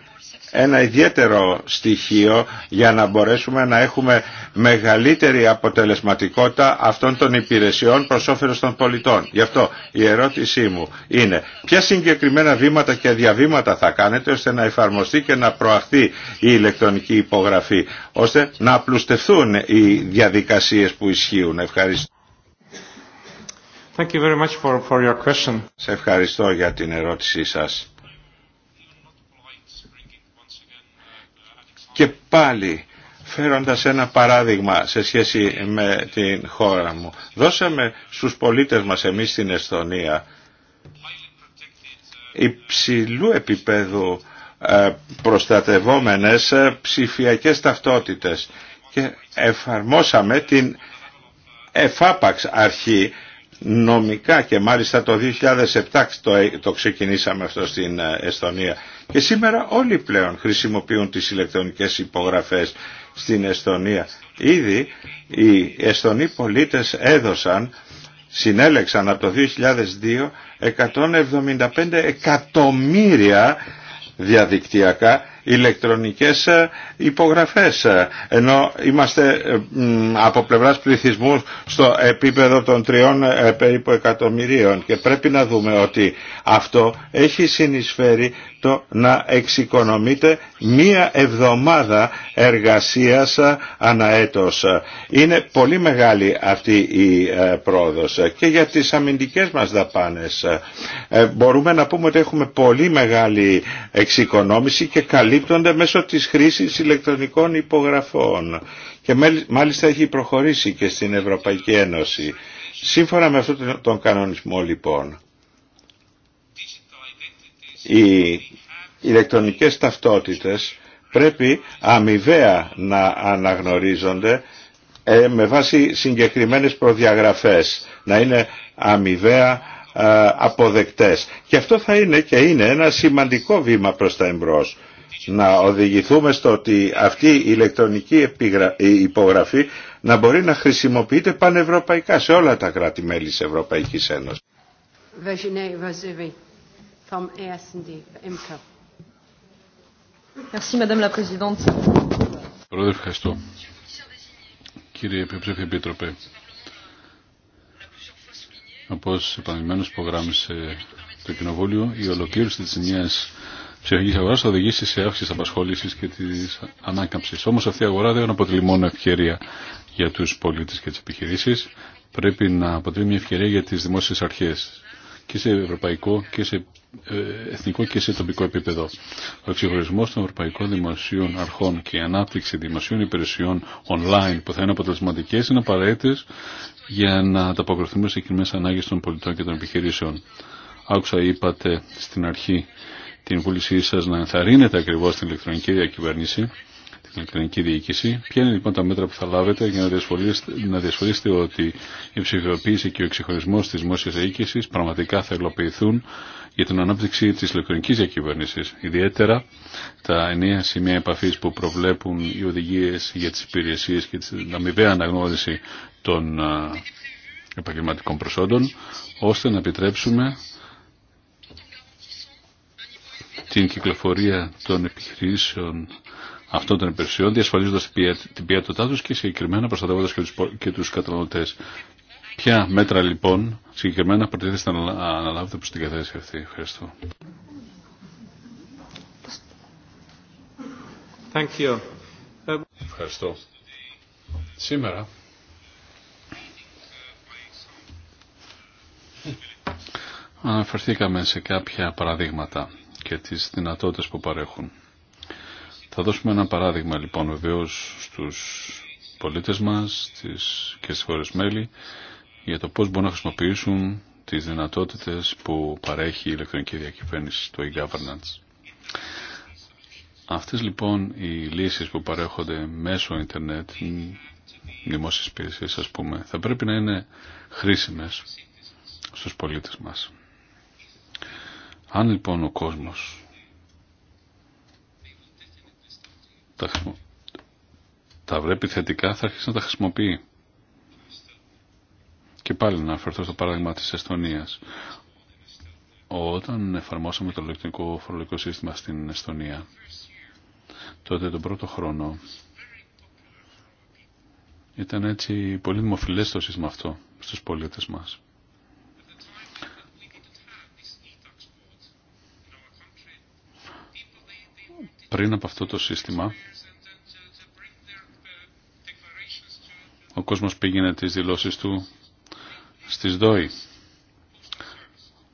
ένα ιδιαίτερο στοιχείο για να μπορέσουμε να έχουμε μεγαλύτερη αποτελεσματικότητα αυτών των υπηρεσιών προς όφελος των πολιτών. Γι' αυτό η ερώτησή μου είναι ποια συγκεκριμένα βήματα και διαβήματα θα κάνετε ώστε να εφαρμοστεί και να προαχθεί η ηλεκτρονική υπογραφή, ώστε να απλουστευτούν οι διαδικασίες που ισχύουν. Ευχαριστώ. Σε ευχαριστώ για την ερώτησή σας. Και πάλι φέροντας ένα παράδειγμα σε σχέση με την χώρα μου. Δώσαμε στους πολίτες μας εμείς στην Εσθονία υψηλού επίπεδου ε, προστατευόμενες ε, ψηφιακές ταυτότητες και εφαρμόσαμε την εφάπαξ αρχή νομικά και μάλιστα το 2007 το ξεκινήσαμε αυτό στην ε, Εσθονία. Και σήμερα όλοι πλέον χρησιμοποιούν τις ηλεκτρονικές υπογραφές στην Εστονία. Ήδη οι Εστονοί πολίτες έδωσαν, συνέλεξαν από το 2002 175 εκατομμύρια διαδικτυακά ηλεκτρονικές ε, υπογραφές ε, ενώ είμαστε ε, από πλευράς πληθυσμού στο επίπεδο των τριών περίπου εκατομμυρίων και πρέπει να δούμε ότι αυτό έχει συνεισφέρει το να εξοικονομείται μία εβδομάδα εργασίας ανά Είναι πολύ μεγάλη αυτή η πρόοδος και για τις αμυντικές μας δαπάνες. Μπορούμε να πούμε ότι έχουμε πολύ μεγάλη εξοικονόμηση και καλή καλύπτονται μέσω της χρήσης ηλεκτρονικών υπογραφών και μάλιστα έχει προχωρήσει και στην Ευρωπαϊκή Ένωση. Σύμφωνα με αυτόν τον κανονισμό λοιπόν, οι ηλεκτρονικές ταυτότητες πρέπει αμοιβαία να αναγνωρίζονται ε, με βάση συγκεκριμένες προδιαγραφές, να είναι αμοιβαία ε, αποδεκτές. Και αυτό θα είναι και είναι ένα σημαντικό βήμα προς τα εμπρός να οδηγηθούμε στο ότι αυτή η ηλεκτρονική υπογραφή να μπορεί να χρησιμοποιείται πανευρωπαϊκά σε όλα τα κράτη-μέλη της Ευρωπαϊκής Ένωσης. Πρόεδρε, ευχαριστώ. Κύριε Επιπρέφη Επίτροπε, όπως επανειλημμένως υπογράμμισε το Κοινοβούλιο, η ολοκλήρωση της νέας ψυχική αγορά θα οδηγήσει σε αύξηση απασχόληση και τη ανάκαμψη. Όμω αυτή η αγορά δεν αποτελεί μόνο ευκαιρία για του πολίτε και τι επιχειρήσει, πρέπει να αποτελεί μια ευκαιρία για τι δημόσιε αρχέ και σε ευρωπαϊκό και σε ε, εθνικό και σε τοπικό επίπεδο. Ο εξυγχρονισμό των ευρωπαϊκών δημοσίων αρχών και η ανάπτυξη δημοσίων υπηρεσιών online που θα είναι αποτελεσματικέ είναι απαραίτητε για να ανταποκριθούμε σε κοινέ ανάγκε των πολιτών και των επιχειρήσεων. Άκουσα, είπατε στην αρχή την βούλησή σας να ενθαρρύνετε ακριβώς την ηλεκτρονική διακυβέρνηση, την ηλεκτρονική διοίκηση. Ποια είναι λοιπόν τα μέτρα που θα λάβετε για να διασφαλίσετε, να διασφαλίσετε ότι η ψηφιοποίηση και ο εξυγχωρισμός της δημόσιας διοίκησης πραγματικά θα υλοποιηθούν για την ανάπτυξη της ηλεκτρονικής διακυβέρνησης. Ιδιαίτερα τα εννέα σημεία επαφή που προβλέπουν οι οδηγίες για τις υπηρεσίες και την αμοιβαία αναγνώριση των ε, επαγγελματικών προσόντων, ώστε να επιτρέψουμε την κυκλοφορία των επιχειρήσεων αυτών των υπηρεσιών, διασφαλίζοντα την ποιότητά του και συγκεκριμένα προστατεύοντα και του καταναλωτέ, Ποια μέτρα λοιπόν συγκεκριμένα προτίθεται να αναλάβετε προ την κατάσταση αυτή. Ευχαριστώ. Thank Ευχαριστώ. Σήμερα αναφερθήκαμε σε κάποια παραδείγματα και τις δυνατότητες που παρέχουν. Θα δώσουμε ένα παράδειγμα λοιπόν βεβαίω στους πολίτες μας και στις χώρες μέλη για το πώς μπορούν να χρησιμοποιήσουν τις δυνατότητες που παρέχει η ηλεκτρονική διακυβέρνηση, το e-governance. Αυτές λοιπόν οι λύσεις που παρέχονται μέσω ίντερνετ, δημόσιες υπηρεσίες ας πούμε, θα πρέπει να είναι χρήσιμες στους πολίτες μας. Αν λοιπόν ο κόσμος τα, βρέπει θετικά θα αρχίσει να τα χρησιμοποιεί. Και πάλι να αφαιρθώ στο παράδειγμα της Εστονίας. Όταν εφαρμόσαμε το ηλεκτρικό φορολογικό σύστημα στην Εστονία, τότε τον πρώτο χρόνο ήταν έτσι πολύ δημοφιλές το σύστημα αυτό στους πολίτες μας. πριν από αυτό το σύστημα ο κόσμος πήγαινε τις δηλώσεις του στις ΔΟΗ.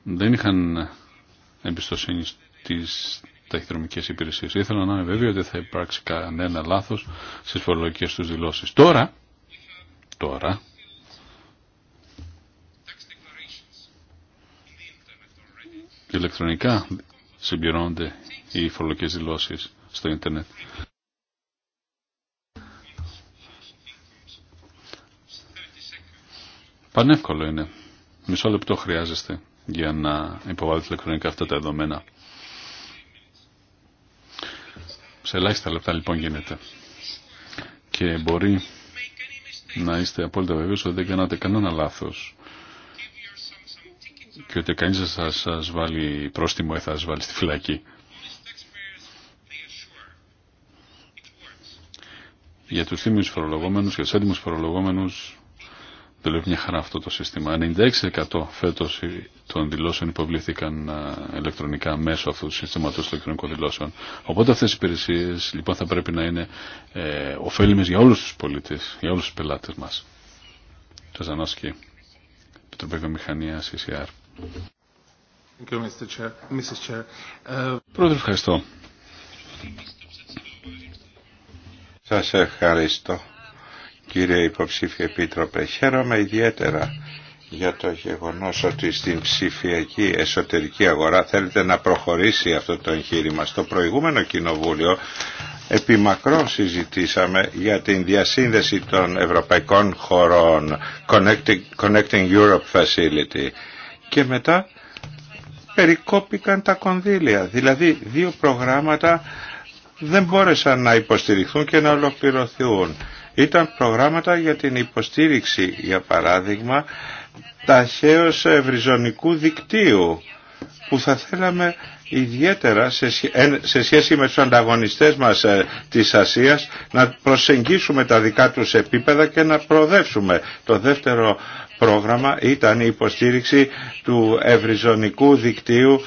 Δεν είχαν εμπιστοσύνη στις ταχυδρομικές υπηρεσίες. Ήθελα να είναι βέβαιο ότι θα υπάρξει κανένα λάθος στις φορολογικές τους δηλώσεις. Τώρα, τώρα, ηλεκτρονικά συμπληρώνονται οι φορολογικές δηλώσεις στο ίντερνετ. Πανεύκολο είναι. Μισό λεπτό χρειάζεστε για να υποβάλλετε ηλεκτρονικά αυτά τα δεδομένα. Σε ελάχιστα λεπτά λοιπόν γίνεται. Και μπορεί να είστε απόλυτα βεβαίως ότι δεν κάνατε κανένα λάθος και ότι κανείς θα σας βάλει πρόστιμο ή θα σας βάλει στη φυλακή. για τους τίμιους φορολογόμενους και τους έντιμους φορολογόμενους δουλεύει μια χαρά αυτό το σύστημα. 96% φέτος των δηλώσεων υποβλήθηκαν ηλεκτρονικά μέσω αυτού του συστήματος των κοινωνικών δηλώσεων. Οπότε αυτές οι υπηρεσίες λοιπόν θα πρέπει να είναι ε, ωφέλιμες για όλους τους πολίτες, για όλους τους πελάτες μας. Τζαζανόσκι, Επιτροπή Βιομηχανία, CCR. Πρόεδρε, ευχαριστώ. Σας ευχαριστώ κύριε υποψήφιε επίτροπε. Χαίρομαι ιδιαίτερα για το γεγονός ότι στην ψηφιακή εσωτερική αγορά θέλετε να προχωρήσει αυτό το εγχείρημα. Στο προηγούμενο κοινοβούλιο επιμακρό συζητήσαμε για την διασύνδεση των ευρωπαϊκών χωρών Connecting, Connecting Europe Facility και μετά περικόπηκαν τα κονδύλια. Δηλαδή δύο προγράμματα δεν μπόρεσαν να υποστηριχθούν και να ολοκληρωθούν. Ήταν προγράμματα για την υποστήριξη, για παράδειγμα, ταχαίως ευρυζωνικού δικτύου που θα θέλαμε ιδιαίτερα σε σχέση με τους ανταγωνιστές μας ε, της Ασίας να προσεγγίσουμε τα δικά τους επίπεδα και να προοδεύσουμε. Το δεύτερο πρόγραμμα ήταν η υποστήριξη του ευρυζωνικού δικτύου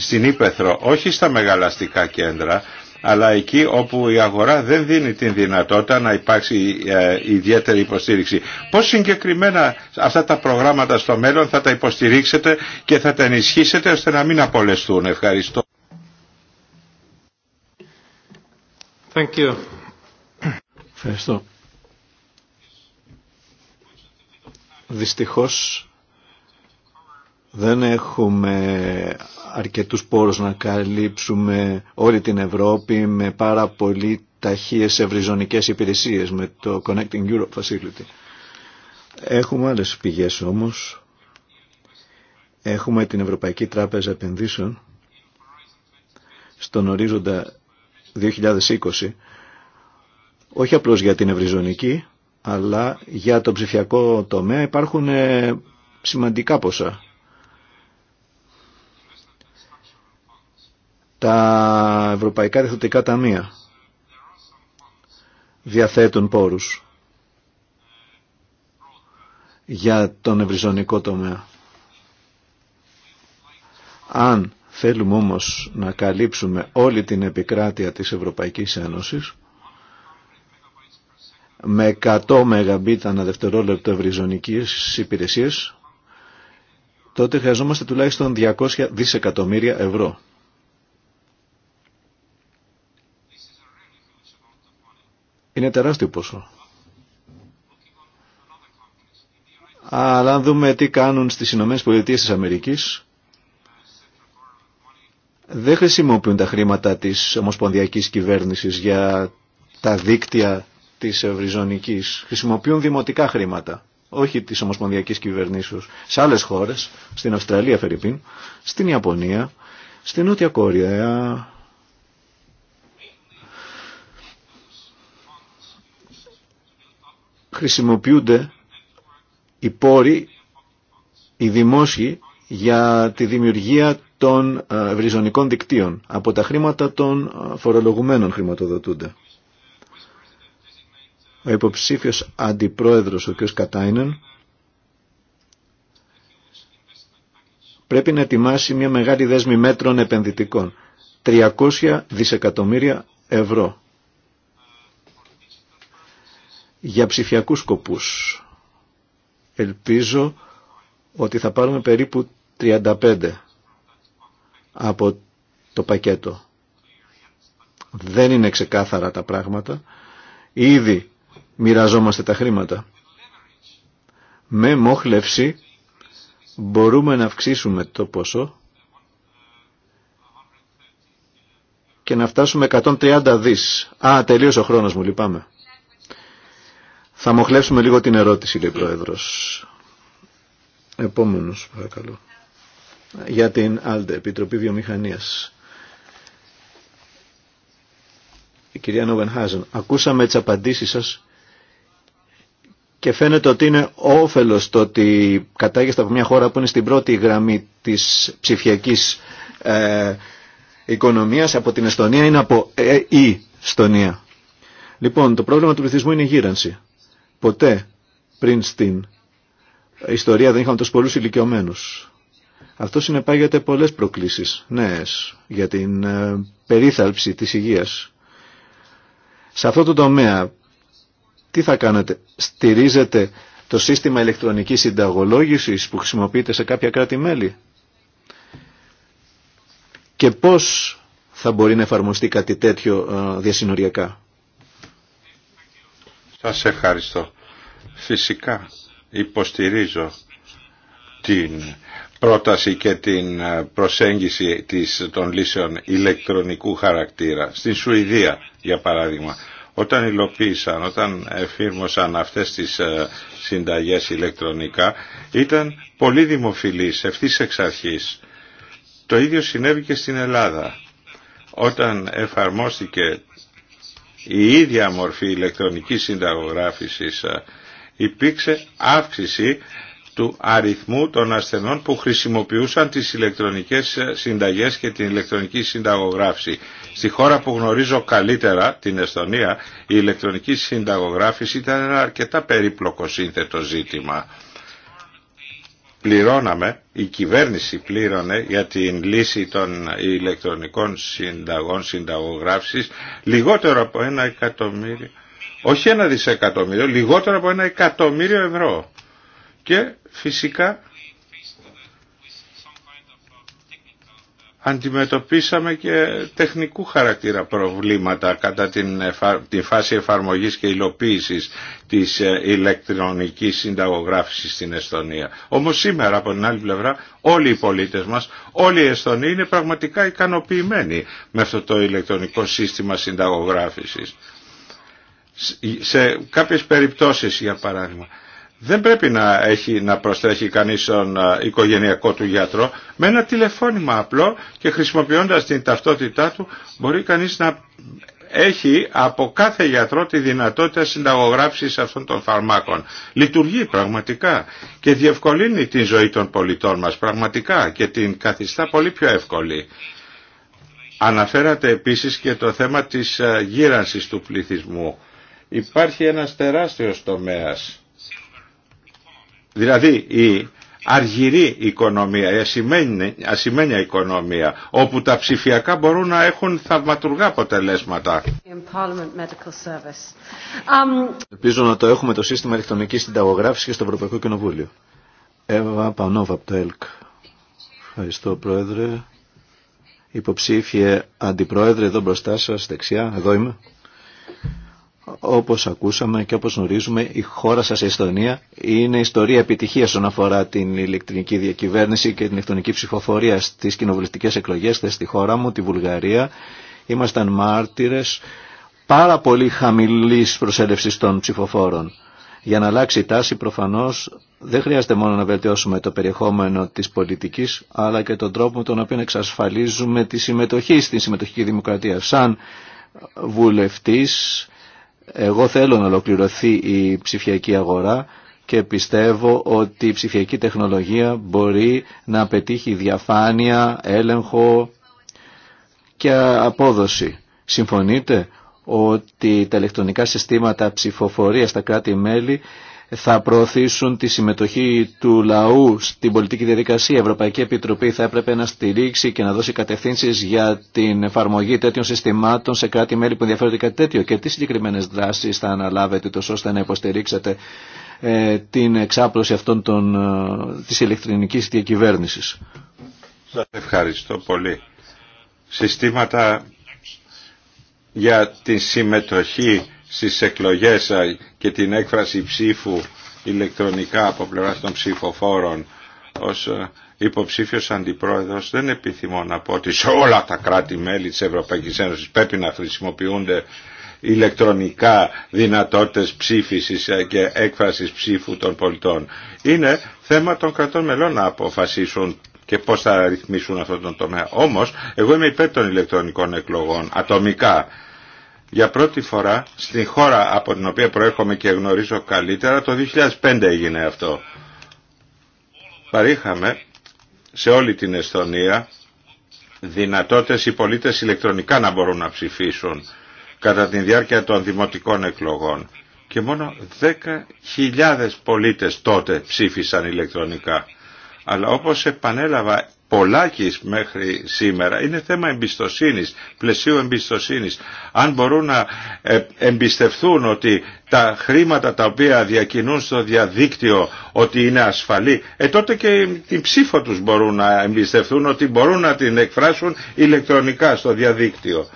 στην Ήπεθρο, όχι στα μεγαλαστικά κέντρα αλλά εκεί όπου η αγορά δεν δίνει την δυνατότητα να υπάρξει ε, ιδιαίτερη υποστήριξη. Πώς συγκεκριμένα αυτά τα προγράμματα στο μέλλον θα τα υποστηρίξετε και θα τα ενισχύσετε ώστε να μην απολεστούν. Ευχαριστώ. Thank you. Ευχαριστώ. Δυστυχώς δεν έχουμε αρκετούς πόρους να καλύψουμε όλη την Ευρώπη με πάρα πολύ ταχείες ευρυζωνικές υπηρεσίες με το Connecting Europe Facility. Έχουμε άλλες πηγές όμως. Έχουμε την Ευρωπαϊκή Τράπεζα Επενδύσεων στον ορίζοντα 2020 όχι απλώς για την ευρυζωνική αλλά για το ψηφιακό τομέα υπάρχουν ε, σημαντικά ποσά τα ευρωπαϊκά διευθυντικά ταμεία διαθέτουν πόρους για τον ευρυζωνικό τομέα. Αν θέλουμε όμως να καλύψουμε όλη την επικράτεια της Ευρωπαϊκής Ένωσης με 100 MB ανά δευτερόλεπτο ευρυζωνικής υπηρεσίας τότε χρειαζόμαστε τουλάχιστον 200 δισεκατομμύρια ευρώ. Είναι τεράστιο ποσό. Αλλά αν δούμε τι κάνουν στις Ηνωμένες Πολιτείες της Αμερικής, δεν χρησιμοποιούν τα χρήματα της ομοσπονδιακής κυβέρνησης για τα δίκτυα της ευρυζωνικής. Χρησιμοποιούν δημοτικά χρήματα, όχι της ομοσπονδιακής κυβερνήσεως. Σε άλλες χώρες, στην Αυστραλία Φερρυπίν, στην Ιαπωνία, στην Νότια Κόρια... χρησιμοποιούνται οι πόροι, οι δημόσιοι, για τη δημιουργία των ε, ευρυζωνικών δικτύων. Από τα χρήματα των ε, φορολογουμένων χρηματοδοτούνται. Ο υποψήφιος αντιπρόεδρος, ο κ. Κατάινεν, πρέπει να ετοιμάσει μια μεγάλη δέσμη μέτρων επενδυτικών. 300 δισεκατομμύρια ευρώ για ψηφιακούς σκοπούς. Ελπίζω ότι θα πάρουμε περίπου 35 από το πακέτο. Δεν είναι ξεκάθαρα τα πράγματα. Ήδη μοιραζόμαστε τα χρήματα. Με μόχλευση μπορούμε να αυξήσουμε το ποσό και να φτάσουμε 130 δις. Α, τελείωσε ο χρόνος μου, λυπάμαι. Θα μοχλεύσουμε λίγο την ερώτηση, λέει Πρόεδρος. Επόμενος, παρακαλώ. Για την ΑΛΔΕ, Επιτροπή Βιομηχανίας. Η κυρία Νόβενχάζεν, ακούσαμε τις απαντήσεις σας και φαίνεται ότι είναι όφελος το ότι κατάγεστε από μια χώρα που είναι στην πρώτη γραμμή της ψηφιακής ε, οικονομίας από την Εστονία είναι από ε, η Εστονία. Λοιπόν, το πρόβλημα του πληθυσμού είναι η γύρανση. Ποτέ πριν στην ιστορία δεν είχαμε τόσο πολλούς ηλικιωμένους. Αυτό συνεπάγεται πολλές προκλήσεις νέες για την ε, περίθαλψη της υγείας. Σε αυτό το τομέα τι θα κάνετε, στηρίζετε το σύστημα ηλεκτρονικής συνταγολόγησης που χρησιμοποιείται σε κάποια κράτη-μέλη και πώς θα μπορεί να εφαρμοστεί κάτι τέτοιο ε, διασυνοριακά. Σας ευχαριστώ. Φυσικά υποστηρίζω την πρόταση και την προσέγγιση της, των λύσεων ηλεκτρονικού χαρακτήρα. Στην Σουηδία, για παράδειγμα, όταν υλοποίησαν, όταν εφήρμοσαν αυτές τις ε, συνταγές ηλεκτρονικά, ήταν πολύ δημοφιλής ευθύς εξ αρχής. Το ίδιο συνέβη και στην Ελλάδα. Όταν εφαρμόστηκε η ίδια μορφή ηλεκτρονικής συνταγογράφησης ε, υπήρξε αύξηση του αριθμού των ασθενών που χρησιμοποιούσαν τις ηλεκτρονικές ε, συνταγές και την ηλεκτρονική συνταγογράφηση. Στη χώρα που γνωρίζω καλύτερα, την Εστονία, η ηλεκτρονική συνταγογράφηση ήταν ένα αρκετά περίπλοκο σύνθετο ζήτημα πληρώναμε, η κυβέρνηση πλήρωνε για την λύση των ηλεκτρονικών συνταγών συνταγογράφησης λιγότερο από ένα εκατομμύριο, όχι ένα δισεκατομμύριο, λιγότερο από ένα εκατομμύριο ευρώ. Και φυσικά αντιμετωπίσαμε και τεχνικού χαρακτήρα προβλήματα κατά την, φάση εφαρμογής και υλοποίησης της ε, ηλεκτρονικής συνταγογράφησης στην Εστονία. Όμως σήμερα από την άλλη πλευρά όλοι οι πολίτες μας, όλοι οι Εστονοί είναι πραγματικά ικανοποιημένοι με αυτό το ηλεκτρονικό σύστημα συνταγογράφησης. Σε κάποιες περιπτώσεις για παράδειγμα δεν πρέπει να, έχει, να προστρέχει κανείς τον ε, οικογενειακό του γιατρό. Με ένα τηλεφώνημα απλό και χρησιμοποιώντας την ταυτότητά του μπορεί κανείς να έχει από κάθε γιατρό τη δυνατότητα συνταγογράψης αυτών των φαρμάκων. Λειτουργεί πραγματικά και διευκολύνει την ζωή των πολιτών μας πραγματικά και την καθιστά πολύ πιο εύκολη. Αναφέρατε επίσης και το θέμα της ε, γύρανσης του πληθυσμού. Υπάρχει ένας τεράστιος τομέας Δηλαδή η αργυρή οικονομία, η ασημένια οικονομία, όπου τα ψηφιακά μπορούν να έχουν θαυματουργά αποτελέσματα. Um, Ελπίζω να το έχουμε το σύστημα ηλεκτρονικής συνταγογράφησης και στο Ευρωπαϊκό Κοινοβούλιο. Εύα Πανόβα από το ΕΛΚ. Ευχαριστώ Πρόεδρε. Υποψήφιε Αντιπρόεδρε εδώ μπροστά σας, δεξιά, εδώ είμαι. Όπως ακούσαμε και όπως γνωρίζουμε, η χώρα σας, η Εστονία, είναι ιστορία επιτυχίας όσον αφορά την ηλεκτρονική διακυβέρνηση και την ηλεκτρονική ψηφοφορία στις κοινοβουλευτικές εκλογές. Θες στη χώρα μου, τη Βουλγαρία, ήμασταν μάρτυρες πάρα πολύ χαμηλής προσέλευσης των ψηφοφόρων. Για να αλλάξει η τάση προφανώς δεν χρειάζεται μόνο να βελτιώσουμε το περιεχόμενο της πολιτικής αλλά και τον τρόπο με τον οποίο εξασφαλίζουμε τη συμμετοχή στην συμμετοχική δημοκρατία. Σαν βουλευτής εγώ θέλω να ολοκληρωθεί η ψηφιακή αγορά και πιστεύω ότι η ψηφιακή τεχνολογία μπορεί να πετύχει διαφάνεια, έλεγχο και απόδοση. Συμφωνείτε ότι τα ηλεκτρονικά συστήματα ψηφοφορίας στα κράτη-μέλη θα προωθήσουν τη συμμετοχή του λαού στην πολιτική διαδικασία. Η Ευρωπαϊκή Επιτροπή θα έπρεπε να στηρίξει και να δώσει κατευθύνσεις για την εφαρμογή τέτοιων συστημάτων σε κράτη-μέλη που ενδιαφέρονται κάτι τέτοιο. Και τι συγκεκριμένε δράσεις θα αναλάβετε τόσο ώστε να υποστηρίξετε ε, την εξάπλωση αυτών των, ε, της ηλεκτρονικής Σας ευχαριστώ πολύ. Συστήματα για τη συμμετοχή στις εκλογές ε, και την έκφραση ψήφου ηλεκτρονικά από πλευράς των ψηφοφόρων ως ε, υποψήφιος αντιπρόεδρος δεν επιθυμώ να πω ότι σε όλα τα κράτη-μέλη της Ευρωπαϊκής Ένωσης πρέπει να χρησιμοποιούνται ηλεκτρονικά δυνατότητες ψήφισης ε, και έκφρασης ψήφου των πολιτών. Είναι θέμα των κρατών μελών να αποφασίσουν και πώς θα ρυθμίσουν αυτόν τον τομέα. Όμως, εγώ είμαι υπέρ των ηλεκτρονικών εκλογών, ατομικά. Για πρώτη φορά στην χώρα από την οποία προέρχομαι και γνωρίζω καλύτερα το 2005 έγινε αυτό. Παρήχαμε σε όλη την Εσθονία δυνατότητες οι πολίτες ηλεκτρονικά να μπορούν να ψηφίσουν κατά τη διάρκεια των δημοτικών εκλογών. Και μόνο 10.000 πολίτες τότε ψήφισαν ηλεκτρονικά. Αλλά όπως επανέλαβα πολλάκις μέχρι σήμερα είναι θέμα εμπιστοσύνης, πλαισίου εμπιστοσύνης. Αν μπορούν να ε, εμπιστευθούν ότι τα χρήματα τα οποία διακινούν στο διαδίκτυο ότι είναι ασφαλή, ε, τότε και την ψήφο τους μπορούν να εμπιστευθούν ότι μπορούν να την εκφράσουν ηλεκτρονικά στο διαδίκτυο.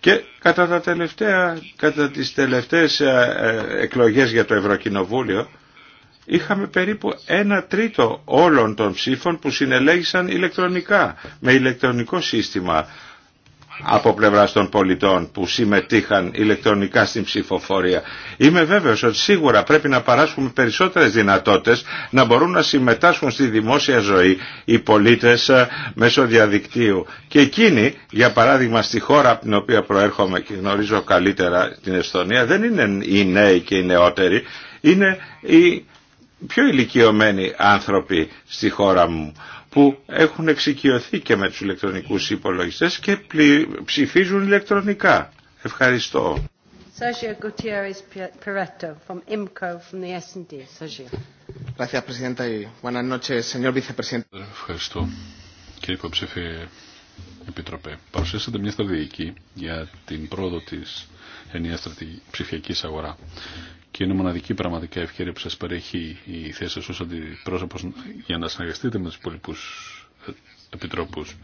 Και κατά, τα τελευταία, κατά τις τελευταίες ε, εκλογές για το Ευρωκοινοβούλιο, είχαμε περίπου ένα τρίτο όλων των ψήφων που συνελέγησαν ηλεκτρονικά, με ηλεκτρονικό σύστημα από πλευρά των πολιτών που συμμετείχαν ηλεκτρονικά στην ψηφοφορία. Είμαι βέβαιος ότι σίγουρα πρέπει να παράσχουμε περισσότερες δυνατότητες να μπορούν να συμμετάσχουν στη δημόσια ζωή οι πολίτες ε, μέσω διαδικτύου. Και εκείνοι, για παράδειγμα στη χώρα από την οποία προέρχομαι και γνωρίζω καλύτερα την Εστονία, δεν είναι οι νέοι και οι νεότεροι, είναι οι πιο ηλικιωμένοι άνθρωποι στη χώρα μου που έχουν εξοικειωθεί και με τους ηλεκτρονικούς υπολογιστές και ψηφίζουν ηλεκτρονικά. Ευχαριστώ. Ευχαριστώ, κύριε υποψήφι Επιτροπέ. Παρουσιάσατε μια στρατηγική για την πρόοδο της ενιαίας ψηφιακής αγορά και είναι μοναδική πραγματικά ευκαιρία που σα παρέχει η θέση σας ω αντιπρόσωπο για να συνεργαστείτε με του υπόλοιπους ε, επιτρόπους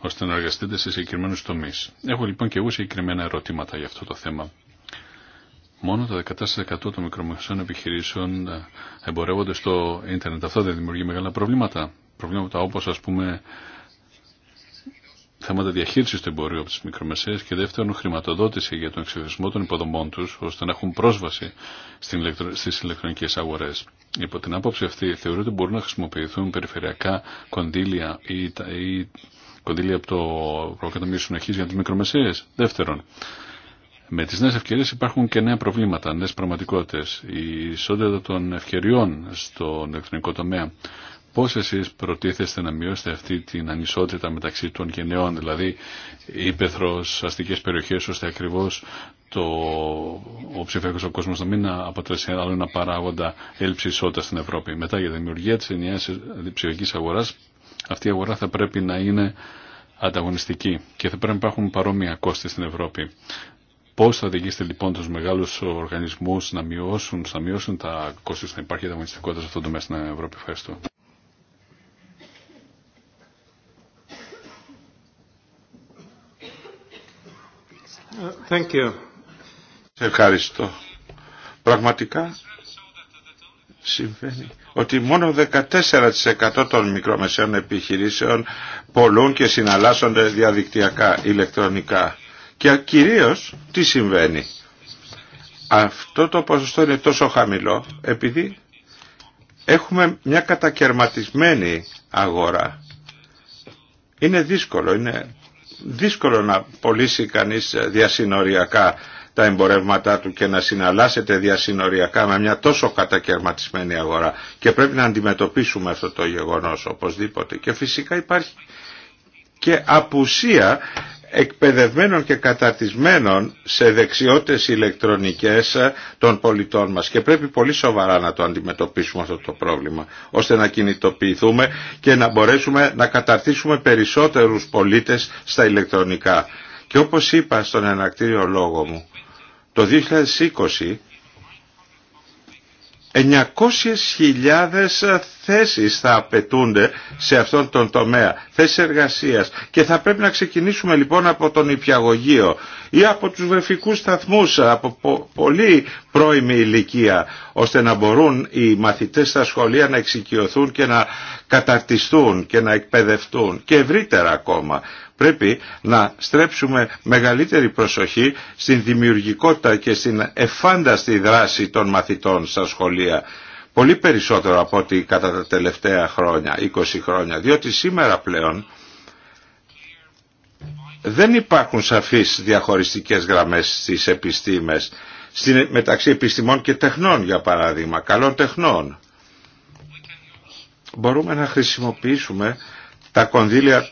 ώστε να εργαστείτε σε συγκεκριμένου τομεί. Έχω λοιπόν και εγώ συγκεκριμένα ερωτήματα για αυτό το θέμα. Μόνο το 14% των μικρομεσαίων επιχειρήσεων ε, εμπορεύονται στο ίντερνετ. Αυτό δεν δημιουργεί μεγάλα προβλήματα. Προβλήματα όπω α πούμε θέματα διαχείριση του εμπορίου από τι μικρομεσαίε και δεύτερον χρηματοδότηση για τον εξοπλισμό των υποδομών του, ώστε να έχουν πρόσβαση στι ηλεκτρονικέ αγορέ. Υπό την άποψη αυτή θεωρώ ότι μπορούν να χρησιμοποιηθούν περιφερειακά κονδύλια ή κονδύλια από το Προκαταμείο Συνοχή για τι μικρομεσαίε. Δεύτερον, με τι νέε ευκαιρίε υπάρχουν και νέα προβλήματα, νέε πραγματικότητε. Η ισότητα των ευκαιριών στον ηλεκτρονικό τομέα Πώς εσείς προτίθεστε να μειώσετε αυτή την ανισότητα μεταξύ των γενεών, δηλαδή ύπεθρος, αστικές περιοχές, ώστε ακριβώς το, ο ψηφιακό ο κόσμο να μην αποτελέσει άλλο ένα παράγοντα έλλειψη ισότητα στην Ευρώπη. Μετά για τη δημιουργία τη ενιαίας ψηφιακή αγορά, αυτή η αγορά θα πρέπει να είναι ανταγωνιστική και θα πρέπει να υπάρχουν παρόμοια κόστη στην Ευρώπη. Πώ θα οδηγήσετε λοιπόν του μεγάλου οργανισμού να μειώσουν, να μειώσουν τα κόστη, να υπάρχει ανταγωνιστικότητα σε αυτό το μέσο στην Ευρώπη. Ευχαριστώ. Ευχαριστώ. Πραγματικά συμβαίνει ότι μόνο 14% των μικρομεσαίων επιχειρήσεων πολλούν και συναλλάσσονται διαδικτυακά, ηλεκτρονικά. Και κυρίως τι συμβαίνει. Αυτό το ποσοστό είναι τόσο χαμηλό επειδή έχουμε μια κατακαιρματισμένη αγορά. Είναι δύσκολο, είναι δύσκολο να πωλήσει κανείς διασυνοριακά τα εμπορεύματά του και να συναλλάσσεται διασυνοριακά με μια τόσο κατακαιρματισμένη αγορά. Και πρέπει να αντιμετωπίσουμε αυτό το γεγονός οπωσδήποτε. Και φυσικά υπάρχει και απουσία εκπαιδευμένων και καταρτισμένων σε δεξιότητες ηλεκτρονικές των πολιτών μας και πρέπει πολύ σοβαρά να το αντιμετωπίσουμε αυτό το πρόβλημα ώστε να κινητοποιηθούμε και να μπορέσουμε να καταρτήσουμε περισσότερους πολίτες στα ηλεκτρονικά. Και όπως είπα στον ενακτήριο λόγο μου, το 2020 900.000 θέσεις θα απαιτούνται σε αυτόν τον τομέα, θέσεις εργασίας και θα πρέπει να ξεκινήσουμε λοιπόν από τον υπιαγωγείο ή από τους βρεφικούς σταθμούς από πολύ πρώιμη ηλικία ώστε να μπορούν οι μαθητές στα σχολεία να εξοικειωθούν και να καταρτιστούν και να εκπαιδευτούν και ευρύτερα ακόμα πρέπει να στρέψουμε μεγαλύτερη προσοχή στην δημιουργικότητα και στην εφάνταστη δράση των μαθητών στα σχολεία πολύ περισσότερο από ό,τι κατά τα τελευταία χρόνια, 20 χρόνια, διότι σήμερα πλέον δεν υπάρχουν σαφείς διαχωριστικές γραμμές στις επιστήμες, μεταξύ επιστημών και τεχνών για παράδειγμα, καλών τεχνών. Μπορούμε να χρησιμοποιήσουμε τα κονδύλια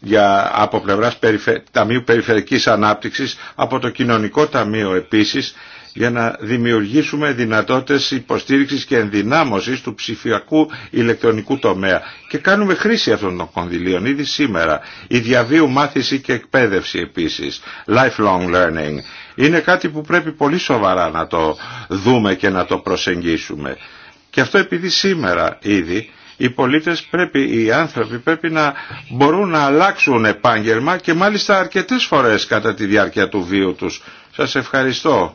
για, από πλευράς περιφε, Ταμείου Περιφερικής Ανάπτυξης, από το Κοινωνικό Ταμείο επίσης, για να δημιουργήσουμε δυνατότητες υποστήριξης και ενδυνάμωσης του ψηφιακού ηλεκτρονικού τομέα. Και κάνουμε χρήση αυτών των κονδυλίων ήδη σήμερα. Η διαβίου μάθηση και εκπαίδευση επίσης, lifelong learning, είναι κάτι που πρέπει πολύ σοβαρά να το δούμε και να το προσεγγίσουμε. Και αυτό επειδή σήμερα ήδη οι πολίτες πρέπει, οι άνθρωποι πρέπει να μπορούν να αλλάξουν επάγγελμα και μάλιστα αρκετές φορές κατά τη διάρκεια του βίου τους. Σας ευχαριστώ.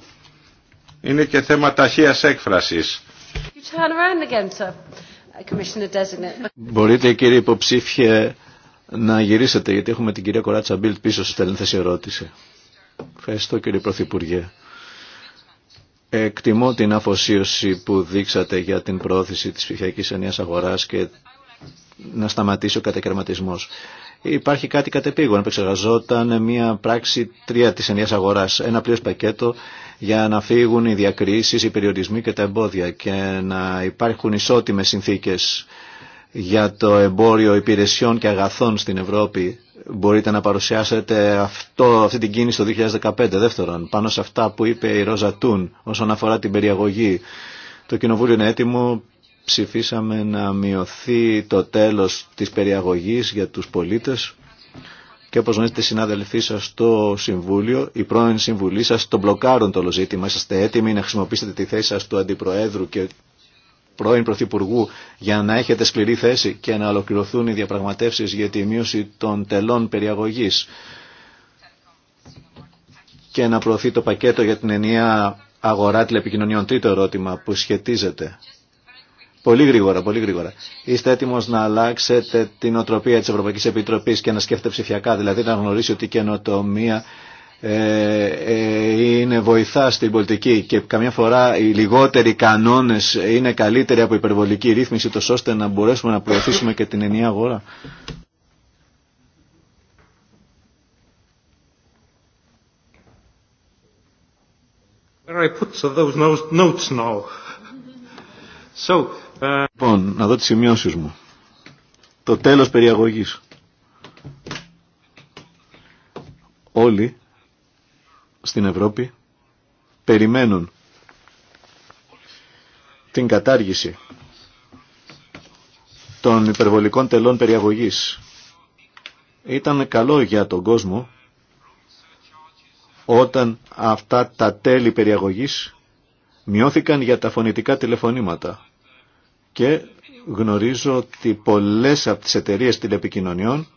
Είναι και θέμα ταχείας έκφρασης. Μπορείτε κύριε υποψήφιε να γυρίσετε γιατί έχουμε την κυρία Κοράτσα Μπίλτ πίσω στη τελευταία ερώτηση. Ευχαριστώ κύριε Πρωθυπουργέ. Εκτιμώ την αφοσίωση που δείξατε για την πρόθεση της ψηφιακής ενιαίας αγοράς και να σταματήσει ο κατακαιρματισμός. Υπάρχει κάτι κατεπήγον. Επεξεργαζόταν μια πράξη τρία της ενιαίας αγοράς. Ένα πλήρες πακέτο για να φύγουν οι διακρίσεις, οι περιορισμοί και τα εμπόδια και να υπάρχουν ισότιμες συνθήκες για το εμπόριο υπηρεσιών και αγαθών στην Ευρώπη Μπορείτε να παρουσιάσετε αυτό, αυτή την κίνηση το 2015. Δεύτερον, πάνω σε αυτά που είπε η Ρόζα Τούν όσον αφορά την περιαγωγή. Το Κοινοβούλιο είναι έτοιμο, ψηφίσαμε να μειωθεί το τέλος της περιαγωγής για τους πολίτες και όπως γνωρίζετε οι συνάδελφοί σας στο Συμβούλιο, οι πρώην Συμβουλοί σας τον μπλοκάρουν το όλο ζήτημα. Είσαστε έτοιμοι να χρησιμοποιήσετε τη θέση σας του Αντιπροέδρου και πρώην Πρωθυπουργού για να έχετε σκληρή θέση και να ολοκληρωθούν οι διαπραγματεύσεις για τη μείωση των τελών περιαγωγής και να προωθεί το πακέτο για την ενιαία αγορά τηλεπικοινωνιών. Τρίτο ερώτημα που σχετίζεται. Πολύ γρήγορα, πολύ γρήγορα. Είστε έτοιμο να αλλάξετε την οτροπία τη Ευρωπαϊκή Επιτροπή και να σκέφτεται ψηφιακά, δηλαδή να γνωρίσει ότι η καινοτομία ε, ε, είναι βοηθά στην πολιτική και καμιά φορά οι λιγότεροι κανόνες είναι καλύτεροι από υπερβολική ρύθμιση τόσο ώστε να μπορέσουμε να προωθήσουμε και την ενιαία αγορά. Uh, λοιπόν, να δω τι σημειώσεις μου. Το τέλος περιαγωγής. Όλοι στην Ευρώπη περιμένουν την κατάργηση των υπερβολικών τελών περιαγωγής. Ήταν καλό για τον κόσμο όταν αυτά τα τέλη περιαγωγής μειώθηκαν για τα φωνητικά τηλεφωνήματα. Και γνωρίζω ότι πολλές από τις εταιρείες τηλεπικοινωνιών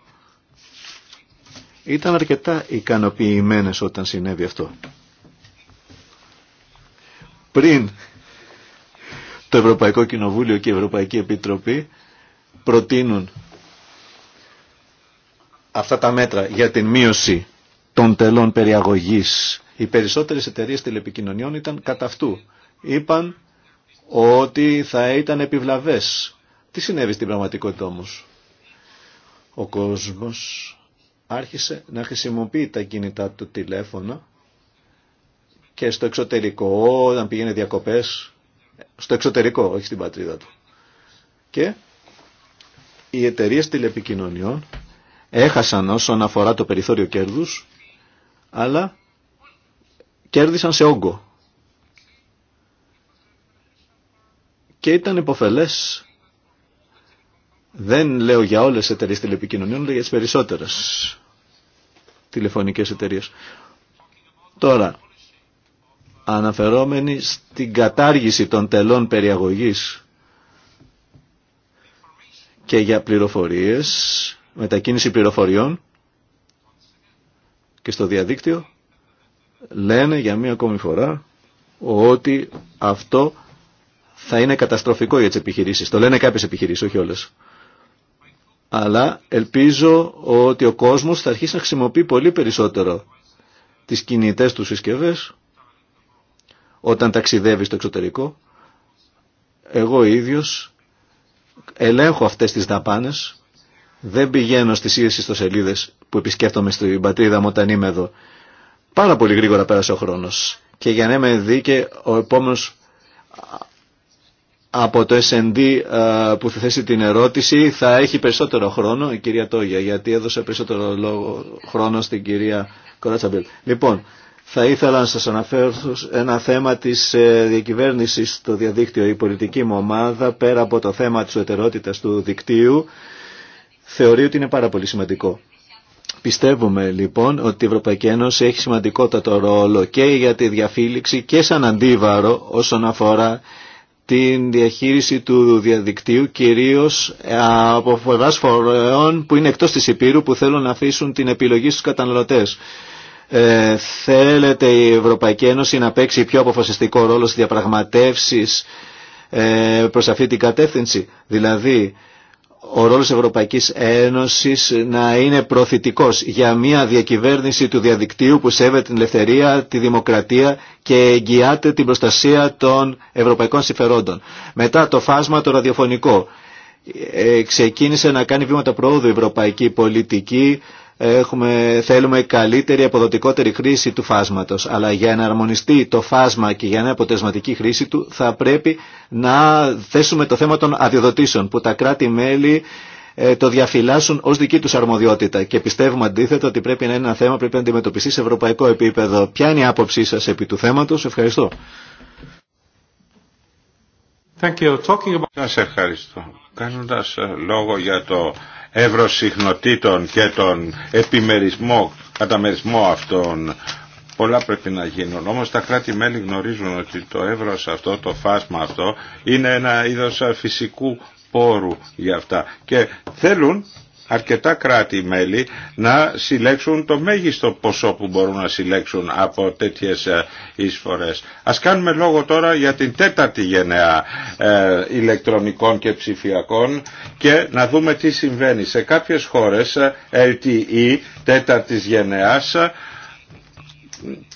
ήταν αρκετά ικανοποιημένες όταν συνέβη αυτό. Πριν το Ευρωπαϊκό Κοινοβούλιο και η Ευρωπαϊκή Επιτροπή προτείνουν αυτά τα μέτρα για την μείωση των τελών περιαγωγής. Οι περισσότερες εταιρείες τηλεπικοινωνιών ήταν κατά αυτού. Είπαν ότι θα ήταν επιβλαβές. Τι συνέβη στην πραγματικότητα όμως. Ο κόσμος άρχισε να χρησιμοποιεί τα κινητά του τηλέφωνα και στο εξωτερικό, όταν πήγαινε διακοπές, στο εξωτερικό, όχι στην πατρίδα του. Και οι εταιρείε τηλεπικοινωνιών έχασαν όσον αφορά το περιθώριο κέρδους, αλλά κέρδισαν σε όγκο. Και ήταν υποφελές δεν λέω για όλες τις εταιρείες τηλεπικοινωνιών, αλλά για τις περισσότερες τηλεφωνικές εταιρείες. Τώρα, αναφερόμενοι στην κατάργηση των τελών περιαγωγής και για πληροφορίες, μετακίνηση πληροφοριών και στο διαδίκτυο, λένε για μία ακόμη φορά ότι αυτό θα είναι καταστροφικό για τις επιχειρήσεις. Το λένε κάποιες επιχειρήσεις, όχι όλες αλλά ελπίζω ότι ο κόσμος θα αρχίσει να χρησιμοποιεί πολύ περισσότερο τις κινητές του συσκευέ όταν ταξιδεύει στο εξωτερικό. Εγώ ίδιος ελέγχω αυτές τις δαπάνες, δεν πηγαίνω στις ίδιες ιστοσελίδες που επισκέφτομαι στην πατρίδα μου όταν είμαι εδώ. Πάρα πολύ γρήγορα πέρασε ο χρόνος και για να είμαι δίκαιο ο επόμενος από το SND ε, που θα θέσει την ερώτηση θα έχει περισσότερο χρόνο η κυρία Τόγια γιατί έδωσε περισσότερο λόγο, χρόνο στην κυρία Κορατσαμπέλ. Λοιπόν, θα ήθελα να σας αναφέρω ένα θέμα της ε, διακυβέρνησης στο διαδίκτυο. Η πολιτική μου ομάδα πέρα από το θέμα της ουτερότητας του δικτύου θεωρεί ότι είναι πάρα πολύ σημαντικό. Πιστεύουμε λοιπόν ότι η Ευρωπαϊκή Ένωση έχει σημαντικότατο ρόλο και για τη διαφύληξη και σαν αντίβαρο όσον αφορά την διαχείριση του διαδικτύου κυρίως ε, από φορές φορεών που είναι εκτός της Επίρου που θέλουν να αφήσουν την επιλογή στους καταναλωτές. Ε, θέλετε η Ευρωπαϊκή Ένωση να παίξει πιο αποφασιστικό ρόλο στις διαπραγματεύσεις ε, προς αυτή την κατεύθυνση. Δηλαδή ο ρόλος Ευρωπαϊκής Ένωσης να είναι προθητικός για μια διακυβέρνηση του διαδικτύου που σέβεται την ελευθερία, τη δημοκρατία και εγγυάται την προστασία των ευρωπαϊκών συμφερόντων. Μετά το φάσμα το ραδιοφωνικό. Ε, ξεκίνησε να κάνει βήματα προόδου η ευρωπαϊκή πολιτική έχουμε, θέλουμε καλύτερη αποδοτικότερη χρήση του φάσματος αλλά για να αρμονιστεί το φάσμα και για να αποτελεσματική χρήση του θα πρέπει να θέσουμε το θέμα των αδειοδοτήσεων που τα κράτη-μέλη ε, το διαφυλάσσουν ως δική τους αρμοδιότητα. Και πιστεύουμε αντίθετα ότι πρέπει να είναι ένα θέμα που πρέπει να αντιμετωπιστεί σε ευρωπαϊκό επίπεδο. Ποια είναι η άποψή σας επί του θέματος, ευχαριστώ ευχαριστώ. Κάνοντας ε, λόγο για το εύρος συχνοτήτων και τον επιμερισμό, καταμερισμό αυτών, πολλά πρέπει να γίνουν. Όμως τα κράτη-μέλη γνωρίζουν ότι το εύρος αυτό, το φάσμα αυτό, είναι ένα είδος ε, φυσικού πόρου για αυτά. Και θέλουν αρκετά κράτη-μέλη να συλλέξουν το μέγιστο ποσό που μπορούν να συλλέξουν από τέτοιες ε, εισφορές. Ας κάνουμε λόγο τώρα για την τέταρτη γενεά ε, ηλεκτρονικών και ψηφιακών και να δούμε τι συμβαίνει. Σε κάποιες χώρες ε, LTE τέταρτης γενεάς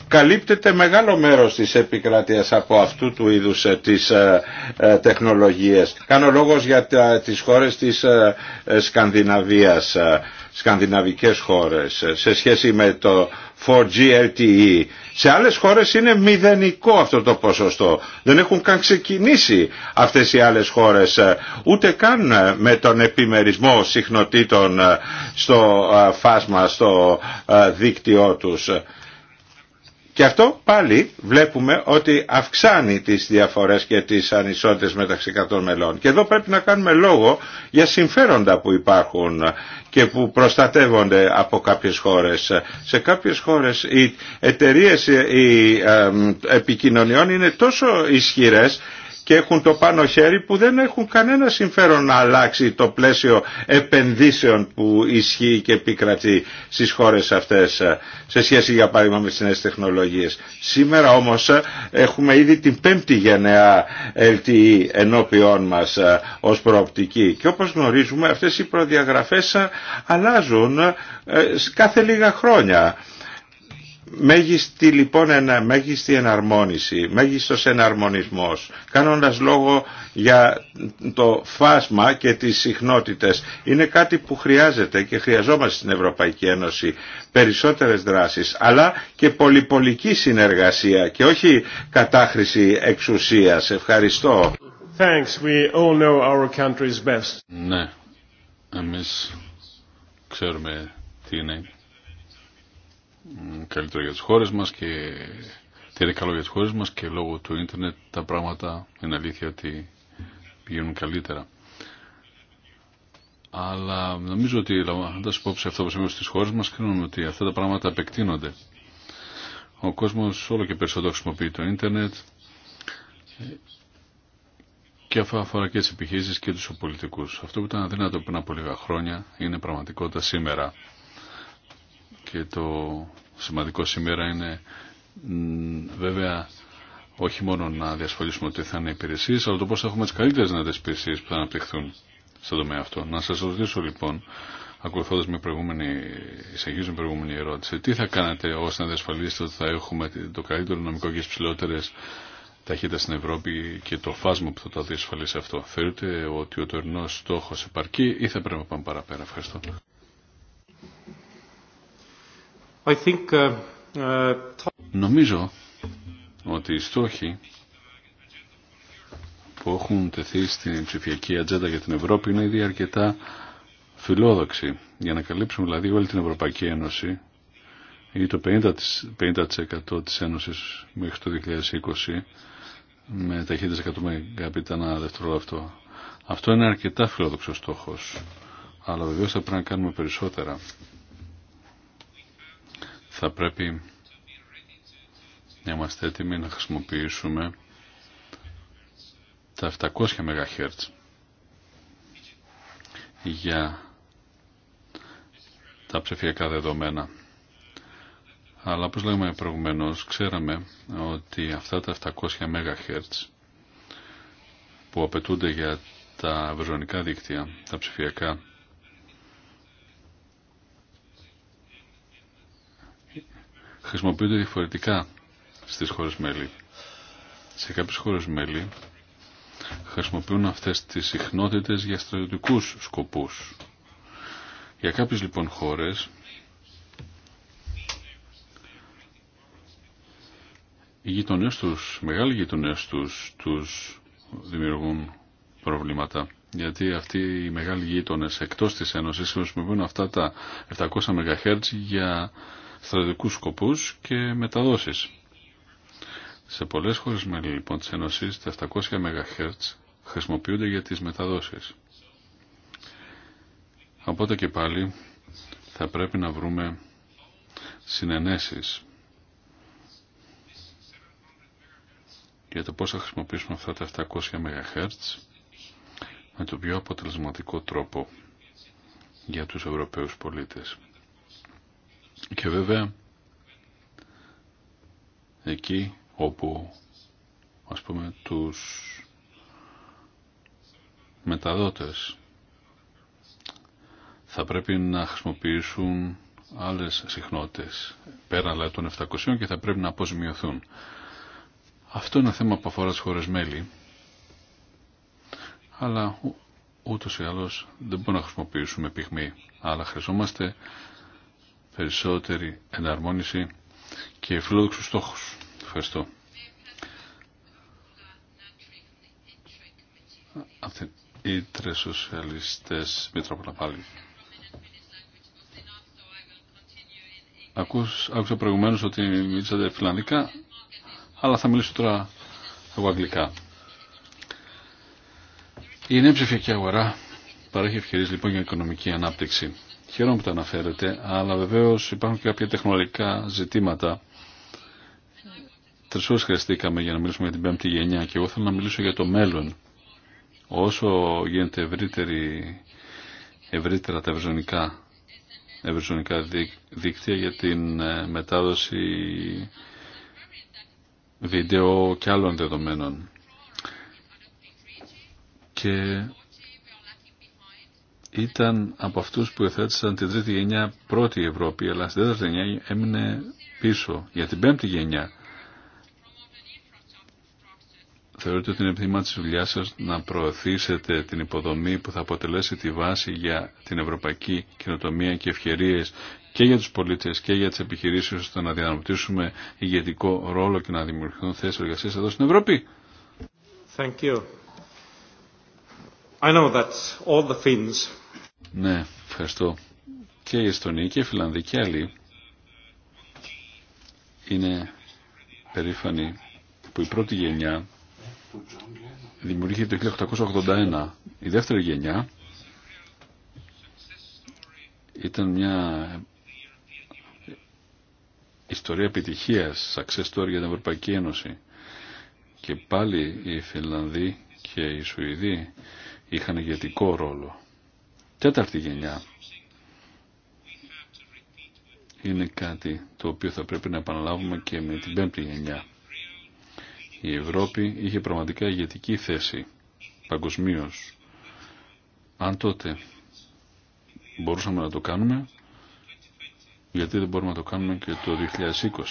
καλύπτεται μεγάλο μέρος της επικράτειας από αυτού του είδους ε, της ε, ε, τεχνολογίας. Κάνω λόγος για τις χώρες της Σκανδιναβίας, σκανδιναβικές χώρες, σε σχέση με το 4G LTE. Σε άλλες χώρες είναι μηδενικό αυτό το ποσοστό. Δεν έχουν καν ξεκινήσει αυτές οι άλλες χώρες ούτε καν με τον επιμερισμό συχνοτήτων στο φάσμα, στο δίκτυό τους. Και αυτό πάλι βλέπουμε ότι αυξάνει τις διαφορές και τις ανισότητες μεταξύ κατών μελών. Και εδώ πρέπει να κάνουμε λόγο για συμφέροντα που υπάρχουν και που προστατεύονται από κάποιες χώρες. Σε κάποιες χώρες οι εταιρείε οι επικοινωνιών είναι τόσο ισχυρές και έχουν το πάνω χέρι που δεν έχουν κανένα συμφέρον να αλλάξει το πλαίσιο επενδύσεων που ισχύει και επικρατεί στις χώρες αυτές ε, σε σχέση για παράδειγμα με τις νέες τεχνολογίες. Σήμερα όμως ε, έχουμε ήδη την πέμπτη γενεά LTE ενώπιόν μας ε, ως προοπτική και όπως γνωρίζουμε αυτές οι προδιαγραφές αλλάζουν κάθε λίγα χρόνια. Μέγιστη λοιπόν ένα, μέγιστη εναρμόνιση, μέγιστος εναρμονισμός, κάνοντας λόγο για το φάσμα και τις συχνότητες. Είναι κάτι που χρειάζεται και χρειαζόμαστε στην Ευρωπαϊκή Ένωση περισσότερες δράσεις, αλλά και πολυπολική συνεργασία και όχι κατάχρηση εξουσίας. Ευχαριστώ. Thanks. We all know our country's best. Ναι, εμείς ξέρουμε τι καλύτερο για τις χώρες μας και τι είναι καλό για τις χώρες μας και λόγω του ίντερνετ τα πράγματα είναι αλήθεια ότι πηγαίνουν καλύτερα. Αλλά νομίζω ότι λαμβάνοντας υπόψη αυτό που συμβαίνει στις χώρες μας κρίνουμε ότι αυτά τα πράγματα επεκτείνονται. Ο κόσμος όλο και περισσότερο χρησιμοποιεί το ίντερνετ και αυτό αφορά και τις επιχείρησεις και τους πολιτικούς. Αυτό που ήταν αδύνατο πριν από λίγα χρόνια είναι πραγματικότητα σήμερα και το σημαντικό σήμερα είναι βέβαια όχι μόνο να διασφαλίσουμε ότι θα είναι υπηρεσίε, αλλά το πώ θα έχουμε τι καλύτερε δυνατέ υπηρεσίε που θα αναπτυχθούν στον τομέα αυτό. Να σα ρωτήσω λοιπόν, ακολουθώντα με προηγούμενη, εισαγγίζουμε προηγούμενη ερώτηση, τι θα κάνετε ώστε να διασφαλίσετε ότι θα έχουμε το καλύτερο νομικό και τι ψηλότερε ταχύτητα στην Ευρώπη και το φάσμα που θα τα διασφαλίσει αυτό. Θεωρείτε ότι ο τωρινό στόχο επαρκεί ή θα πρέπει να πάμε παραπέρα. Ευχαριστώ. Uh, uh, Νομίζω ότι οι στόχοι που έχουν τεθεί στην ψηφιακή ατζέντα για την Ευρώπη είναι ήδη αρκετά φιλόδοξοι για να καλύψουμε, δηλαδή όλη την Ευρωπαϊκή Ένωση ή το 50%, 50 της Ένωσης μέχρι το 2020 με 100% εκατομμύρια να δευτερόλεπτο. Αυτό είναι αρκετά φιλόδοξο στόχος αλλά βεβαίως θα πρέπει να κάνουμε περισσότερα θα πρέπει να είμαστε έτοιμοι να χρησιμοποιήσουμε τα 700 MHz για τα ψηφιακά δεδομένα. Αλλά όπως λέγαμε προηγουμένως, ξέραμε ότι αυτά τα 700 MHz που απαιτούνται για τα ευρωζωνικά δίκτυα, τα ψηφιακά, χρησιμοποιούνται διαφορετικά στις χώρες μέλη. Σε κάποιες χώρες μέλη χρησιμοποιούν αυτές τις συχνότητες για στρατιωτικούς σκοπούς. Για κάποιες λοιπόν χώρες οι γειτονές τους, μεγάλοι γειτονές τους, τους δημιουργούν προβλήματα. Γιατί αυτοί οι μεγάλοι γείτονε εκτός της Ένωσης χρησιμοποιούν αυτά τα 700 MHz για στρατιωτικούς σκοπούς και μεταδόσεις. Σε πολλές χώρες μέλη λοιπόν της Ένωσης τα 700 MHz χρησιμοποιούνται για τις μεταδόσεις. Οπότε και πάλι θα πρέπει να βρούμε συνενέσεις για το πώς θα χρησιμοποιήσουμε αυτά τα 700 MHz με τον πιο αποτελεσματικό τρόπο για τους Ευρωπαίους πολίτες. Και βέβαια εκεί όπου ας πούμε τους μεταδότες θα πρέπει να χρησιμοποιήσουν άλλες συχνότητες πέρα αλλά των 700 και θα πρέπει να αποζημιωθούν. Αυτό είναι θέμα που αφορά τις χώρες μέλη αλλά ούτως ή άλλως δεν μπορούμε να χρησιμοποιήσουμε πυγμή αλλά χρειαζόμαστε περισσότερη εναρμόνιση και φιλόδοξους στόχους. Ευχαριστώ. Οι την Ήτρε Σοσιαλιστές πάλι. άκουσα προηγουμένως ότι μιλήσατε φιλανδικά, αλλά θα μιλήσω τώρα εγώ αγγλικά. Η νέα ψηφιακή αγορά παρέχει ευκαιρίες λοιπόν για οικονομική ανάπτυξη Χαίρομαι που τα αναφέρετε, αλλά βεβαίω υπάρχουν και κάποια τεχνολογικά ζητήματα. Τρει ώρε χρειαστήκαμε για να μιλήσουμε για την πέμπτη γενιά και εγώ θέλω να μιλήσω για το μέλλον. Όσο γίνεται ευρύτερη, ευρύτερα τα ευρυζωνικά, ευρυζωνικά δίκτυα για την ε, μετάδοση βίντεο και άλλων δεδομένων. Και ήταν από αυτούς που εθέτησαν την τρίτη γενιά πρώτη Ευρώπη, αλλά στην τέταρτη γενιά έμεινε πίσω. Για την πέμπτη γενιά θεωρείτε ότι είναι επιθυμά της δουλειά σα να προωθήσετε την υποδομή που θα αποτελέσει τη βάση για την ευρωπαϊκή κοινοτομία και ευκαιρίες και για τους πολίτες και για τις επιχειρήσεις ώστε να διαναπτύσσουμε ηγετικό ρόλο και να δημιουργηθούν θέσεις εργασίας εδώ στην Ευρώπη. Thank I know that all the Finns... Ναι, ευχαριστώ. Και οι Εστονοί και οι Φιλανδοί και άλλοι είναι περήφανοι που η πρώτη γενιά δημιουργήθηκε το 1881. Η δεύτερη γενιά ήταν μια ιστορία επιτυχίας, success story για την Ευρωπαϊκή Ένωση. Και πάλι οι Φιλανδοί και οι Σουηδοί είχαν ηγετικό ρόλο. Τέταρτη γενιά είναι κάτι το οποίο θα πρέπει να επαναλάβουμε και με την πέμπτη γενιά. Η Ευρώπη είχε πραγματικά ηγετική θέση παγκοσμίω. Αν τότε μπορούσαμε να το κάνουμε, γιατί δεν μπορούμε να το κάνουμε και το 2020,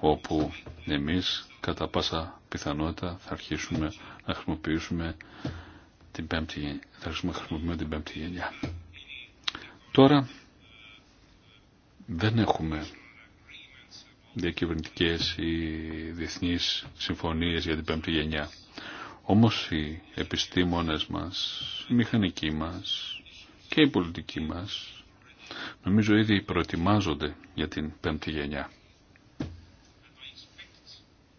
όπου εμείς κατά πάσα πιθανότητα θα αρχίσουμε να χρησιμοποιήσουμε την πέμπτη, θα χρησιμοποιούμε την πέμπτη γενιά. Τώρα δεν έχουμε διακυβερνητικές ή διεθνείς συμφωνίες για την πέμπτη γενιά. Όμως οι επιστήμονες μας, οι μηχανικοί μας και οι πολιτικοί μας νομίζω ήδη προετοιμάζονται για την πέμπτη γενιά.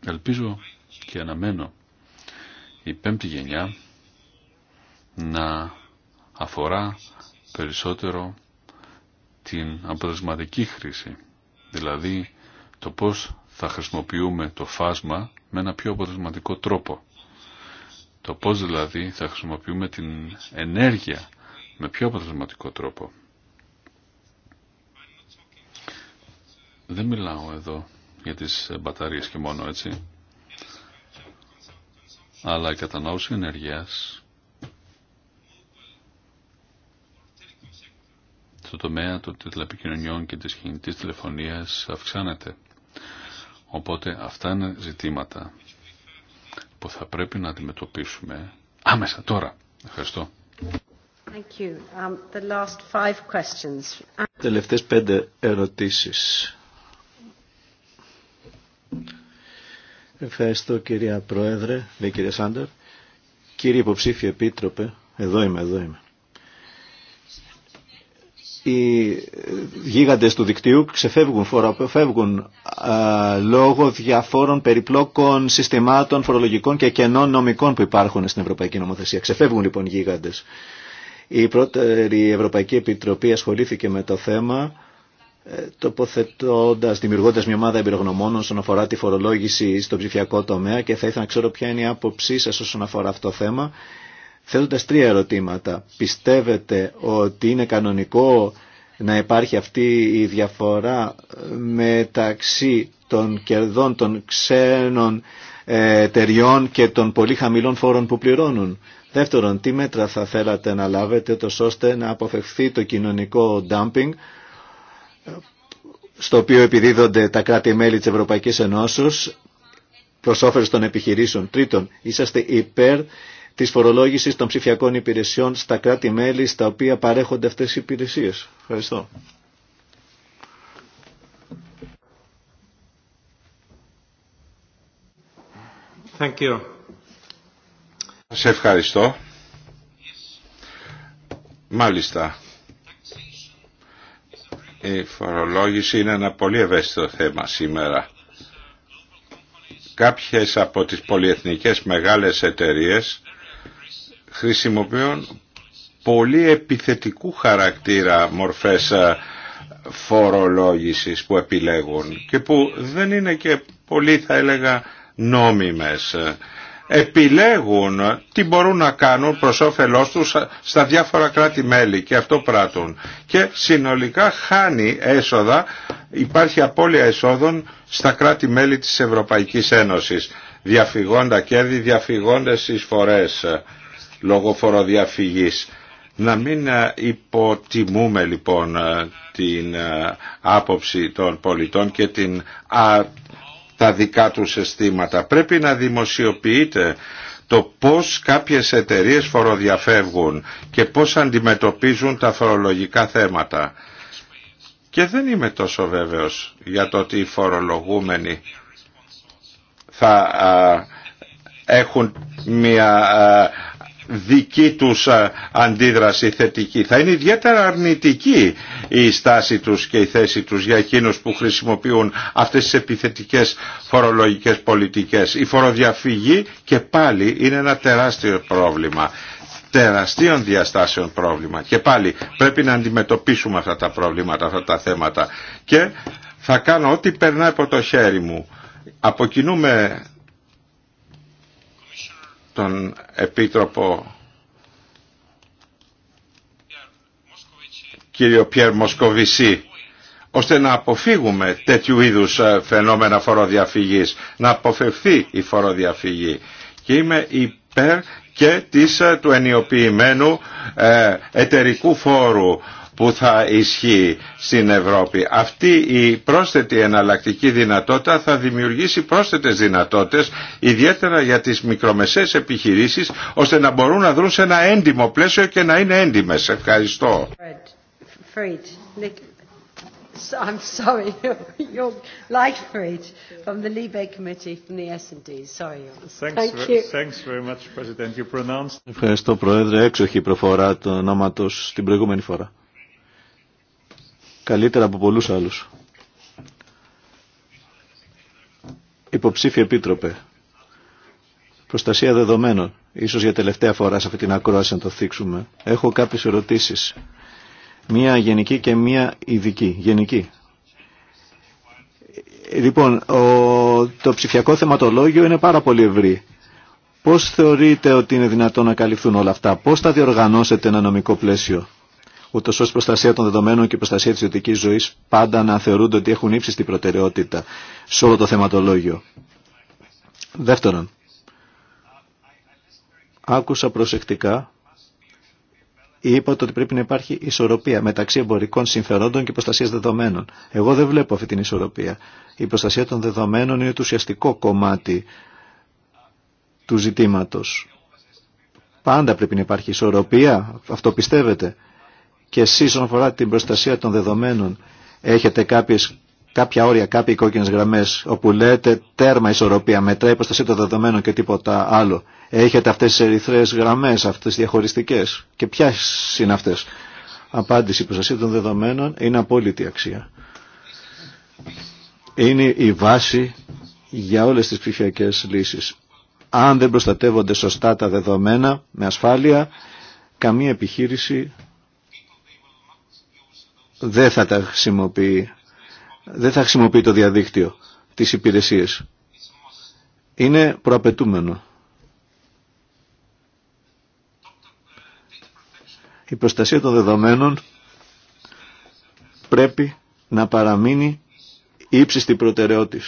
Ελπίζω και αναμένω η πέμπτη γενιά να αφορά περισσότερο την αποτελεσματική χρήση. Δηλαδή το πώς θα χρησιμοποιούμε το φάσμα με ένα πιο αποτελεσματικό τρόπο. Το πώς δηλαδή θα χρησιμοποιούμε την ενέργεια με πιο αποτελεσματικό τρόπο. Δεν μιλάω εδώ για τις μπαταρίες και μόνο έτσι, αλλά η κατανάλωση ενέργειας το τομέα των τηλεπικοινωνιών και της κινητής τηλεφωνίας αυξάνεται. Οπότε αυτά είναι ζητήματα που θα πρέπει να αντιμετωπίσουμε άμεσα τώρα. Ευχαριστώ. Thank um, Τελευταίες πέντε ερωτήσεις. Ευχαριστώ κυρία Πρόεδρε, κύριε κυρία Σάντερ. Κύριε Υποψήφιε Επίτροπε, εδώ είμαι, εδώ είμαι οι γίγαντες του δικτύου ξεφεύγουν, α, λόγω διαφόρων περιπλόκων συστημάτων φορολογικών και κενών νομικών που υπάρχουν στην Ευρωπαϊκή Νομοθεσία. Ξεφεύγουν λοιπόν γίγαντες. Η πρώτερη Ευρωπαϊκή Επιτροπή ασχολήθηκε με το θέμα ε, τοποθετώντα, δημιουργώντα μια ομάδα εμπειρογνωμόνων όσον αφορά τη φορολόγηση στο ψηφιακό τομέα και θα ήθελα να ξέρω ποια είναι η άποψή σα όσον αφορά αυτό το θέμα θέτοντας τρία ερωτήματα. Πιστεύετε ότι είναι κανονικό να υπάρχει αυτή η διαφορά μεταξύ των κερδών των ξένων ε, εταιριών και των πολύ χαμηλών φόρων που πληρώνουν. Δεύτερον, τι μέτρα θα θέλατε να λάβετε τόσο ώστε να αποφευχθεί το κοινωνικό dumping στο οποίο επιδίδονται τα κράτη-μέλη της Ευρωπαϊκής Ενώσεως προς όφελος των επιχειρήσεων. Τρίτον, είσαστε υπέρ της φορολόγηση των ψηφιακών υπηρεσιών στα κράτη-μέλη στα οποία παρέχονται αυτές οι υπηρεσίες. Ευχαριστώ. Thank ευχαριστώ. Μάλιστα. Η φορολόγηση είναι ένα πολύ ευαίσθητο θέμα σήμερα. Κάποιες από τις πολυεθνικές μεγάλες εταιρείες χρησιμοποιούν πολύ επιθετικού χαρακτήρα μορφές ε, φορολόγησης που επιλέγουν και που δεν είναι και πολύ θα έλεγα νόμιμες. Επιλέγουν τι μπορούν να κάνουν προς όφελός τους ε, στα διάφορα κράτη-μέλη και αυτό πράττουν. Και συνολικά χάνει έσοδα, υπάρχει απώλεια εσόδων στα κράτη-μέλη της Ευρωπαϊκής Ένωσης. διαφυγώντα κέρδη, διαφυγώντας εισφορές λόγω φοροδιαφυγής. Να μην ε, υποτιμούμε λοιπόν ε, την ε, άποψη των πολιτών και την, α, τα δικά τους αισθήματα. Πρέπει να δημοσιοποιείται το πώς κάποιες εταιρείες φοροδιαφεύγουν και πώς αντιμετωπίζουν τα φορολογικά θέματα. Και δεν είμαι τόσο βέβαιος για το ότι οι φορολογούμενοι θα έχουν μια δική τους αντίδραση θετική. Θα είναι ιδιαίτερα αρνητική η στάση τους και η θέση τους για εκείνους που χρησιμοποιούν αυτές τις επιθετικές φορολογικές πολιτικές. Η φοροδιαφυγή και πάλι είναι ένα τεράστιο πρόβλημα τεραστίων διαστάσεων πρόβλημα. Και πάλι πρέπει να αντιμετωπίσουμε αυτά τα προβλήματα, αυτά τα θέματα. Και θα κάνω ό,τι περνάει από το χέρι μου. Αποκινούμε τον Επίτροπο κύριο Πιέρ Μοσκοβισή ώστε να αποφύγουμε τέτοιου είδους ε, φαινόμενα φοροδιαφυγής, να αποφευθεί η φοροδιαφυγή. Και είμαι υπέρ και της, ε, του ενιοποιημένου ε, εταιρικού φόρου που θα ισχύει στην Ευρώπη. Αυτή η πρόσθετη εναλλακτική δυνατότητα θα δημιουργήσει πρόσθετες δυνατότητες ιδιαίτερα για τις μικρομεσαίες επιχειρήσεις ώστε να μπορούν να δρουν σε ένα έντιμο πλαίσιο και να είναι έντιμες. Ευχαριστώ. Ευχαριστώ, Πρόεδρε. Έξοχη προφορά του ονόματο την προηγούμενη φορά καλύτερα από πολλούς άλλους. Υποψήφιε επίτροπε, προστασία δεδομένων, ίσως για τελευταία φορά σε αυτή την ακρόαση να το θίξουμε. Έχω κάποιες ερωτήσεις. Μία γενική και μία ειδική. Γενική. Λοιπόν, το ψηφιακό θεματολόγιο είναι πάρα πολύ ευρύ. Πώς θεωρείτε ότι είναι δυνατόν να καλυφθούν όλα αυτά, πώς θα διοργανώσετε ένα νομικό πλαίσιο ούτω ώστε προστασία των δεδομένων και προστασία τη ιδιωτική ζωή πάντα να θεωρούνται ότι έχουν ύψιστη προτεραιότητα σε όλο το θεματολόγιο. Δεύτερον, άκουσα προσεκτικά Η είπατε ότι πρέπει να υπάρχει ισορροπία μεταξύ εμπορικών συμφερόντων και προστασία δεδομένων. Εγώ δεν βλέπω αυτή την ισορροπία. Η προστασία των δεδομένων είναι το ουσιαστικό κομμάτι του ζητήματος. Πάντα πρέπει να υπάρχει ισορροπία, αυτό πιστεύετε και εσείς όσον αφορά την προστασία των δεδομένων έχετε κάποιες, κάποια όρια, κάποιοι κόκκινες γραμμές όπου λέτε τέρμα ισορροπία, μετράει η προστασία των δεδομένων και τίποτα άλλο. Έχετε αυτές τις ερυθρές γραμμές, αυτές τις διαχωριστικές και ποιε είναι αυτές. Απάντηση, η προστασία των δεδομένων είναι απόλυτη αξία. Είναι η βάση για όλες τις ψηφιακέ λύσεις. Αν δεν προστατεύονται σωστά τα δεδομένα με ασφάλεια, καμία επιχείρηση δεν θα χρησιμοποιεί, δεν θα χρησιμοποιεί το διαδίκτυο, τις υπηρεσίες. Είναι προαπαιτούμενο. Η προστασία των δεδομένων πρέπει να παραμείνει ύψιστη προτεραιότητα.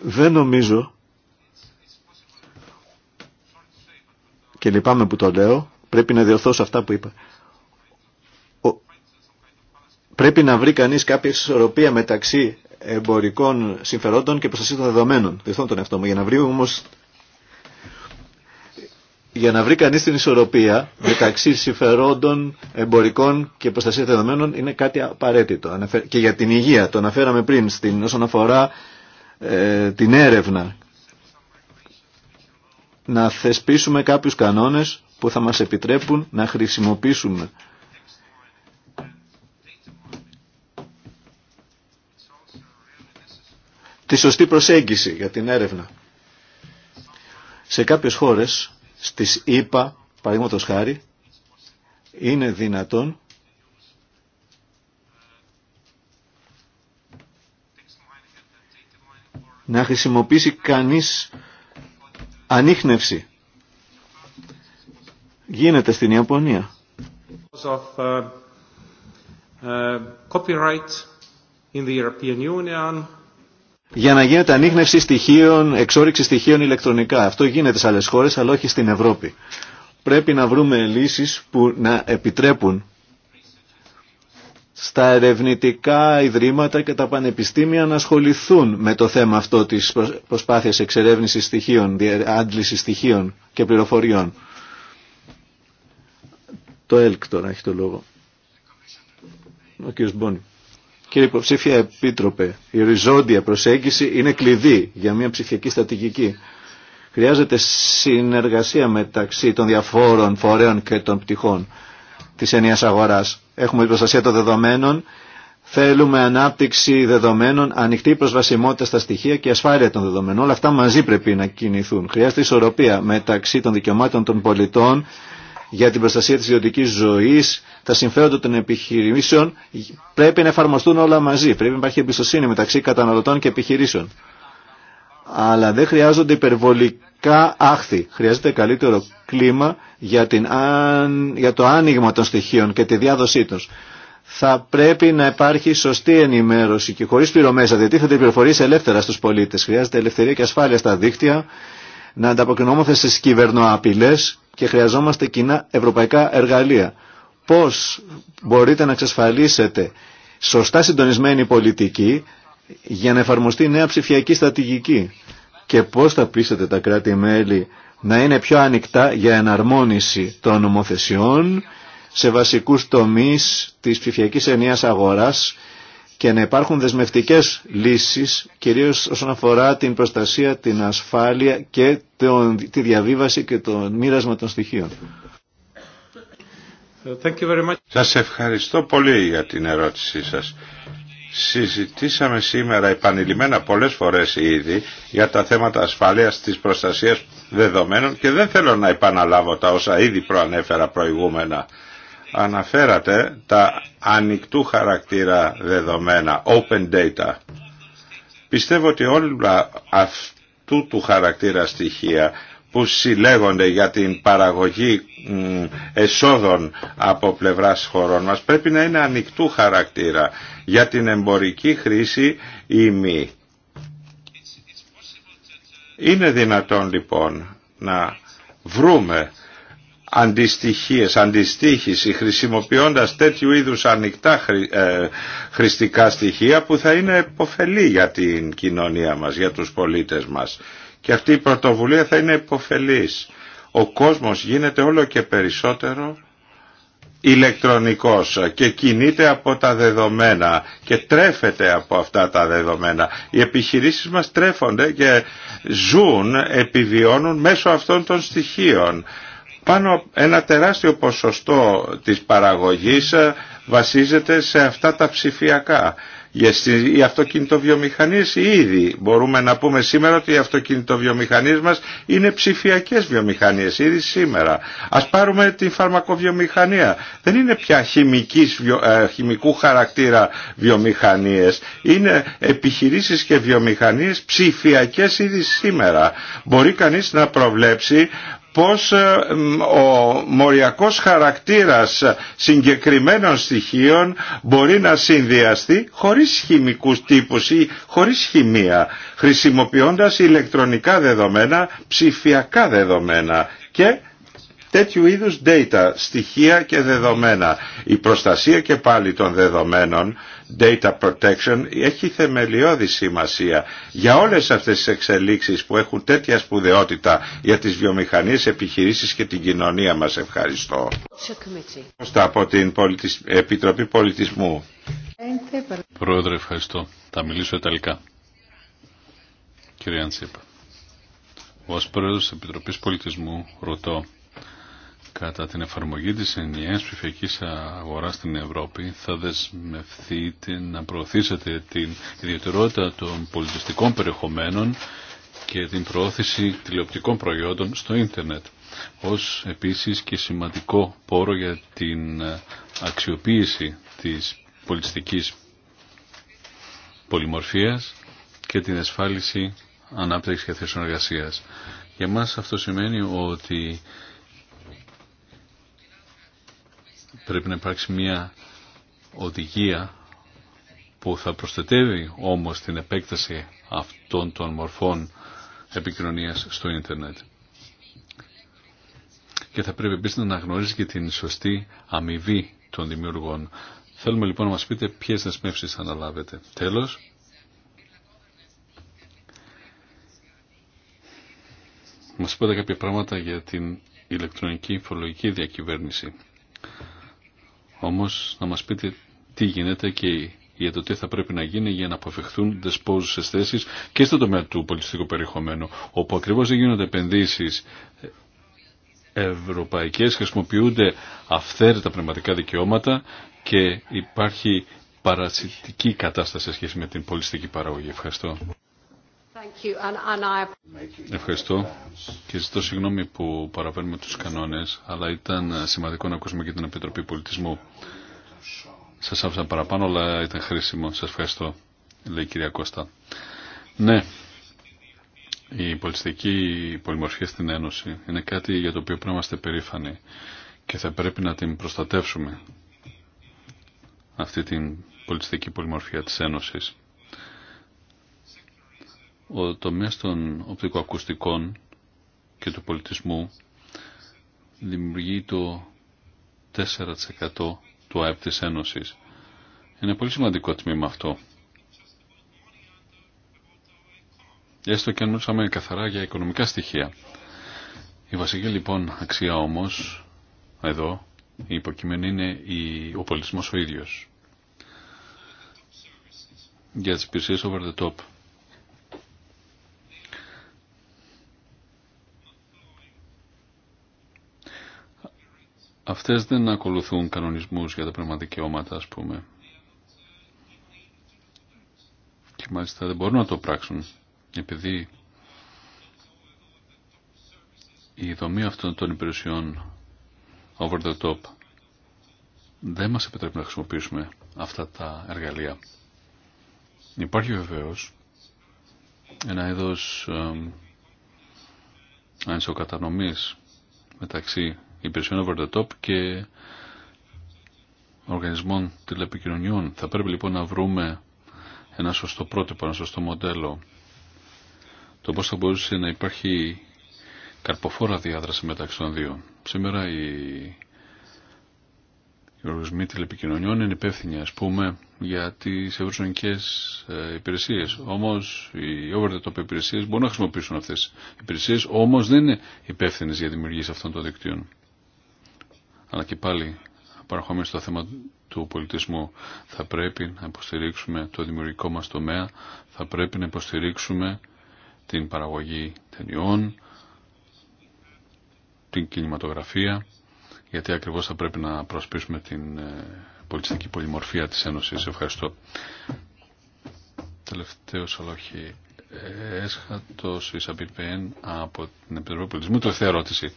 Δεν νομίζω και λυπάμαι που το λέω, πρέπει να διορθώσω αυτά που είπα. Πρέπει να βρει κανείς κάποια ισορροπία μεταξύ εμπορικών συμφερόντων και προστασία των δεδομένων. Διορθώ τον εαυτό μου. Για να βρει όμως... Για να βρει κανείς την ισορροπία μεταξύ συμφερόντων εμπορικών και προστασία δεδομένων είναι κάτι απαραίτητο. Και για την υγεία, το αναφέραμε πριν στην, όσον αφορά ε, την έρευνα να θεσπίσουμε κάποιους κανόνες που θα μας επιτρέπουν να χρησιμοποιήσουμε τη σωστή προσέγγιση για την έρευνα. Σε κάποιες χώρες, στις ΗΠΑ, παραδείγματος χάρη, είναι δυνατόν να χρησιμοποιήσει κανείς Ανείχνευση γίνεται στην Ιαπωνία. Uh, uh, Για να γίνεται ανείχνευση στοιχείων, εξόριξη στοιχείων ηλεκτρονικά. Αυτό γίνεται σε άλλες χώρες, αλλά όχι στην Ευρώπη. Πρέπει να βρούμε λύσεις που να επιτρέπουν στα ερευνητικά ιδρύματα και τα πανεπιστήμια να ασχοληθούν με το θέμα αυτό της προσπάθειας εξερεύνησης στοιχείων, άντλησης στοιχείων και πληροφοριών. Το ΕΛΚ τώρα έχει το λόγο. Ο κ. Μπόνι. Κύριε Υποψήφια Επίτροπε, η οριζόντια προσέγγιση είναι κλειδί για μια ψηφιακή στατηγική. Χρειάζεται συνεργασία μεταξύ των διαφόρων φορέων και των πτυχών Τη ενιαίας αγορά. Έχουμε την προστασία των δεδομένων, θέλουμε ανάπτυξη δεδομένων, ανοιχτή προσβασιμότητα στα στοιχεία και ασφάλεια των δεδομένων. Όλα αυτά μαζί πρέπει να κινηθούν. Χρειάζεται ισορροπία μεταξύ των δικαιωμάτων των πολιτών για την προστασία της ιδιωτική ζωής, τα συμφέροντα των επιχειρήσεων. Πρέπει να εφαρμοστούν όλα μαζί. Πρέπει να υπάρχει εμπιστοσύνη μεταξύ καταναλωτών και επιχειρήσεων αλλά δεν χρειάζονται υπερβολικά άχθη. Χρειάζεται καλύτερο κλίμα για, την, για το άνοιγμα των στοιχείων και τη διάδοσή τους. Θα πρέπει να υπάρχει σωστή ενημέρωση και χωρίς πληρωμές διατίθεται οι πληροφορίες ελεύθερα στους πολίτες. Χρειάζεται ελευθερία και ασφάλεια στα δίκτυα, να ανταποκρινόμαστε στις κυβερνοαπειλές και χρειαζόμαστε κοινά ευρωπαϊκά εργαλεία. Πώς μπορείτε να εξασφαλίσετε σωστά συντονισμένη πολιτική για να εφαρμοστεί νέα ψηφιακή στρατηγική και πώς θα πείσετε τα κράτη-μέλη να είναι πιο ανοιχτά για εναρμόνιση των νομοθεσιών σε βασικούς τομείς της ψηφιακής ενίας αγοράς και να υπάρχουν δεσμευτικές λύσεις, κυρίως όσον αφορά την προστασία, την ασφάλεια και τη διαβίβαση και το μοίρασμα των στοιχείων. Σας ευχαριστώ πολύ για την ερώτησή σας. Συζητήσαμε σήμερα επανειλημμένα πολλές φορές ήδη για τα θέματα ασφάλειας της προστασίας δεδομένων και δεν θέλω να επαναλάβω τα όσα ήδη προανέφερα προηγούμενα. Αναφέρατε τα ανοιχτού χαρακτήρα δεδομένα, open data. Πιστεύω ότι όλα αυτού του χαρακτήρα στοιχεία που συλλέγονται για την παραγωγή εσόδων από πλευράς χωρών μας πρέπει να είναι ανοιχτού χαρακτήρα για την εμπορική χρήση ή μη. Είναι δυνατόν λοιπόν να βρούμε αντιστοιχίες, αντιστοίχηση χρησιμοποιώντας τέτοιου είδους ανοιχτά χρη, ε, χρηστικά στοιχεία που θα είναι επωφελή για την κοινωνία μας, για τους πολίτες μας και αυτή η πρωτοβουλία θα είναι υποφελής. Ο κόσμος γίνεται όλο και περισσότερο ηλεκτρονικός και κινείται από τα δεδομένα και τρέφεται από αυτά τα δεδομένα. Οι επιχειρήσεις μας τρέφονται και ζουν, επιβιώνουν μέσω αυτών των στοιχείων. Πάνω ένα τεράστιο ποσοστό της παραγωγής βασίζεται σε αυτά τα ψηφιακά οι αυτοκινητοβιομηχανίες ήδη μπορούμε να πούμε σήμερα ότι οι αυτοκινητοβιομηχανίες μας είναι ψηφιακές βιομηχανίες ήδη σήμερα. Ας πάρουμε την φαρμακοβιομηχανία. Δεν είναι πια χημικής, ε, χημικού χαρακτήρα βιομηχανίες. Είναι επιχειρήσεις και βιομηχανίες ψηφιακές ήδη σήμερα. Μπορεί κανείς να προβλέψει πως ε, ο μοριακός χαρακτήρας συγκεκριμένων στοιχείων μπορεί να συνδυαστεί χωρίς χημικούς τύπους ή χωρίς χημεία, χρησιμοποιώντας ηλεκτρονικά δεδομένα, ψηφιακά δεδομένα και τέτοιου είδους data, στοιχεία και δεδομένα. Η προστασία και πάλι των δεδομένων, data protection, έχει θεμελιώδη σημασία για όλες αυτές τις εξελίξεις που έχουν τέτοια σπουδαιότητα για τις βιομηχανίες, επιχειρήσεις και την κοινωνία μας. Ευχαριστώ. Από την Επιτροπή Πολιτισμού. Πρόεδρε, ευχαριστώ. Θα μιλήσω ιταλικά. Κύριε Αντσίπα. Ω τη Επιτροπή Πολιτισμού, ρωτώ κατά την εφαρμογή της ενιαίας ψηφιακής αγοράς στην Ευρώπη θα δεσμευθείτε να προωθήσετε την ιδιαιτερότητα των πολιτιστικών περιεχομένων και την προώθηση τηλεοπτικών προϊόντων στο ίντερνετ ως επίσης και σημαντικό πόρο για την αξιοποίηση της πολιτιστικής πολυμορφίας και την ασφάλιση ανάπτυξη και θέσεων Για μας αυτό σημαίνει ότι Πρέπει να υπάρξει μια οδηγία που θα προστατεύει όμως την επέκταση αυτών των μορφών επικοινωνίας στο ίντερνετ. Και θα πρέπει επίσης να αναγνωρίζει και την σωστή αμοιβή των δημιουργών. Θέλουμε λοιπόν να μας πείτε ποιες δεσμεύσεις θα αναλάβετε. Τέλος, μας είπατε κάποια πράγματα για την ηλεκτρονική φορολογική διακυβέρνηση όμως να μας πείτε τι γίνεται και για το τι θα πρέπει να γίνει για να αποφευχθούν δεσπόζουσε θέσει και στο τομέα του πολιτιστικού περιεχομένου, όπου ακριβώ δεν γίνονται επενδύσει ευρωπαϊκέ, χρησιμοποιούνται αυθαίρετα πνευματικά δικαιώματα και υπάρχει παρασυντική κατάσταση σε σχέση με την πολιτιστική παραγωγή. Ευχαριστώ. Ευχαριστώ και ζητώ συγγνώμη που παραβαίνουμε τους κανόνες, αλλά ήταν ε, σημαντικό να ακούσουμε και την Επιτροπή Πολιτισμού. Σας άφησα παραπάνω, αλλά ήταν χρήσιμο. Σας ευχαριστώ, λέει η κυρία Κώστα. Ναι, η πολιτιστική πολυμορφία στην Ένωση είναι κάτι για το οποίο πρέπει να είμαστε περήφανοι και θα πρέπει να την προστατεύσουμε αυτή την πολιτιστική πολυμορφία της Ένωσης ο τομέας των οπτικοακουστικών και του πολιτισμού δημιουργεί το 4% του ΑΕΠ της Ένωσης. Είναι πολύ σημαντικό τμήμα αυτό. Έστω και αν μιλούσαμε καθαρά για οικονομικά στοιχεία. Η βασική λοιπόν αξία όμως, εδώ, η υποκειμένη είναι η, ο πολιτισμός ο ίδιος. Για τις υπηρεσίες over the top αυτές δεν ακολουθούν κανονισμούς για τα πνευματικαιώματα ας πούμε. Και μάλιστα δεν μπορούν να το πράξουν επειδή η δομή αυτών των υπηρεσιών over the top δεν μας επιτρέπει να χρησιμοποιήσουμε αυτά τα εργαλεία. Υπάρχει βεβαίως ένα είδος ανισοκατανομής μεταξύ υπηρεσιών over the top και οργανισμών τηλεπικοινωνιών. Θα πρέπει λοιπόν να βρούμε ένα σωστό πρότυπο, ένα σωστό μοντέλο. Το πώς θα μπορούσε να υπάρχει καρποφόρα διάδραση μεταξύ των δύο. Σήμερα οι, οι οργανισμοί τηλεπικοινωνιών είναι υπεύθυνοι ας πούμε για τις ευρωζωνικές ε, υπηρεσίες. Όμως οι over the top υπηρεσίες μπορούν να χρησιμοποιήσουν αυτές τις υπηρεσίες, όμως δεν είναι υπεύθυνε για δημιουργήσεις αυτών των δικτύων αλλά και πάλι παραχωμένοι στο θέμα του πολιτισμού. Θα πρέπει να υποστηρίξουμε το δημιουργικό μας τομέα, θα πρέπει να υποστηρίξουμε την παραγωγή ταινιών, την κινηματογραφία, γιατί ακριβώς θα πρέπει να προσπίσουμε την ε, πολιτιστική πολυμορφία της Ένωσης. Ευχαριστώ. Τελευταίο αλλά έσχατος, από την Επιτροπή Πολιτισμού. Τελευταία ερώτηση.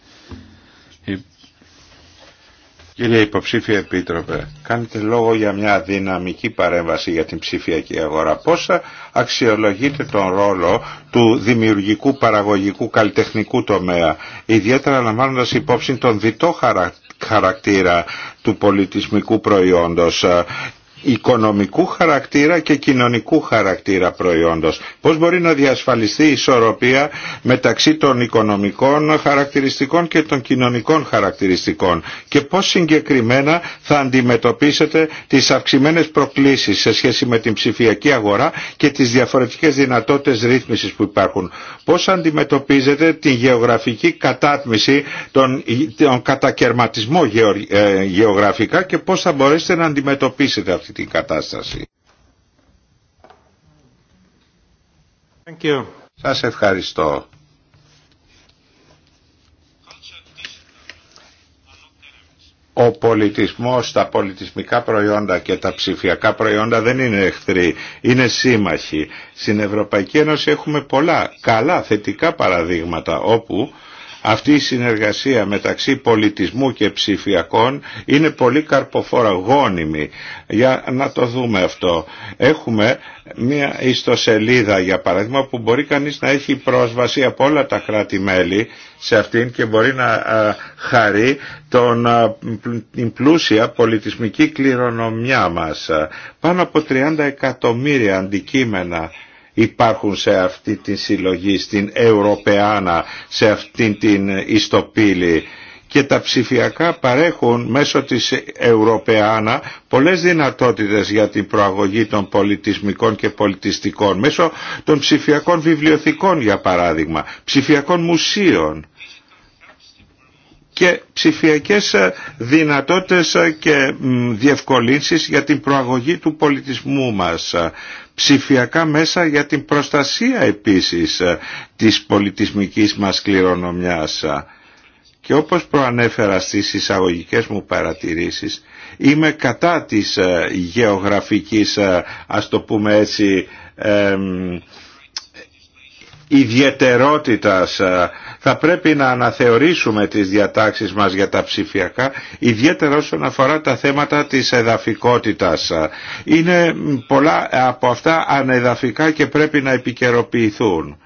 Κύριε Υποψήφια Επίτροπε, κάνετε λόγο για μια δυναμική παρέμβαση για την ψηφιακή αγορά. Πώς αξιολογείτε τον ρόλο του δημιουργικού, παραγωγικού, καλλιτεχνικού τομέα, ιδιαίτερα λαμβάνοντας υπόψη τον διτό χαρακτήρα του πολιτισμικού προϊόντος οικονομικού χαρακτήρα και κοινωνικού χαρακτήρα προϊόντος. Πώς μπορεί να διασφαλιστεί η ισορροπία μεταξύ των οικονομικών χαρακτηριστικών και των κοινωνικών χαρακτηριστικών και πώς συγκεκριμένα θα αντιμετωπίσετε τις αυξημένες προκλήσεις σε σχέση με την ψηφιακή αγορά και τις διαφορετικές δυνατότητες ρύθμισης που υπάρχουν. Πώς αντιμετωπίζετε την γεωγραφική κατάτμιση, τον, τον κατακαιρματισμό ε, γεωγραφικά και πώς θα μπορέσετε να αντιμετωπίσετε αυτή αυτή την κατάσταση. Thank Σας ευχαριστώ. Ο πολιτισμός, τα πολιτισμικά προϊόντα και τα ψηφιακά προϊόντα δεν είναι εχθροί, είναι σύμμαχοι. Στην Ευρωπαϊκή Ένωση έχουμε πολλά καλά θετικά παραδείγματα όπου αυτή η συνεργασία μεταξύ πολιτισμού και ψηφιακών είναι πολύ καρποφόρα, γόνιμη. Για να το δούμε αυτό. Έχουμε μια ιστοσελίδα για παράδειγμα που μπορεί κανείς να έχει πρόσβαση από όλα τα κράτη-μέλη σε αυτήν και μπορεί να χαρεί τον, την πλούσια πολιτισμική κληρονομιά μας. Πάνω από 30 εκατομμύρια αντικείμενα υπάρχουν σε αυτή τη συλλογή, στην Ευρωπαϊάνα, σε αυτή την ιστοπύλη και τα ψηφιακά παρέχουν μέσω της Ευρωπαϊάνα πολλές δυνατότητες για την προαγωγή των πολιτισμικών και πολιτιστικών μέσω των ψηφιακών βιβλιοθηκών για παράδειγμα, ψηφιακών μουσείων και ψηφιακές ε, δυνατότητες ε, και διευκολύνσεις για την προαγωγή του πολιτισμού μας. Ψηφιακά μέσα για την προστασία επίσης ε, της πολιτισμικής μας κληρονομιάς. Και όπως προανέφερα στις εισαγωγικές μου παρατηρήσεις, είμαι κατά της γεωγραφικής, ας το πούμε έτσι, εμ, ιδιαιτερότητας θα πρέπει να αναθεωρήσουμε τις διατάξεις μας για τα ψηφιακά, ιδιαίτερα όσον αφορά τα θέματα της εδαφικότητας. Είναι πολλά από αυτά ανεδαφικά και πρέπει να επικαιροποιηθούν.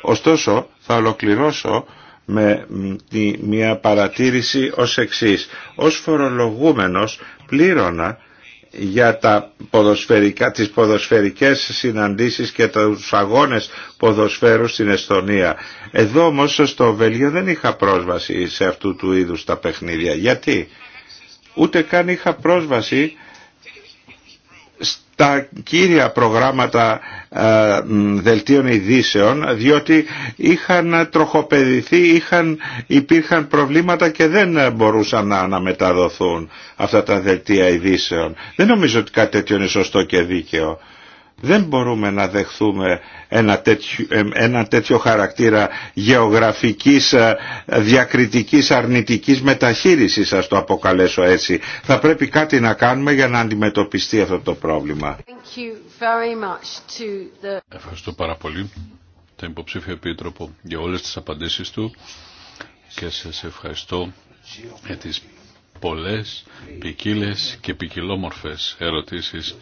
Ωστόσο, θα ολοκληρώσω με μια παρατήρηση ως εξής. Ως φορολογούμενος πλήρωνα για τα ποδοσφαιρικά, τις ποδοσφαιρικές συναντήσεις και τους αγώνες ποδοσφαίρου στην Εστονία. Εδώ όμως στο Βέλγιο δεν είχα πρόσβαση σε αυτού του είδους τα παιχνίδια. Γιατί ούτε καν είχα πρόσβαση τα κύρια προγράμματα ε, δελτίων ειδήσεων διότι είχαν τροχοπεδηθεί, είχαν, υπήρχαν προβλήματα και δεν μπορούσαν να αναμεταδοθούν αυτά τα δελτία ειδήσεων. Δεν νομίζω ότι κάτι τέτοιο είναι σωστό και δίκαιο δεν μπορούμε να δεχθούμε ένα τέτοιο, ε, χαρακτήρα γεωγραφικής ε, διακριτικής αρνητικής μεταχείρισης, ας το αποκαλέσω έτσι. Θα πρέπει κάτι να κάνουμε για να αντιμετωπιστεί αυτό το πρόβλημα. Ευχαριστώ πάρα πολύ τον υποψήφιο επίτροπο για όλες τις απαντήσεις του και σε ευχαριστώ για τις πολλές, ποικίλε και ποικιλόμορφες ερωτήσεις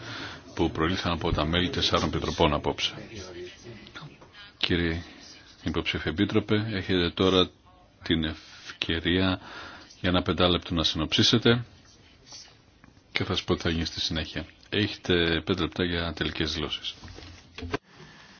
που προήλθαν από τα μέλη τεσσάρων πιτροπών απόψε. Κύριε Υποψήφιε Επίτροπε, έχετε τώρα την ευκαιρία για ένα πεντάλεπτο να συνοψίσετε και θα σας πω τι θα γίνει στη συνέχεια. Έχετε πέντε λεπτά για τελικές δηλώσεις.